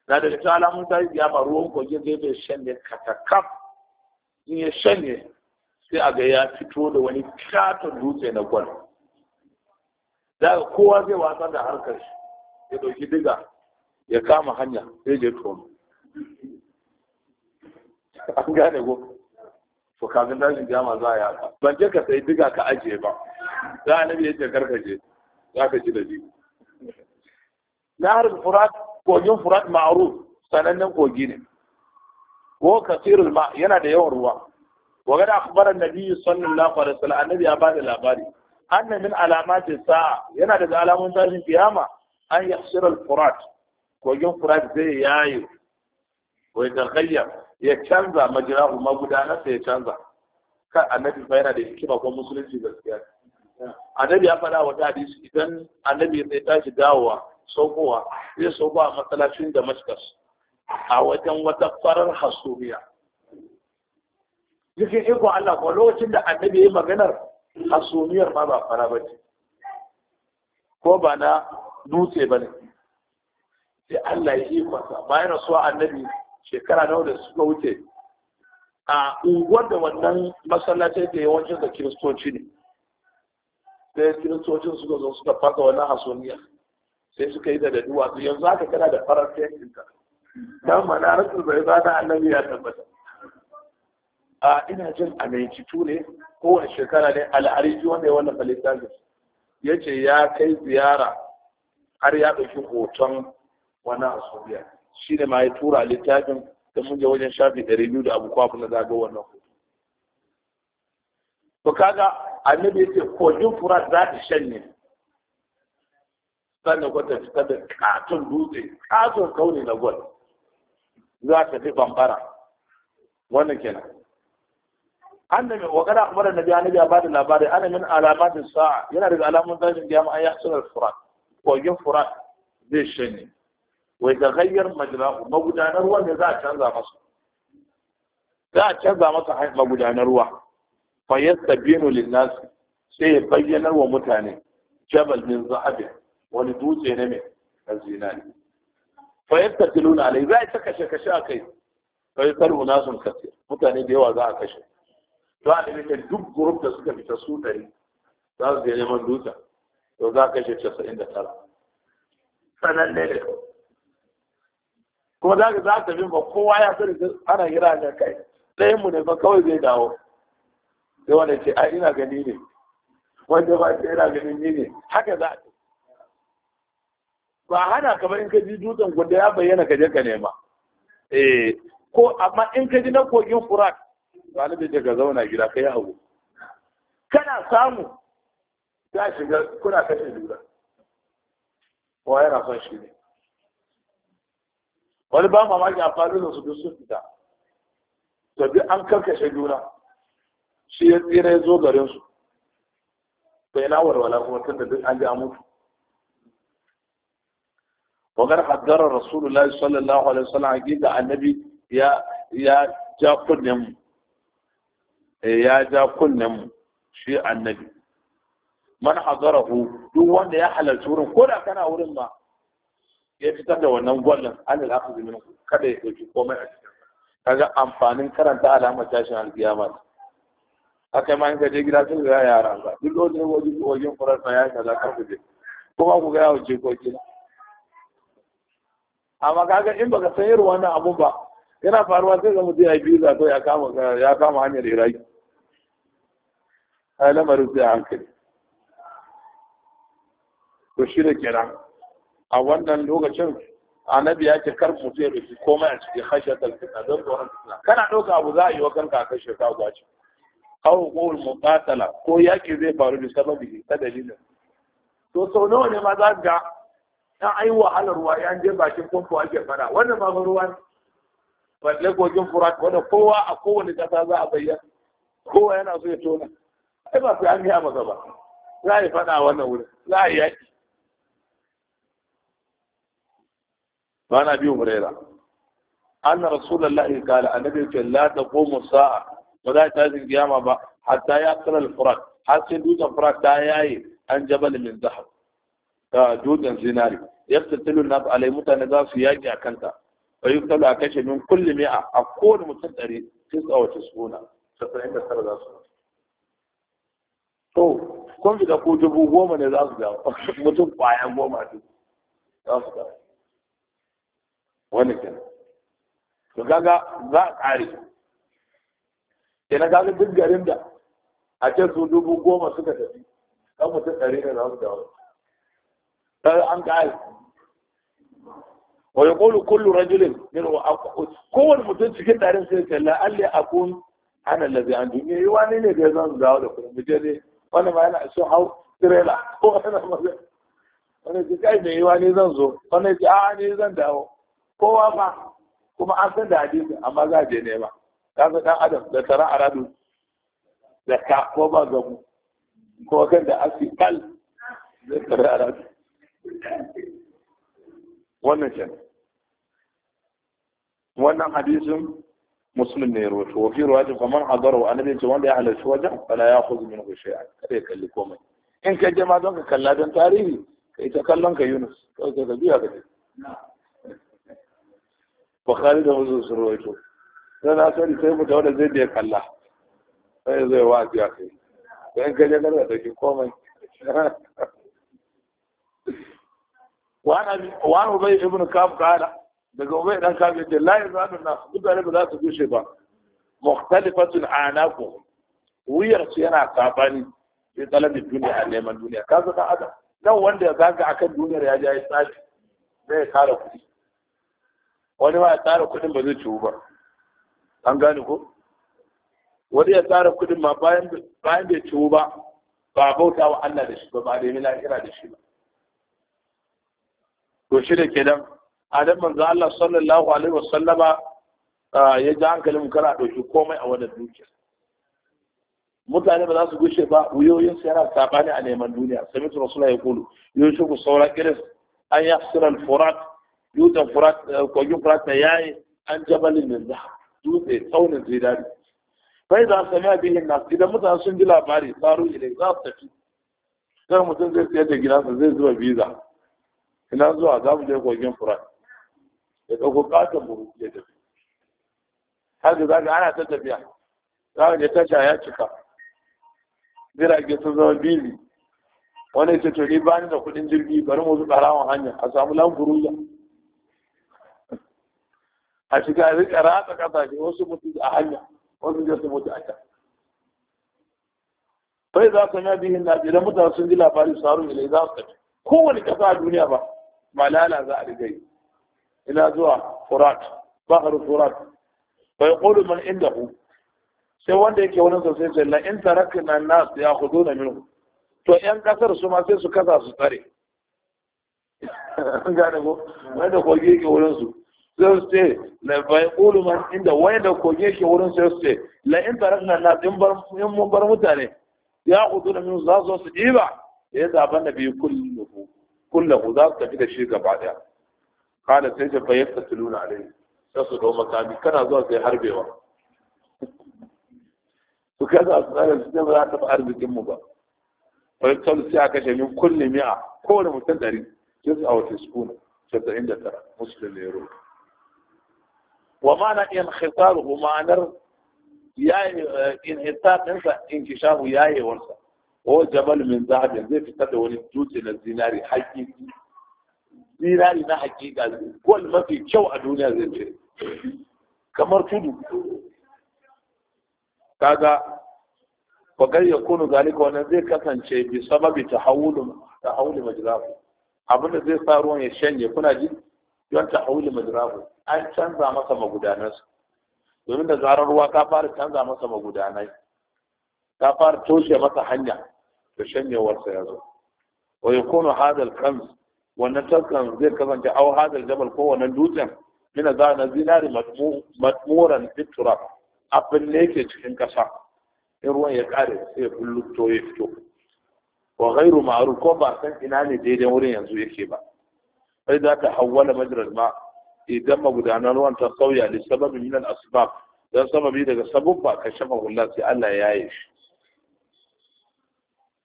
na daga cikin alamun tarihi ya faru ruwan kogin zai bai shanye katakaf in ya shanye sai a ga ya fito da wani katon dutse na gwal daga kowa zai wasa da harkar shi ya ɗauki diga ya kama hanya zai je tono an gane ko to kafin shi jama za a yaka. ban je ka sai diga ka ajiye ba za a nabi ya ce karkaje za ka ji da jiki nahar furat kogin furat ma'ruf sanannen kogi ne ko kasirul ma yana da yawan ruwa wa gada akbaran nabi sallallahu alaihi wasallam annabi ya bada labari anna min alamati sa'a yana daga alamun tashin kiyama an yahsira al furat kogin furat zai ko ya yataghayyar ya canza magudana sai ya canza kan annabi fa yana da hikima ko musulunci gaskiya annabi ya faɗa wa hadisi idan annabi ya tashi dawowa saukowa zai sauko a matsalacin damascus a wajen wata farar hasumiya cikin iko Allah ko lokacin da annabi ya yi maganar hasumiyar ma ba fara ba ce ko ba na dutse ba ne sai Allah ya yi kwasa bayan rasuwa annabi shekara nawa da suka wuce a unguwar da wannan masallacin da yawancin da kiristoci ne sai kiristocin suka zo suka fasa wannan hasumiyar sai suka yi da da duwatsu yanzu haka kana da farar fentinka dan manaratul bai zana annabi ya tabbata a ina jin a mai ne kowane shekara ne al'ariji wanda ya wannan littafin ya ce ya kai ziyara har ya ɗauki hoton wani asubiya shi ne ma ya tura littafin da mun je wajen shafi ɗari biyu da abubuwa kuma na zaga wannan hoto to kaga annabi ya ce kogin furat za ta shanye sannan kwata fitar da katon dutse katon kauri na gwal za ta fi bambara wannan kenan annabi wa kada akhbara nabi annabi ya bada labari ana min alamatin sa'a yana daga alamun tashin da ma yahsul al-furat kogin furat zai shine wai da gayyar majra magudanar ruwa ne za a canza masa za a canza masa magudanar ruwa fa yastabinu lin-nas sai ya bayyanar wa mutane jabal min zahabin wani dutse ne mai a zinari fa nuna alai za ta kashe kashe a kai fa yataru sun kashe mutane da yawa za a kashe to a da duk group da suka fita su dari za su je neman dutsen to za a kashe 99 sanan ne da kuma za ka za ka bi ba kowa ya sani ana gira ga kai ɗayan mu ne ba kawai zai dawo sai wanda ce ai ina gani ne wanda ba ce ina gani ni ne haka za a ba hana kamar in ka ji dutsen gwada ya bayyana ka je ka nema eh ko amma in ka ji na kogin furat galibi da ka zauna gida ka yi hagu kana samu za shiga kuna kashe lura wa yana son shi ne wani ba mamaki a da su duk sun fita to bi an karkashe juna shi ya tsira ya zo garin su bai na warwala kuma tun da duk an ji a mutu wagar حذر rasulullahi sallallahu alaihi الله عليه annabi ya النبي يا يا mu ya يا جا mu shi annabi من حضره duk wanda ya halarci wurin ko kana wurin ma ya fitar da wannan gwallon alal akhzi min kada ya kaga amfanin karanta alamar tashin alkiyama ma in ka je gida sun ga yara ba duk wani wajen wajen furar ya kaza kar ko ba ku ga yawo je amma kaga in baka san irin wannan abu ba yana faruwa sai ga mutum ya biyu zato ya kama ya kama hanyar iraki ai lamarin sai hankali to shi da kira. a wannan lokacin annabi ya ce kar mutum ya rufe komai a cikin hashiyar talfina don tsoron fitina kana ɗauka abu za a yi wa kanka a kashe ka gwaci kawo kowar muƙatala ko yaƙi zai faru da sababi ta dalilin to sau nawa ne ma za ga dan ai wahalar ruwa ya je bakin famfo ake fara wannan ba ruwa ne balle kogin furat wanda kowa a kowane kasa za a bayyana kowa yana so ya tona ai ba sai an yi masa ba za a yi fada wannan wurin za a yi yaki ba na biyu murera anna rasulullahi qala annabi ce la taqumu sa'a ba za ta zin kiyama ba hatta ya qala al-furat har sai dutsen furat ta yayi an jabal min zahab dutsen zinari tattalin na alai mutane za su yaki a kanta yi yuqtalu a kashe min kulle mai a kowane mutum ɗari tsawo ta suna, tasa'in da tara za su to kun fi da ko dubu goma ne za su dawo mutum kwaya goma ne za su dawo wani kenan to gaga za a ƙare na gaga duk garin da a ce su dubu goma suka tafi kan mutum ɗari ne za su dawo an ƙari wa ya ƙolu kullu rajulin kowane mutum cikin ɗarin sai ce alli, akun ana lazi an duniya yi wani ne da ya zan dawo da kuɗin mutum ne wani ma yana son hau tirela ko wani maza wani ce kai mai yi wani zan zo wani ce a ne zan dawo kowa fa kuma an san da hadisi amma za a je nema ka san ɗan adam da tara a radu da ka ko ba gamu ko kan da kal zai tara a radu wannan kenan wannan hadisin muslim ne rawaito wa fi rawatin kamar a annabi ce wanda ya halarci wajen fala ya khudh min shay'an kada ya kalli komai in ka je ma don ka kalla don tarihi ka ita kallon ka Yunus kawai ka biya ka ce Bukhari da Muslim sun rawaito sai na sani sai mu wanda zai je kalla sai zai wa biya kai in ka je kallon da dauki komai wani ubai ibn kaf kada daga ubai dan kaf yace la yazanu na mutane ba za su gushe ba mukhtalifatun anaku wuyar su yana sabani bi talabi duniya a neman duniya ka san adam nan wanda ya zaga akan duniyar ya ja ya tsafi zai kara kuɗi wani ma ya tsara kuɗin ba zai ciwu ba an gane ko wani ya tsara kuɗin ma bayan bai ciwu ba ba bauta wa Allah da shi ba ba da yi lahira da shi ba to shi da kenan adam manzo Allah sallallahu alaihi wasallama ya ji hankalin kara ɗauki komai a wannan dukiya mutane ba za su gushe ba wuyoyin su yana sabani a neman duniya sami su rasula ya kulu yushe ku saura kiris an ya siran furat yutan eh, furat kogin furat na yayi an jabalin min zahab dutse tsaunin zidari bai za su sami bihin nasu idan mutane sun ji labari tsaro ilai za su tafi zai mutum zai sayar da gidansa zai zuba biza ina zuwa za mu je kogin furat ya ɗauko ƙaton buhu ya tafi har da zaga ana ta tafiya za je tasha ya cika jirage sun zama bili wani ce tori ba ni da kuɗin jirgi bari mu zuba rawan hanya a samu lamburuja a shiga rika ratsa ƙasashe wasu mutu a hanya wasu je su mutu a can bai za su na bihin na idan mutane sun ji labarin su haru ilai za su tafi kowane ƙasa a duniya ba malala za a rigai ina zuwa furat bahar furat bai kudu man inda ku sai wanda yake wani sosai sai la in tarakna nas ya na min. to yan kasar su ma sai su kasa su tsare an gane ko wanda kogi yake wurin su sai su ce la bai kudu man inda wanda kogi yake wurin sai su ce la in tarakna nas in bar in mun bar mutane ya na minhu za su su diba ya zaban da bi kullu كل غذاب تجد الشرك بعدها قال سيد الطيب تتلون عليه تصد ومكان كان هذا في حرب يوم وكذا أصدقال الجنب لا تبقى أرض جمبا ويبتل الساعة كشه من كل مئة كل متدري جزء أو تسكون جزء عند ترى اللي يروح ومعنى انخطاره معنى يعني انهطاق انت انكشافه يعني ورثه o jabal min zahabin zai fitar da wani dutse na zinari hakiki zinari na hakika gol mafi kyau a duniya zai ce kamar tudu kaga fagar ya kunu zalika wannan zai kasance bi sababi tahawulun tahawuli Abin abinda zai sa ruwan ya shanye kuna ji don tahawuli majrahu an canza masa su. domin da zarar ruwa ka fara canza masa magudanai ka fara toshe masa hanya da shanyewarsa ya zo wa yakunu hadal kams wannan taskan zai kasance au hadal jabal ko wannan dutsen mina za na zinari matmuran fitura abin ne ke cikin kasa in ruwan ya kare sai bulluto ya fito wa gairu ma'ruf ko ba san ina ne daidai wurin yanzu yake ba sai za hau hawwala majral ma idan magudanar ruwan ta sauya da sababi min al don sababi daga sabubba ka shafa hula sai Allah ya yi shi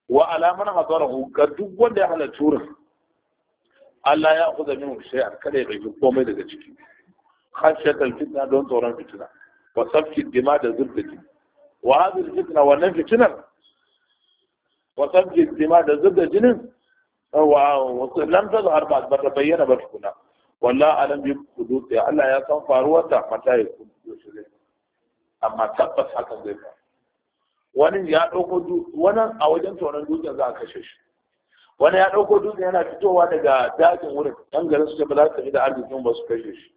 wa alaman hadarahu ga duk wanda ya halarci turin Allah ya kuza min a kada ya ɗauki komai daga ciki khashyatal fitna don tsoron fitina wa safki dima da zubdaji wa hadhihi fitna wannan fitinar wa safki dima da zubda jinin wa lam tazhar ba ba ta bayyana ba tukuna wallah alam bi ya Allah ya san ta mata ya kudu amma tabbas hakan zai faru wani ya ɗauko wani a wajen tonon dutsen za a kashe shi wani ya ɗauko dutsen yana fitowa daga dajin wurin ɗan garin su ce ba za su da arzikin ba su kashe shi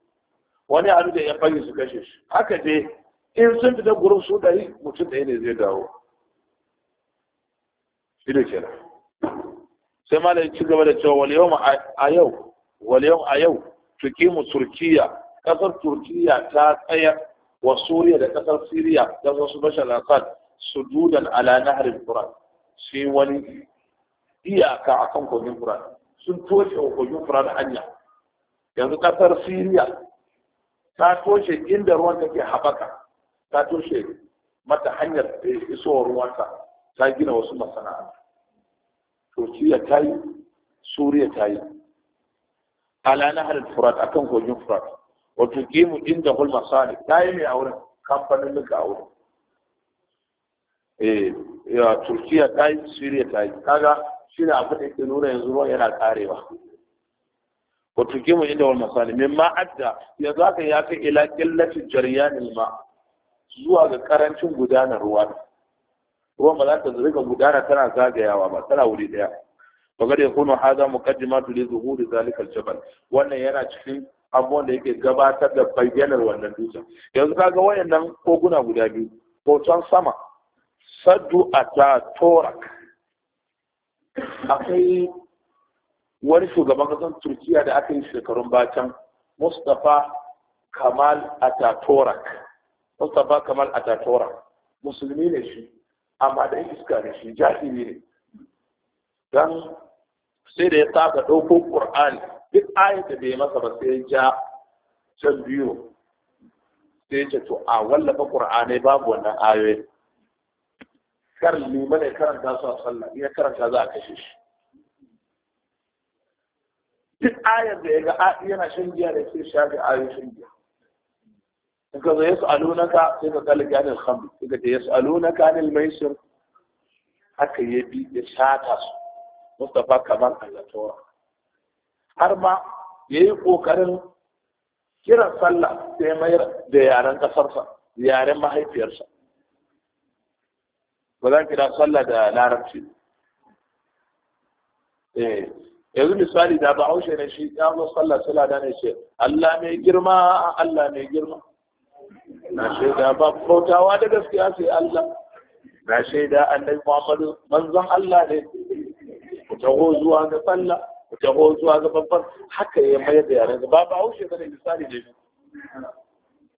wani ya da ya fage su kashe shi haka dai in sun fita gurin su ɗari mutum ɗaya ne zai dawo ido kenan sai ma da ci gaba da cewa wal yau a yau wal yau a yau tukimu turkiya kasar turkiya ta tsaya wa suriya da kasar siriya don wasu bashar assad sujudan ala nahril furat sai wani iyaka akan kogin furat sun toshe wa kogin furat hanya yanzu kasar Siriya ta toshe inda ruwan take haɓaka ta toshe mata hanyar isowar ruwanta ta gina wasu masana'a turkiya ta yi suriya ta yi ala nahar furat akan kogin furat wato Kimu, inda hul masali ta yi mai auren kamfanin nuka auren Eh, ya turkiya ta yi siriya ta yi kaga shi ne abu da ke nuna yanzu ruwan yana karewa turki mu inda wal masali mimma adda yanzu haka ya kai ila qillati jariyanin ma zuwa ga karancin gudanar ruwa ruwan ba za ta riga gudana tana zagayawa ba tana wuri daya fagar ya kuno hada muqaddimatu li zuhuri zalika al-jabal wannan yana cikin abubuwan da yake gabatar da bayyanar wannan dutsen yanzu kaga wayannan koguna guda biyu can sama saddu a ta torak akwai wani shugaban kasan turkiya da aka yi shekarun bacan mustapha kamal atatorak mustapha kamal atatorak musulmi ne shi amma da iska ne shi jahili ne don sai da ya taka ɗauko ƙur'ani duk ayyuka da ya masa ba sai ja biyu sai ce to a wallafa ƙur'anai babu wannan ayoyi. kar liman ya karanta su a sallah ya karanta za a kashe shi duk ayar da ya ga yana shan giya da ke shafi ayoyin shan giya in ka zo ya su'alunaka sai ka kalli ganin hamdu sai ka ce ya su'alunaka anil maisir haka ya bi ya shata su mustapha kamar allatora har ma ya yi ƙoƙarin kiran sallah sai mayar da yaren ƙasarsa yaren mahaifiyarsa ba za kira sallah da larabci eh yanzu misali da ba haushe ne shi ya zo sallah sallah da ne ce Allah mai girma Allah mai girma na shaida ba bautawa da gaskiya sai Allah na shaida annabi Muhammadu manzon Allah ne ku taho zuwa ga sallah ku taho zuwa ga babban haka ya mayar da yaran ba ba haushe ne misali ne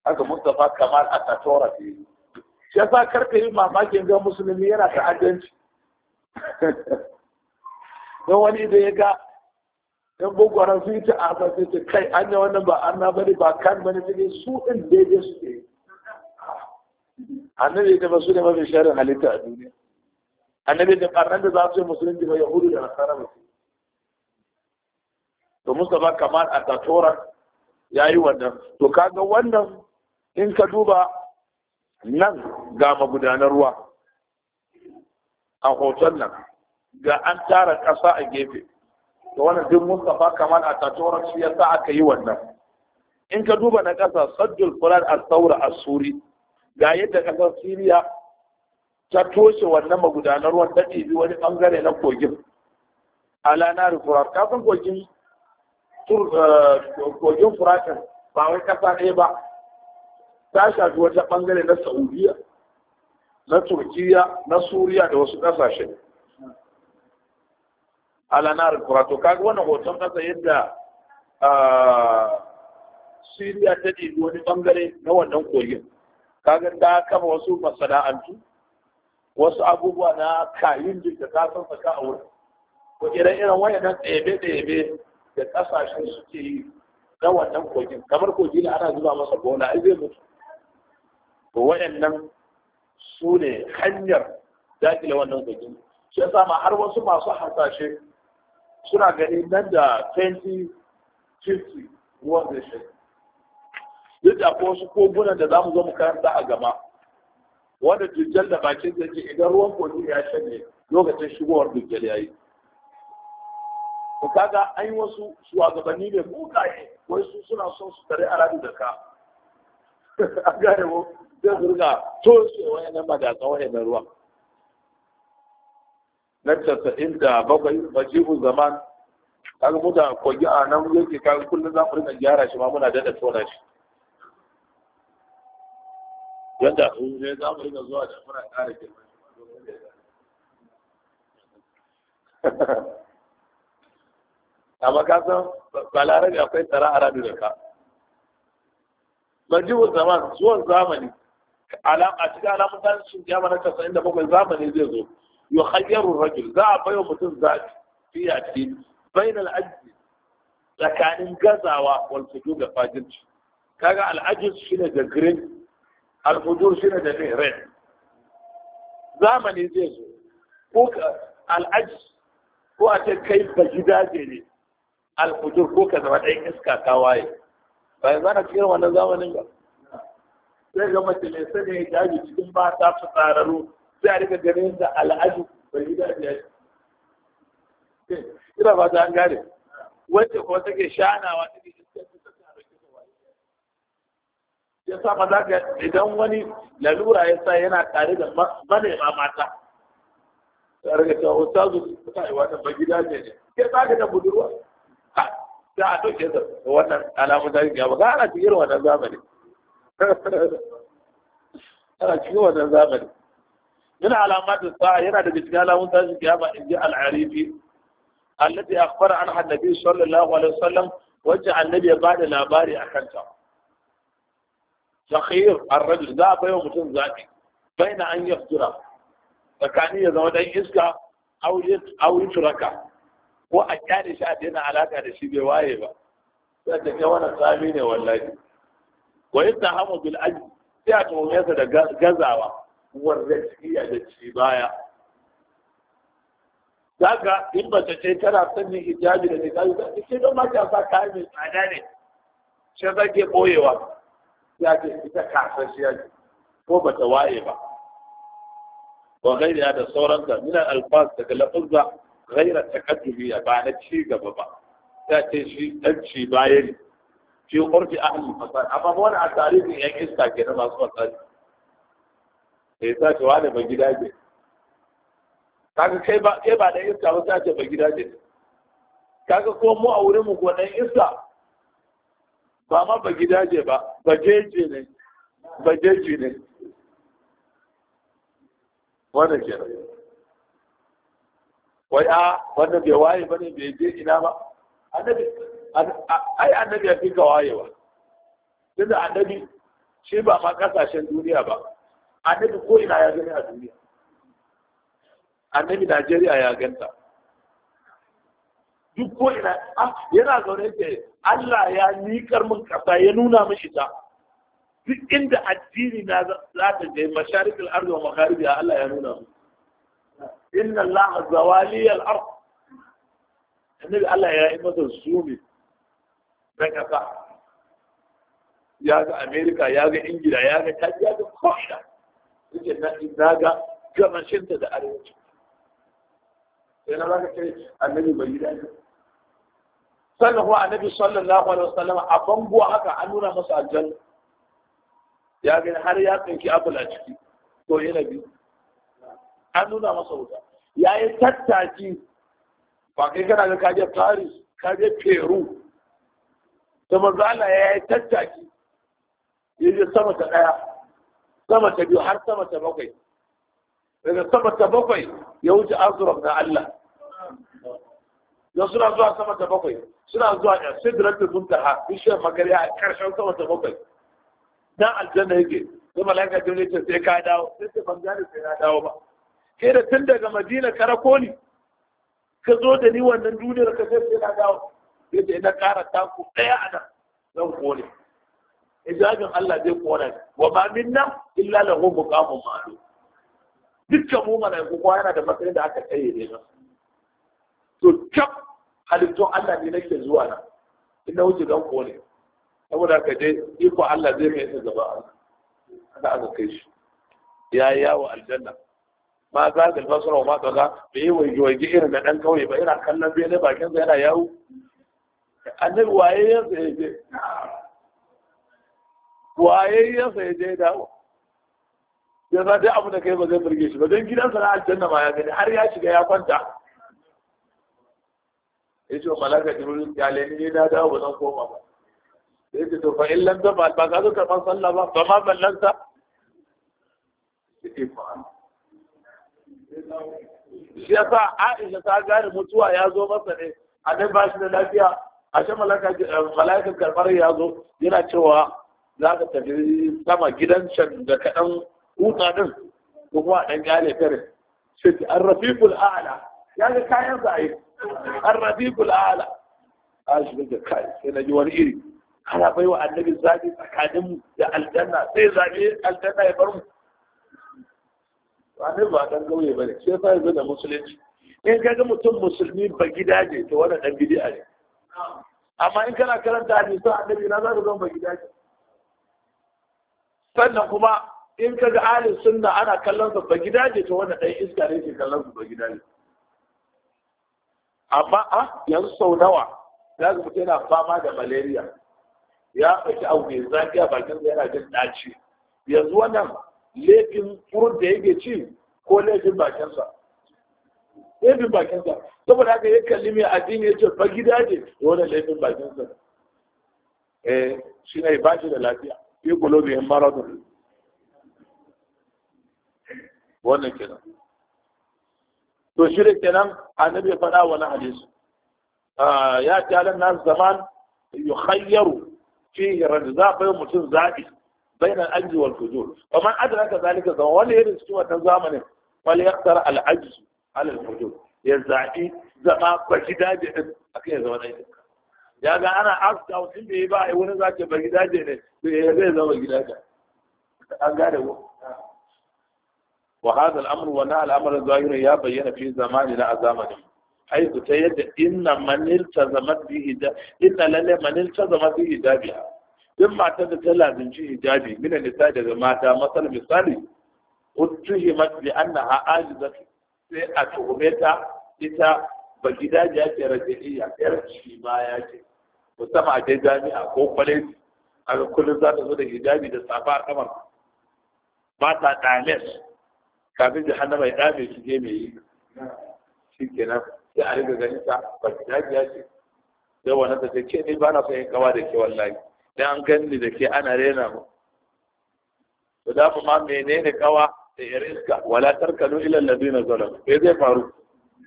haka Mustafa Kamal Atatora ne Shasa yasa karka yi mamakin ga musulmi yana ta'addanci don wani da ya ga ɗan bugwara sun yi a sai ta kai an yi wannan ba an bari ba kan bane sai su in daidai su ne annabi da ba su ne mafi sharin halitta a duniya annabi da ɓarnar da za su yi musulunci ba yahudu da nasara ba to mustapha kamar a tatoran ya yi wannan to kaga wannan in ka duba nan ga magudanar ruwa a hoton nan ga an tara ƙasa a gefe to wannan duk Mustapha kamar a tatoron shi yasa aka yi wannan in ka duba na ƙasa sajjul Fulan a saura a suri ga yadda ƙasar Siriya ta toshe wannan magudanar ruwan ta ɗibi wani ɓangare na kogin ala na kafin kogin eh, kogin furakin ba wai ƙasa ɗaya ba ta shafi wata bangare na saudiya na turkiya na suriya da wasu kasashe alanar Kur'ato kaga wannan hoton kasa yadda siriya ta ɗibi wani bangare na wannan kogin kaga ta kama wasu masana'antu wasu abubuwa na kayan da ta san saka a wurin ko irin irin wayannan tsebe tsebe da kasashen suke yi na wannan kogin kamar kogi ne ana zuba masa gona ai zai mutu to wayannan su ne hanyar dakile wannan zargin shi yasa ma har wasu masu hasashe suna gani nan da 2050 ruwan zai shi duk da ko wasu kogunan da za mu zo mu karanta a gaba wanda dujjal da bakin zai idan ruwan kogi ya shanye lokacin shigowar dujjal yayi to kaga an yi wasu shugabanni ne mugaye wai su suna son su tare a radu da ka an gane mu zai su riga toshe wayannan madatsa wayannan ruwa. na casa'in da bakwai bajibu zaman kaga muta kogi a nan yake kaga kullum za mu rika gyara shi ma muna dada tona shi yadda ne za mu rika zuwa da muna ƙara girma amma ka san balarabe akwai tsara a radu da ka bajibu zaman zuwan zamani alam a cikin alamun dan shin kiyama na 97 zamani zai zo yukhayyaru rajul za a bayo mutum zabi fi yati bainal ajzi tsakanin gazawa wal fujur da fajirci kaga al shi ne da green al shi ne da red zamani zai zo ko al ko a ce kai ba gidaje ne al ko ka zama ɗayan iska ta waye ba yanzu ana cikin wannan zamanin ba sai ga mace mai sani ya jaji cikin ta su tsararru sai a rika ganin da al'adu bai yi daɗi ya ina ba ta an gane wacce kuma take shanawa ta ke ya sa maza ka idan wani lalura ya sa yana tare da manema mata ta rika ta wata zuwa ta yi wata bagida ne ne ke ba da budurwa ta a ɗauke da wannan alamun da ya ba ga ana cikin wannan zamani ana cikin wannan zamani min alamatin sa'a yana daga cikin alamun tashin kiyama in ji al'arifi allati akhbara an annabi sallallahu alaihi wasallam wacce annabi ya bada labari a ta. takhir ar-rajul za a bai mutum zaɓi baina an yafjura tsakani ya zama dan iska aw turaka ko a kyale shi a daina alaka da shi bai waye ba sai ta kai wannan sami ne wallahi wa hama bil ajz sai a da gazawa warrajiya da ci baya daga in ba ta ce tana sanni hijabi da niqabi ba ce don ma ta sa kayan mai tsada ne shi ke boyewa ya ce ita kasashiya ce ko ba ta waye ba wa gaira da sauran da minan alfas daga lafazza gaira takaddubiya ba na ci gaba ba ya ce shi dan ci baya ne fi urfi ahli fasad amma wani a tarihin yan iska ke na masu fasad da ya sace wa da bagida ce kaga kai ba kai ba da iska ba sace bagida ce kaga ko mu a wurin mu ko dan iska ba ma bagida ce ba bajeje ne bajeje ne wannan kenan wai a wannan bai waye bane bai je ina ba annabi ai annabi ya fi ka wayewa tunda annabi shi ba ma kasashen duniya ba annabi ko ina ya gani a duniya annabi Najeriya ya ganta duk ko ina yana zaune ke Allah ya nikar min kasa ya nuna min ita duk inda addini na za ta je masharikul ardi wa magharibi Allah ya nuna min inna Allah zawali al-ard annabi Allah ya yi masa zumi na ƙasa ya ga amerika ya ga ingila ya ga ta ya ga ko'ina yake na ga gamashinta da arewacin. sai na baka ce annabi bai yi daɗi sannan kuma annabi sallallahu alaihi wasallam a bango haka an nuna masa aljanna ya gani har ya tsinki apple a ciki ko na biyu an nuna masa wuta ya yi tattaki ba kai kana ga kaje paris kaje peru ta manzo Allah ya yi tattaki ya sama ta ɗaya sama ta biyu har sama ta bakwai daga sama ta bakwai ya wuce azuram na Allah don suna zuwa sama ta bakwai suna zuwa ya sidirar da sun taha bishiyar magariya a ƙarshen sama ta bakwai dan aljanna yake sai malaka jirgin ce sai ka dawo sai ce ban sai na dawo ba ke da tun daga madina karakoli ka zo da ni wannan duniyar ka sai sai na dawo sai da na ƙara taku ɗaya a nan zan kone ijabin Allah zai kone wa ba min nan illa lahu muqamun ma'lum dukkan mu malaiku kowa yana da matsayin da aka tsaye ne to cap halittun Allah ne nake zuwa nan in na wuce zan kone saboda ka je iko Allah zai mai isa gaba Allah ana aka kai shi ya yi yawo aljanna ma za ka fasara ma ka ga bai yi wa waje irin na dan kauye ba ina kallon bene bakin sa yana yawo annabi waye ya je ya je ya dawo ya sa dai abu da kai ba zai burge shi ba don gidansa na aljanna ma ya gani har ya shiga ya kwanta ya ce wa malaka jibril kyale ne na dawo ba zan koma ba ya ce to fa in lam ta ba ka zo karban sallah ba ba ma ballanta shi yasa Aisha ta gane mutuwa ya zo masa ne a nan ba shi da lafiya a shi eh, karbar ya zo yana cewa za ka tafi sama gidan can da kaɗan huta ɗin kuma ɗan gane fere shi an rafi a'la ya ga kayan a yi, an rafi a'la a shi da kai sai na ji wani iri Kana bai wa annabi zaɓi tsakanin da aljanna sai zaɓi aljanna ya bar mu Wani ba dan gauye ne, sai fa yanzu da musulunci in ga mutum musulmi ba gida ne, to ɗan gidi a ne amma in kana karanta hadisan annabi na za ka zama gida ce sannan kuma in ka ga alin sunna ana kallon sa ba gida ce ta wanda ɗan iska ne ke kallon su ba gida ne amma a yanzu sau nawa za ka fita yana fama da malaria ya ɗauki abu mai zafi a bakin sa yana jin ɗaci yanzu wannan laifin furut da yake ci ko laifin bakinsa laifin bakinsa saboda haka ya kalli mai addini ya ce ba gida ne wannan laifin bakinsa eh shi ne ba shi da lafiya fi qulubihim maradun wannan kenan to shi da kenan annabi faɗa wani hadisi ah, ya ce alan nas zaman yukhayyaru fihi radza bai mutum zabi bainan ajji wal fujur kamar adraka zalika zama. Wani irin cikin wannan zamanin wani yaqtar al ajz alal fito ya zaɓi zaɓa bashi daji ɗin a kan ya zama na yi ya ga ana aska wasu da ya ba a wani zaɓe bashi daji ne to ya zai zama gida ga an gane ko wa hadal amru wa na al'amar zahiru ya bayyana fi zamani na azamani ai ku ta yadda inna manil zama bi hija inna lalle manil ta zama bi hijabi din matar da ta lazinci hijabi mina nisa daga mata masal misali masu bi annaha ajizatun sai a tuhume ta ita ba gida ya ce iya yar shi ma ya ce musamman a dai jami'a ko kwaleji a kullum za ta zo da hijabi da safa a kamar ba ta ɗales kafin da hannu mai ɗame shi je mai yi shi kenan sai a riga gani ta ba gida ya ce sai wani ta ce ke ni ba na fahimta kawa da ke wallahi dan an ganni da ke ana rena mu to dafa ma menene kawa da yar iska wala tarkanu ila alladhina zalamu me zai faru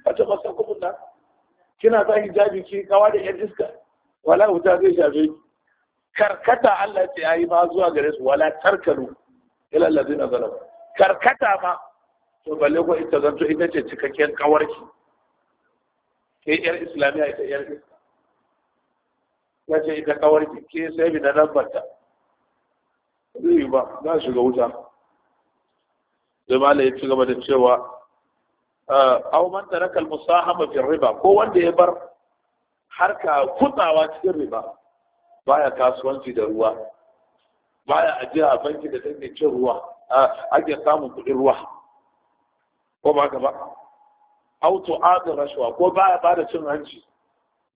a ta masa kubun nan kina sa hijabi ki kawa da yar iska wala wuta zai shafe karkata Allah ce ayi ba zuwa gare su wala tarkanu ila ladina zalamu karkata ma to balle ko ita zanto ita ce cikakken kawarki ke yar islamiyya ita yar iska ya ce ita kawarki ke sai bi da lambarta zai yi ba za shiga wuta sai malai ya ci gaba da cewa aw ah, man taraka al musahaba fi riba ko wanda ya bar harka kutsawa cikin riba baya kasuwanci da ruwa baya ajiya a banki da take cin ruwa ake samun kuɗin ruwa ko ba ka ba aw tu'adu rashwa ko baya bada cin hanci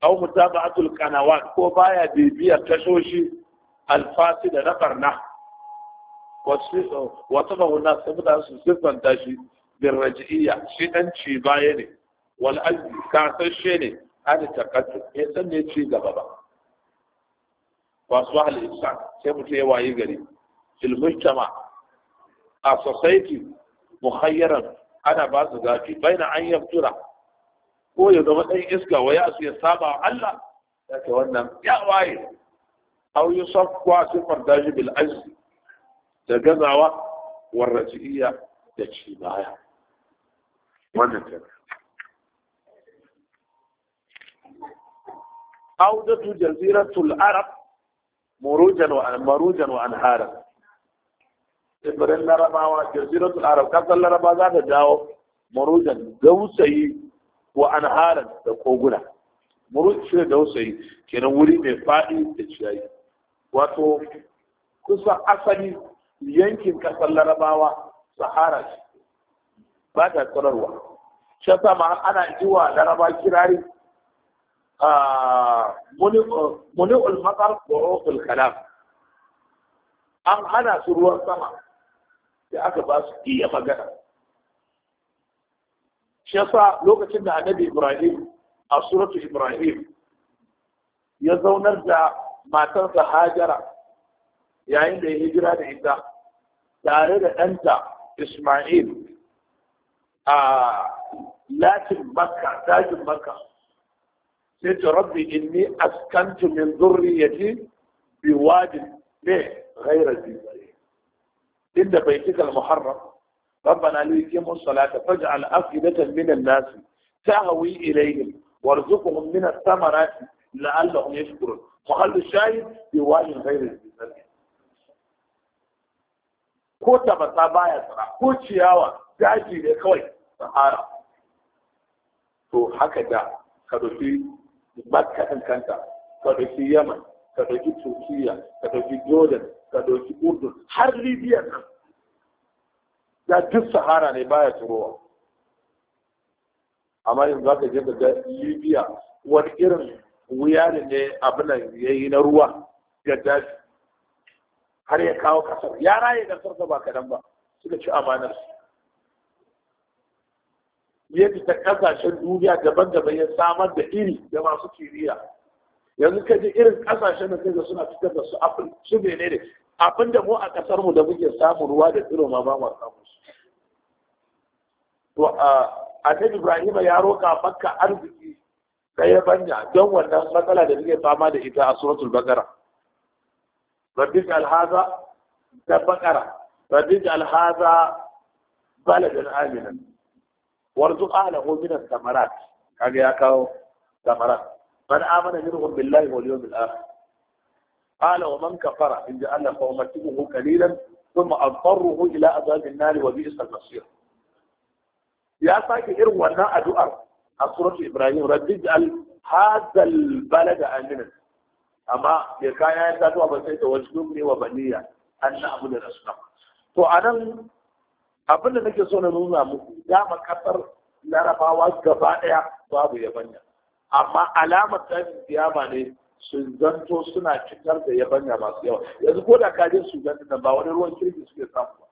aw mutaba'atul qanawat ko baya bibiyar tashoshi alfasi da na barna wata mahuna saboda su siffanta shi bin raji'iyya shi ɗan ci baya ne wal kasashe ne an takattu ya san ne ci gaba ba ba su ahli isa sai mutum ya wayi gari fil mujtama a society muhayyaran ana ba su zafi baina an tura ko ya zama ɗan iska wa ya su ya saba Allah Ya ce wannan ya waye au yusaf sifar daji bil ajli da gazawa warraji'iyya da ci baya wannan jaziratul arab murujan wa marujan wa anhara Ibrahim larabawa jaziratul arab kasar laraba za ta jawo murujan gausayi wa anharan da koguna murujan shi dausayi kenan wuri mai faɗi da ciyayi wato kusa asali yankin kasar larabawa sahara ce ba ta tsararwa shi yasa ma ana jiwa laraba kirari muni'ul matsar wa rokul kalam an hana su ruwan sama da aka ba su iya magana shi yasa lokacin da annabi ibrahim a suratu ibrahim ya zaunar da matarsa hajara yayin da ya hijira da ita tare da ɗanta Ismail a latin makka dajin makka sai ta rabbi inni askantu min zurriyati bi wadin ne ghayra zibari inda bai cika muharram ربنا ليقيموا الصلاة فاجعل أفئدة من الناس تهوي إليهم وارزقهم من الثمرات لعلهم يشكرون وخلوا الشاهد بوالي غير الزبار ko tabasa baya tsara ko ciyawa daji ne kawai sahara to haka da ka dauki makka ɗin kanta ka dauki yaman ka dauki turkiya ka dauki jordan ka dauki urdun har libya nan ya duk sahara ne baya tsirowa amma yanzu za ka je ga libya wani irin wuya ne abin da ya yi na ruwa ya dafi har ya kawo kasar ya raye sarsa ba kadan ba suka ci amanar su. ya ta kasashen duniya daban-daban ya samar da iri da masu kiriya yanzu ka ji irin kasashen da kai suna fitar da su afin su ne ne abin da mu a kasar da muke samu ruwa da tsiro ma ba mu samu su to a Ibrahim ya roka makka arziki sai ya banya don wannan matsala da muke fama da ita a suratul baqara رديت على هذا تبكرة رديت على هذا بلد آمنا وارزق أهله من الثمرات كان يأكل ثمرات من آمن منهم بالله واليوم الآخر قال ومن كفر إن جعل فأمتبه قليلا ثم أضطره إلى أذان النار وبئس المصير يا ساكي إرو أنا أدؤر سورة إبراهيم رديت على هذا البلد آمنا amma ya kaya ya tato ba sai da wani ne wa baniya an na abu da rasu to a nan abin da nake so na nuna muku ya makasar larabawa gaba daya babu yabanya amma alamar tashin kiyama ne sun zanto suna fitar da yabanya masu yawa yanzu ko da kajin su gani nan ba wani ruwan kirki suke samu ba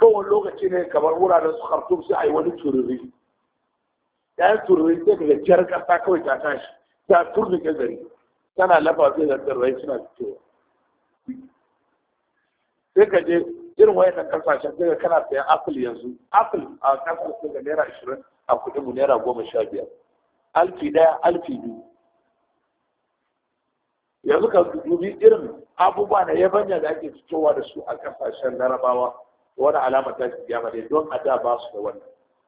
kowan lokaci ne kamar wuraren su khartoum sai a yi wani tururi ya yi tururi sai daga jiyar kasa kawai ta tashi ta ke gari tana lafa sai da tsirrai suna fitowa sai ka je irin wayannan kasashen sai ka kana sayan apple yanzu apple a kasar sai da naira ashirin a kuɗin mu naira goma sha biyar alfi ɗaya alfi biyu yanzu ka dubi irin abubuwa na yabanya da ake fitowa da su a kasashen larabawa wani alama ta shi kiyama ne don a da ba su da wannan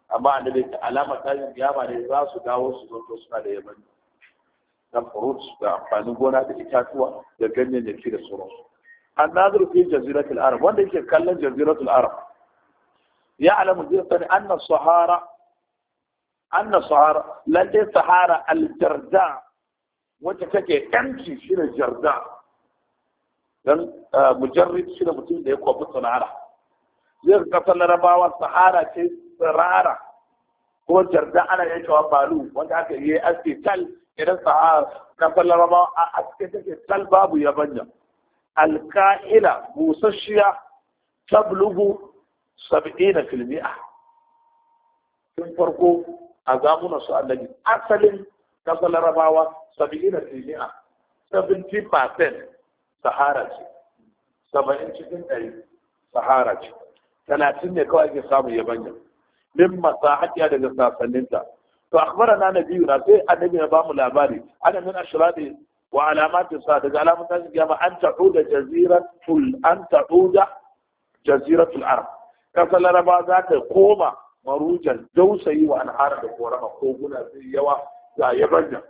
amma annabi alama ta shi kiyama ne za su dawo su zo suna da yabanya na fruits da amfanin gona da itatuwa da ganyayyaki da sauransu an nazaru fi jaziratul arab wanda yake kallon jaziratul arab ya alamu zai sani anna sahara anna sahara lalle sahara aljarda wacce take yanci shine jarda dan ah, mujarrid shine mutum da ya kofi sanara zai kasar larabawa sahara ce sarara, ko jarda ana yankewa balu wanda aka yi aske Idan sahara na larabawa a aske take sal babu yabanya alka'ila busasshiya tablugu sab'ina filmi'a tun farko a zamuna su annabi asalin kasar larabawa sab'ina filmi'a 70% sahara ce 70 cikin ɗari sahara ce 30 ne kawai ke samun yabanya min masahatiya daga sasanninta to akhbarana nabiyuna sai annabi ya bamu labari ana min ashradi wa alamati sa daga alamun tashin kiyama an ta'uda jaziratul an ta'uda jaziratul arab kasar laraba za ta koma marujan dausayi wa anhara da korama koguna zai yawa ga yabanya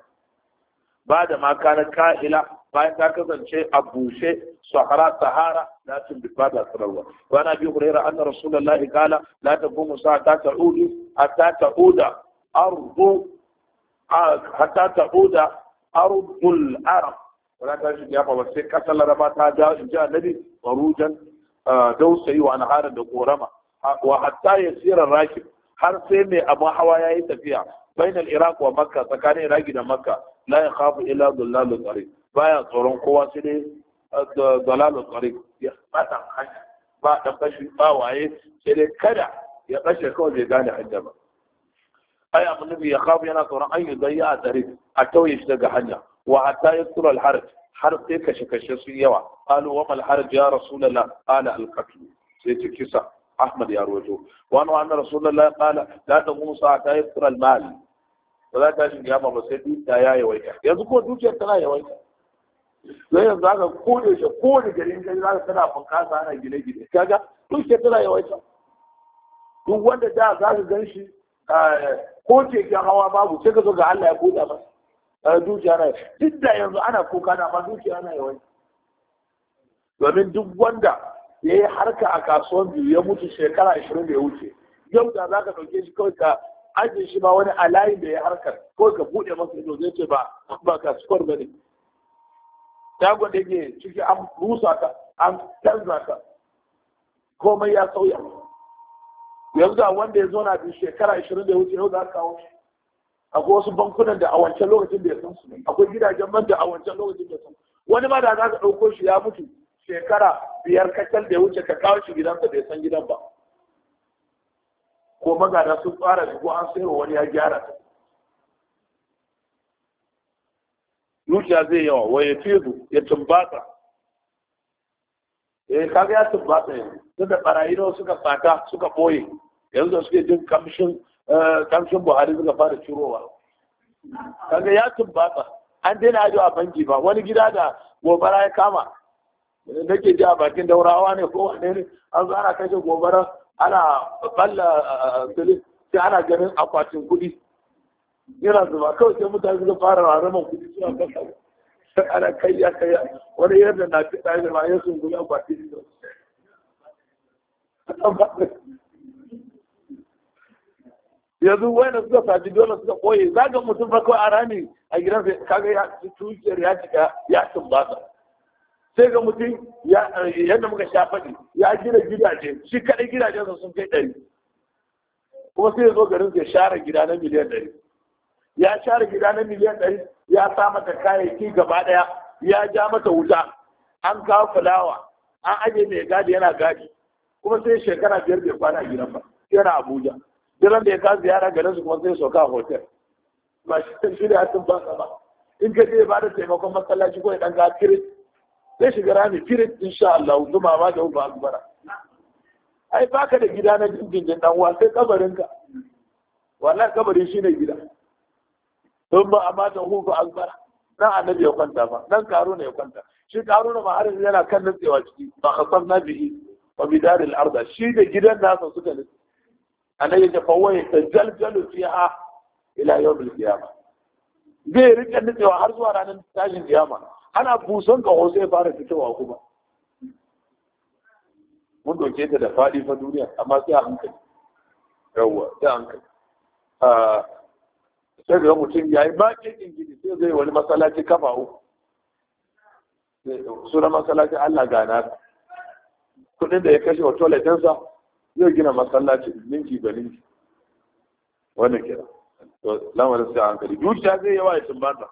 ba da ma ka'ila bayan ta kasance a bushe sahara sahara la tumbifa da sararwa ana na bi hurairu anna rasulullahi qala la taqumu sa'ata ta'udu hatta ta'uda ardu hatta ta'uda ardul arab wala ta shi ya fawa sai kasar laraba ta da in ji annabi barujan dausayi wa anharin da korama wa hatta ya tsira rakib har sai mai abin hawa ya yi tafiya bainal iraq wa makka tsakanin iraki da makka la ya khafu illa dullalu tsari baya tsoron kowa sai dai dalalu tsari ya fata hanya ba da bashi ba waye sai dai kada ya kashe kawai bai gane hanya ai abin nufi ya kafu yana sauran an yi zai a tsare a tauye shi daga hanya wa hatta ya tsura alharaj har sai kashe kashe sun yawa qalu wa mal ya rasulullah qala al qatl sai ci ahmad ya rawaito wa anna rasulullah qala la taqumu sa'ata yasra al mal ba za ta shiga ba ba sai dukiya ya yawaita yanzu ko dukiyar tana yawaita zai yanzu aka kone shi kone garin gari za ka tana bunkasa ana gine-gine kaga tana yawaita wanda da za ka Eh, ko keken hawa babu sai ka zo ga Allah ya buɗa ba eh, dukiya na duk da yanzu ana kuka na ba dukiya na yawai domin duk wanda ya yi harka a kasuwan biyu ya mutu shekara ashirin da ya wuce yau da za ka ɗauke shi kawai ka ajiye shi ba wani alayin da ya harkar kawai ka buɗe masa ido zai ce ba ba kasuwar ba ne Ta gwada ke ciki an rusa ka an canza ka komai ya sauya yanzu a wanda ya na biyu shekara ashirin da ya wuce yau za ka kawo shi akwai wasu bankunan da a wancan lokacin da ya san su akwai gidajen man da a wancan lokacin da ya san wani ma da za ka ɗauko shi ya mutu shekara biyar kacal da ya wuce ka kawo shi gidansa bai san gidan ba ko magana sun fara ko an sayarwa wani ya gyara ta zuciya zai yawa wa ya fi ya tumbata eh kaga ya tumbata yanzu suka da barayiro suka fata suka boye yanzu da suke jin kamshin eh, kamshin buhari suka fara cirowa kaga ya tumbata an daina ajo a banki ba wani gida da gobara ya kama da eh, ke ji a bakin daurawa ne ko wane ne an zo ana kashe gobara ana balla filin eh, sai ana ganin akwatin kuɗi yana zuba kawai sai mutane suka fara rarraman kudi. suna kasa sai ana kayya kayya wani yadda na fi ɗaya da ma ya sun guya ba yanzu wanda suka saji dole suka koye zaga mutum ba kawai a rami a gidan kaga ya tukiyar ya cika ya tumbata sai ga mutum yadda muka sha faɗi ya gina gidaje shi kaɗai gidajen sun kai ɗari kuma sai ya zo garin sai share gida na miliyan ɗari ya share gida na miliyan ɗari ya sa mata kayayyaki gaba ɗaya ya ja mata wuta an kawo fulawa an aje mai gadi yana gadi kuma sai shekara biyar bai kwana gidan ba yana abuja jiran da ya ka ziyara garin su kuma sai sauka hotel ba shi shi da sun ba ba in ka je ba da taimakon masallaci ko ɗan ga firit sai shiga rami firit insha Allah ma ba da uba akbara ai baka da gida na dindindin dan uwa sai kabarinka wallahi kabarin shi ne gida don ba a mata hufu akbara dan annabi ya kwanta ba dan ne ya kwanta shi Karu na ma'arin yana kan nutsewa ciki ba kasar na bihi wa bidar al-arda shi da gidan nasa suka nutse annabi ya fa wai tajaljalu fiha ila yawm al-qiyama zai rika nutsewa har zuwa ranar tashin kiyama ana busan kaho sai fara fitowa kuma mun doke ta da faɗi fa duniya amma sai a hankali yawwa sai a hankali ah, sai ga mutum ya yi bakin ingidi sai zai wani masallaci kafa uku suna masallaci Allah gana kudin da ya kashe wa toiletinsa zai gina masallaci ninki da ninki wannan kira to lamarin sai hankali dukiya zai yawa ya tumbata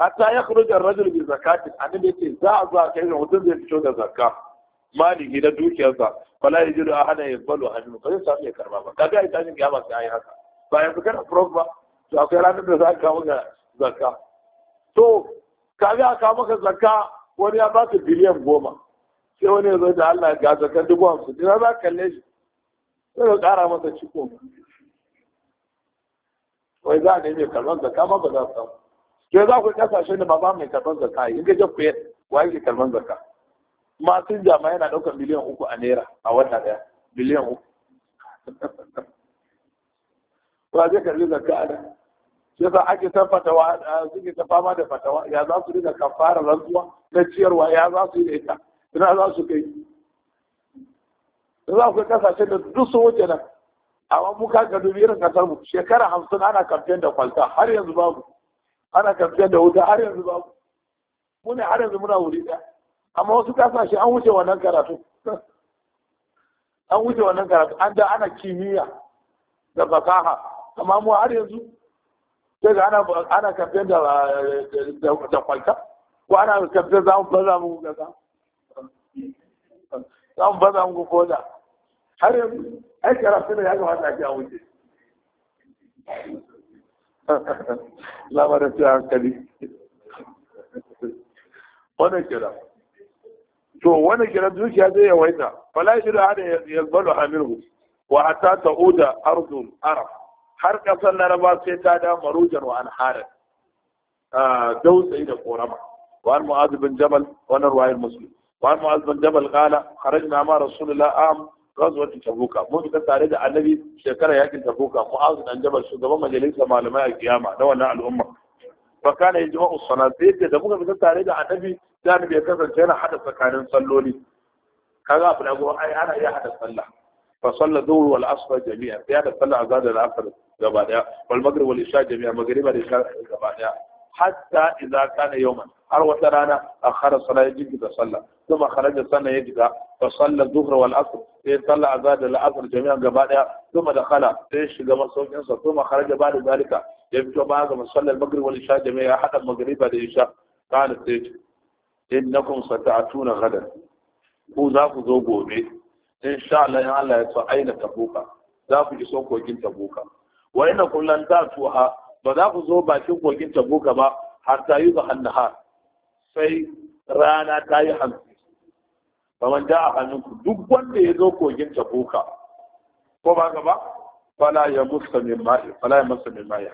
hatta ya kuru da rajul bi zakati annabi yace za a zo a kai ga mutum zai fito da zakka maliki na dukiyarsa fala yajidu ahada yaqbalu anhu ba zai samu ya karba ba kaga ai tashin kiyama sai ai haka ba yanzu kana prof ba to akwai ranar da za ka ga zakka to ka ga ka maka zakka wani ya baka biliyan goma sai wani ya zo da Allah ga zakkan dubu hamsin ina za ka kalle shi sai ka ƙara masa ciko wai za a nemi karɓar zakka ma ba za su samu ke za ku kasashen da ba mai karɓar zakka yi, in ka je ku wa yake karɓar zakka masu jama yana ɗaukar miliyan uku a naira a wata ɗaya miliyan uku ba zai karɓi zakka a nan shi yasa ake san fatawa suke ta fama da fatawa ya za su rika kafara rantsuwa na ciyarwa ya za su yi da ita ina za su kai za su kasashe kasashen da duk sun wuce nan amma mu ka ga dubi irin kasar mu shekara hamsin ana kamfen da kwalta har yanzu babu ana kamfen da wuta har yanzu babu mu ne har yanzu muna wuri ɗaya amma wasu kasashe an wuce wannan karatu an wuce wannan karatu an da ana kimiyya da fasaha amma mu har yanzu sai ga ana ana kamfen da da kwalta ko ana kamfen za mu baza mu gaza za mu baza muku koda har yanzu ai karatu ne ya ga wata ji wuce lamarin sai hankali wannan kira to wannan kira dukiya zai yawaita fala shi da hada ya zbalo hamilu wa hatta ta'uda ardun arab har ƙasar laraba sai ta da marujan wa an harin dausayi da korama wa an mu'az bin jabal wa an ruwayar muslim wa an mu'az bin jabal qala kharajna ma rasulullah am ghazwat tabuka mun fita tare da annabi shekara yakin tabuka mu'az dan jabal shugaban majalisar malamai a kiyama na wannan al'umma fa kana yajma'u salati da muka fita tare da annabi da annabi ya kasance yana hada tsakanin salloli kaga abu da ai ana iya hada sallah fa salla dhuhr wal asr jami'a ya da salla azhar da asr wal maghrib wal jami'a maghriba da isha gaba daya hatta idza kana yawman har wata rana akhara sala yajid da salla kuma kharaja sana yajid fa salla dhuhr wal asr sai salla azhar da asr jami'a gaba daya kuma dakhala sai shiga masaukin sa kuma kharaja ba da zalika ya fito ba ga masallar maghrib wal isha jami'a hada maghriba da isha kana sai innakum sata'tuna ghadan ku za ku zo gobe in sha Allah ya Allah ya so aina tabuka za ku iso kogin tabuka wa na kullan za tuha ba za ku zo bakin kogin tabuka ba har ta yi zuhan har. sai rana ta yi ba man da a hannunku duk wanda ya zo kogin tabuka ko ba gaba fala ya musa min ma'i fala ya musa min ma'i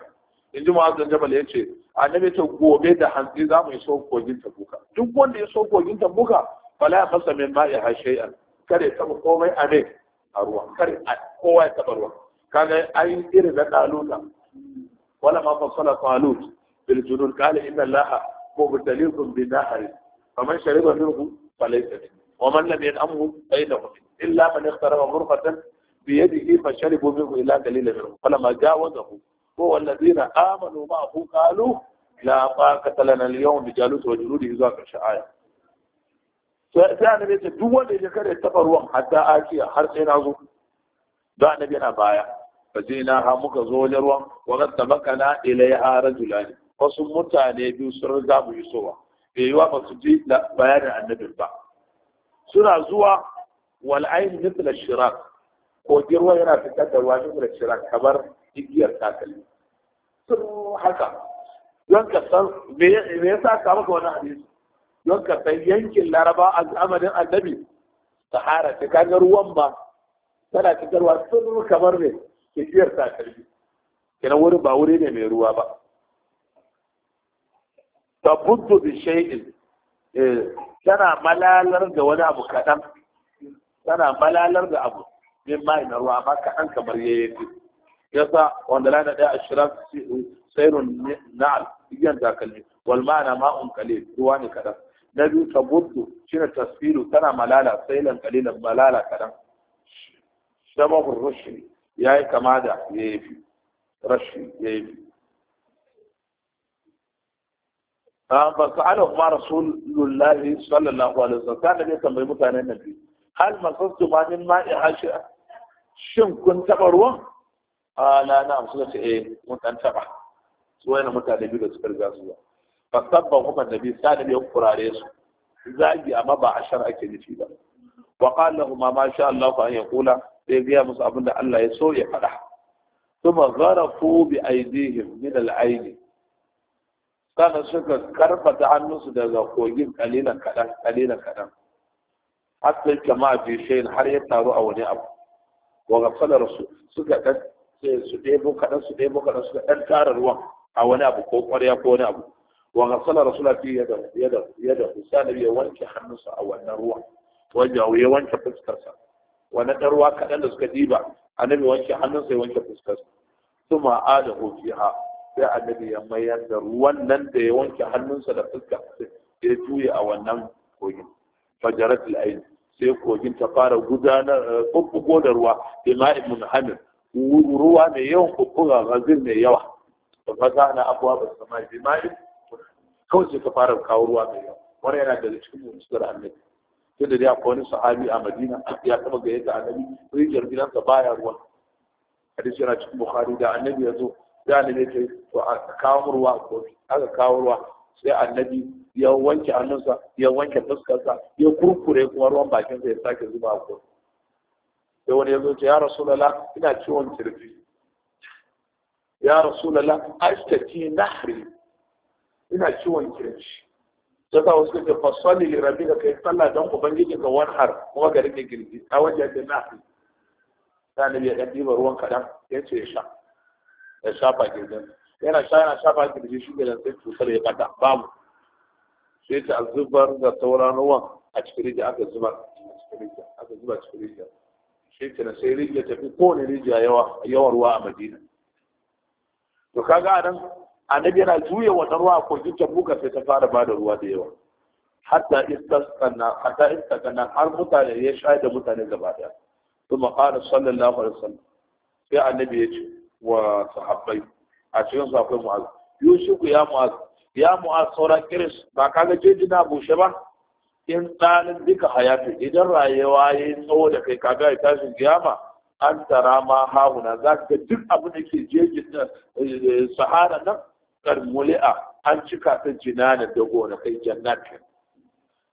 in ji ma'azin jabal ya ce annabi ta gobe da hantsi za mu iso kogin tabuka duk wanda ya so kogin tabuka fala ya musa min ma'i ha shay'an kada ya taba komai a mai a ruwa kada kowa ya taba ruwa kaga ai irin da daluta wala ma fasala qalut bil junud qala inna allaha mubtaliikum bi nahar faman shariba minhu falaysa ومن لم ينعمه فإنه إلا من اقترب غرفة بيده فشربوا منه إلا قليلا منهم فلما جاوزه هو الذين آمنوا معه قالوا لا طاقة لنا اليوم بجالوت zuwa karshe aya. sai annabi ce duk wanda ya kare taba ruwan hatta akiya har sai na zo da annabi yana baya fa sai na ha muka zo wajen ruwan wa qad tabaqana ilayha rajulan wasu mutane biyu sun riga mu yusowa bai yiwa ba su ji bayanin annabin ba suna zuwa wal ayn mithla shirak ko ruwa yana fitar da ruwa mithla shirak kamar igiyar takalmi sun haka don ka san me yasa ka maka wani hadisi don ka san yankin laraba al'amarin annabi sahara ta kaga ruwan ma tana fitarwa sun kamar ne ke biyar ta karbi kina wuri ba wuri ne mai ruwa ba Buddu da shaidin eh, tana malalar da wani abu kaɗan tana malalar da abu min mai na ruwa amma kaɗan kamar Ya yasa wanda lana ɗaya ashirin eh, sairun na'al igiyan takalmi wal ma'ana ma'un kale ruwa ne kaɗan na biyu ta shi shine tasfiru tana malala sailan kalilan malala kadan shabahur ya yayi kama da yayi rushdi yayi فسأله ما رسول الله صلى الله عليه وسلم كان ne tambayi mutanen nabi hal masastu ma min ma'i hasha shin kun taba ruwan ala na suka ce eh mun dan taba su wani mutane biyu da suka riga su zuwa fasabban kuma nabi sa'ad ya kurare su zagi amma ba a shar ake nufi ba wa qala huma ma sha Allah an yaqula sai ga musu abin da Allah ya so ya faɗa kuma zarafu bi aidihim min al-ayn kana suka karfata hannunsu daga kogin kalilan kadan kalilan kadan hatta kama bi shayin har ya taru a wani abu wa gafala rasul suka dan sai su debo kadan su debo kadan suka dan tara ruwan a wani abu ko ƙwarya ko wani abu wa ghasala rasulullah fi yada yada yada sai ya wanke hannunsa a wannan ruwa wajawo ya wanke fuskarsa wannan dan ruwa kadan da suka diba annabi wanke hannunsa ya wanke fuskarsa kuma adahu fiha sai annabi ya mayar da ruwan nan da ya wanke hannunsa da fuska ya juya a wannan kogin fajarat al-ayn sai kogin ta fara gudanar eh, da ruwa bima'in munhamir ruwa mai yawan bubbuga gazir mai yawa fa na abwa bis sama'i kawai sai ka fara kawo ruwa mai yawa wani yana daga cikin musulun annabi tunda dai akwai wani sahabi a madina ya taba gayyata annabi rijiyar ka baya ruwa hadisi yana cikin bukhari da annabi ya zo da annabi ya to a kawo ruwa ko aka kawo ruwa sai annabi ya wanke annansa, ya wanke fuskarsa ya kurkure kuma ruwan bakinsa ya sake zuba a kofi sai wani ya zo ce ya rasulala ina ciwon kirji ya rasulala ashtaki nahri ina ciwon kirji saka wasu ke fasali rabi da kai sallah dan ubangiji ka har kuma ga rike girgi a wajen da nafi da Sani ya dan diba ruwan Ya ce ya sha ya shafa girjin. yana sha yana shafa girgi shi da sai cutar ya kada babu sai ta zubar da sauran ruwan a cikin rijiya aka zubar aka zuba cikin rijiya shi ke na sai rijiya tafi kowane rijiya yawa ruwa a madina to kaga a nan annabi yana juya wata ruwa a kogin tabuka sai ta fara bada ruwa da yawa hatta istasqana hatta istasqana har mutane ya sha da mutane gaba daya kuma qala sallallahu alaihi wasallam sai annabi ya ce wa sahabbai a cikin su akwai mu'az yushiku ya mu'az ya mu'az saura kiris ba kaga jeji na bushe ba in tsalin duka hayatu idan rayuwa ya yi tsawo da kai kaga ya tashin giyama an tara ma hahuna za ka duk abin da ke jejin eh, eh, sahara nan kar muli'a an cika ta jina da kai jannat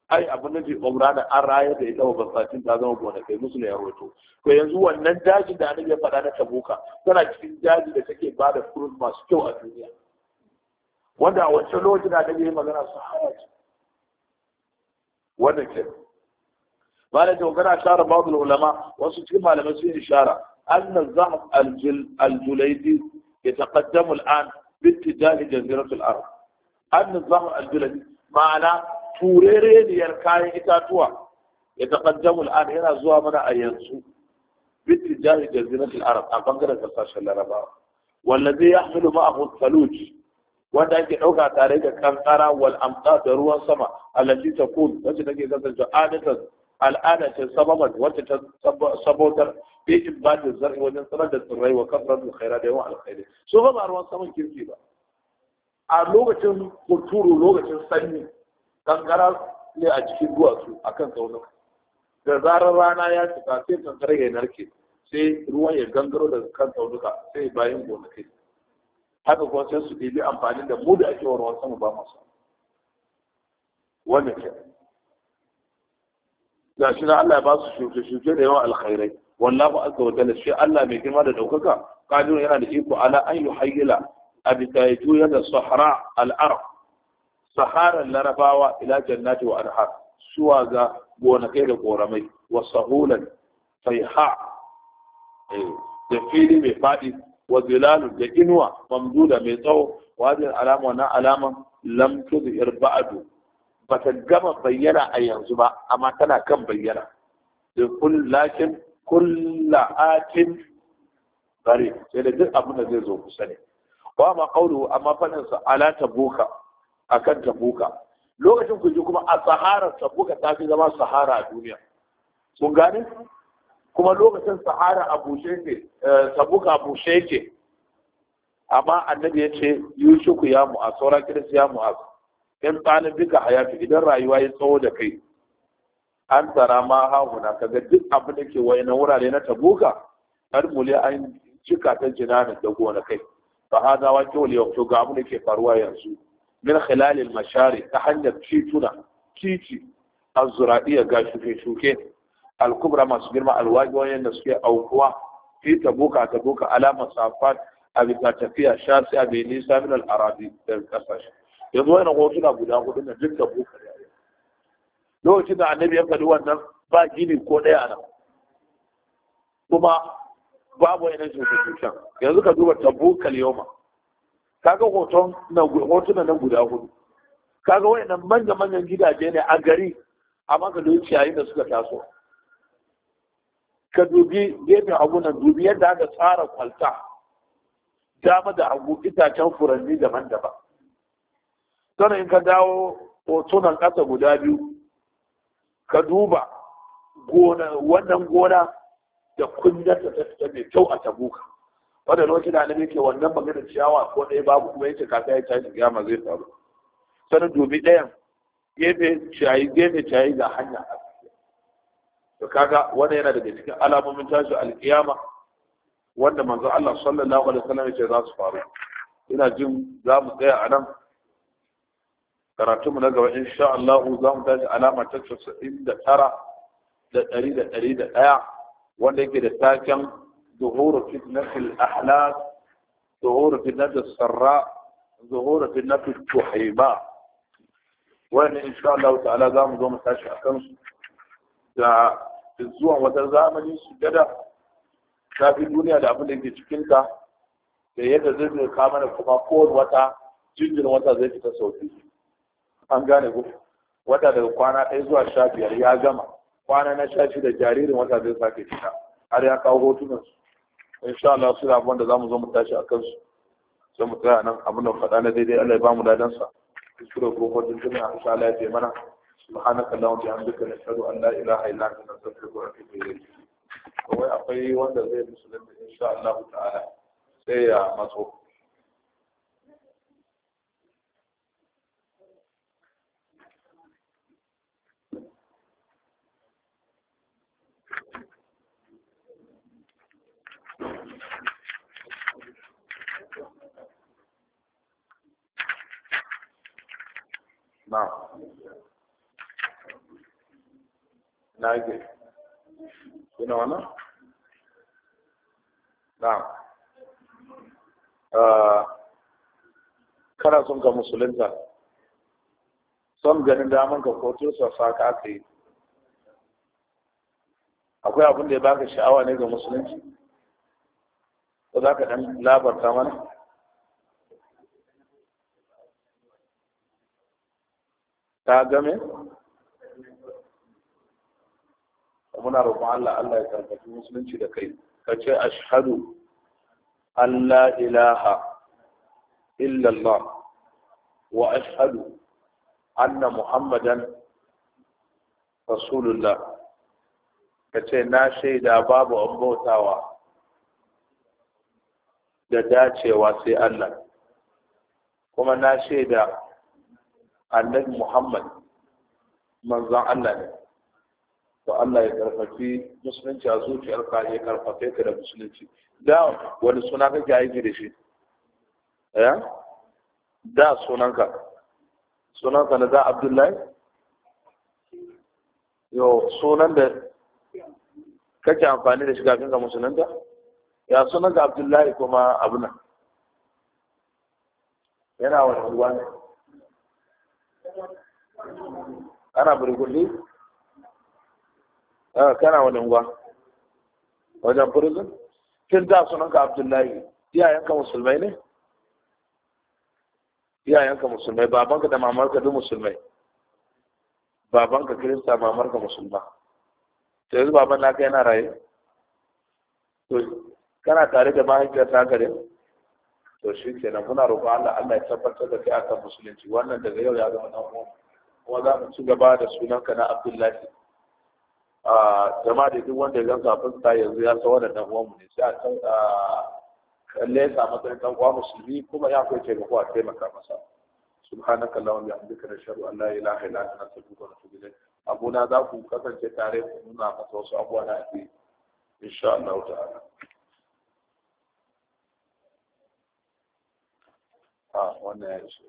ai abin da umra da an raya da ita ba basacin ta zama kai, musu ne ya to to yanzu wannan daji da annabi ya faɗa na tabuka tana cikin daji da take ba da fruit masu kyau a duniya wanda a wancan lokacin da annabi ya magana su haraji wannan ke ba da dogara shara babu ulama wasu cikin malamai sun ishara anna zahab al-julaidi yataqaddamu al'an bittijahi jaziratul arab an nizamu al-bilad ma'ana turereniyar kayan itatuwa ya taqaddamu al-an yana zuwa mana a yanzu bittijahi jaziratul arab a bangaren kasashen larabawa wallazi yahmilu ma'ahu thaluj wanda ake ɗauka tare da kankara wal amta da ruwan sama allati takun wacce take kasance adatan al'ada ce ta fi ibadin zar'i wajen sanar da tsirrai wa kafar da khaira da yawan alkhairi so ba ruwan saman kirki ba a lokacin kulturu lokacin sanyi kankara ne a cikin duwatsu a kan tsaunuka da zarar rana ya cika sai kankara ya narke sai ruwan ya gangaro daga kan tsaunuka sai bayan gonakai haka kuma sai su amfani da mu ake wa sama ba masu wannan ke ga shi Allah ya ba su shuke-shuke da yawan alkhairai wallahu azza wa jalla shi Allah mai girma da daukaka qadirun yana da iko ala an yuhayyila abita yujuyar da sahara al'arab saharar larabawa ila jannati wa arhar suwa ga gonakai da koramai wa sahulan faiha eh, da fili mai faɗi wa zilalu da inuwa mamduda mai tsawo wajen alama na alaman lamtu da irba'adu ba ta gama bayyana a yanzu ba amma tana kan bayyana da kun lakin kulla atin bari sai da duk abin da zai zo kusa ne wa ma qawlu amma fadin sa ala tabuka akan tabuka lokacin ku ji kuma a sahara tabuka ta fi zama sahara a duniya kun gane kuma lokacin sahara a bushe ne eh, tabuka a bushe yake amma annabi ya ce yushuku ya mu'az sauran kiristiya ya mu'az in tsanin bika hayatu idan rayuwa ya tsawo da kai an tsara ma hahuna kaga duk abin da ke waye wurare na tabuka har muli an cika ta jinanin da na kai fa hada wa kyau yau to ga abin da ke faruwa yanzu min khilal mashari ta hanyar tituna titi azra'iyya ga shuke shuke al kubra masu girma al wajiyoyin da suke aukuwa fi tabuka tabuka alama safar a bisa tafiya sha sai a bai nisa min al arabi da kasashe yanzu wani hotuna guda hudu na duk tabuka lokacin da annabi ya faɗi wannan ba gini ko ɗaya a nan kuma babu wani constitution yanzu ka duba tabu kalyoma kaga hoton na hotunan nan guda hudu kaga nan manya manyan gidaje ne a gari amma ka dubi ciyayin da suka taso ka dubi gefen agunan nan dubi yadda aka tsara kwalta dama da hagu itacen furanni daban-daban sannan in ka dawo hotunan ƙasa guda biyu ka duba gona wannan gona da da ta mai kyau a tabuka wanda lokacin da annabi ke wannan maganar ciyawa ko ɗaya babu kuma yake kasa ya tashi kiyama zai faru sanin dubi ɗayan gefe ciyayi gefe ciyayi ga hanya a to kaga wanda yana daga cikin alamomin tashi alkiyama wanda manzo Allah sallallahu alaihi wasallam ya ce za su faru ina jin za mu tsaya a nan karatu mu na gaba insha Allah za mu tashi alama ta 99 da ɗari da ɗari da ɗaya wanda yake da taken ظهور فتنة الأحلام ظهور فتنة السراء ظهور فتنة التحيباء وإن إن شاء الله تعالى زام زوم تاشي أكنس da zuwa wata zamani su gada ta duniya da abin da ke cikinta da yadda zai zai kama kuma kowane wata jinjin wata zai fita sau an gane ku wata daga kwana ɗaya zuwa sha biyar ya gama kwana na sha shida jaririn wata zai sake fita har ya kawo hotunan su insha Allah su abin da zamu zo mu tashi a kansu sai mu tsaya nan abin da faɗa na daidai Allah ya ba mu dadan sa kuskure ko hotun a sha Allah ya taimaka mana subhanaka allahumma bihamdika nashhadu an la ilaha illa anta nastaghfiruka wa natubu ilayk kawai akwai wanda zai musulunta insha Allah ta'ala sai ya matso na na yake kuna wannan na ah, kana son ka musulunta son ganin daman ka ko sa ka aka yi akwai abin da ya baka sha'awa ne ga musulunci ko za ka ɗan labarta mana ta game muna roƙon Allah Allah ya karfafi musulunci da kai ka ce ashhadu an la ilaha illallah wa ashhadu anna muhammadan rasulullah ka ce na shaida babu an bautawa da dacewa sai Allah kuma na shaida annabi muhammad manzon allah ne to allah ya karfafi musulunci a ka ya karfafe ka da musulunci da wani suna kake aiki da shi ya eh? da sunanka sunanka na da abdullahi yau sunan da kake amfani da shi kafin ka musulunta ya sunan ga abdullahi kuma abu yana wani ruwa ne ana burgulli ah, kana wani unguwa wajen prison tun da sunanka abdullahi iyayenka musulmai ne iyayenka musulmai babanka da mamarka duk musulmai babanka kirista mamarka musulma to yanzu baban naka yana raye to kana tare da mahaifiyar naka ne to shi nan muna roƙon Allah Allah ya tabbatar da kai akan musulunci wannan daga yau ya zama na uwan kuma za mu ci gaba da sunanka na Abdullahi a jama'a da duk wanda ya gan kafin ta yanzu ya san wannan dan uwan mu ne sai a san kalle sa matsayin dan uwa musulmi kuma ya kai taimako a taimaka masa subhanaka allahumma bihamdika nashhadu an la ilaha illa anta nastaghfiruka wa natubu ilayk abuna za ku kasance tare ku nuna masa wasu abubuwa na ake insha Allah ta'ala a wannan ya ce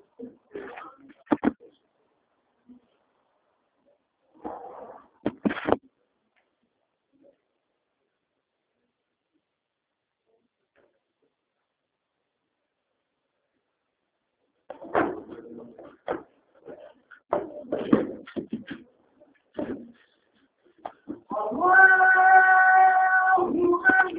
Allah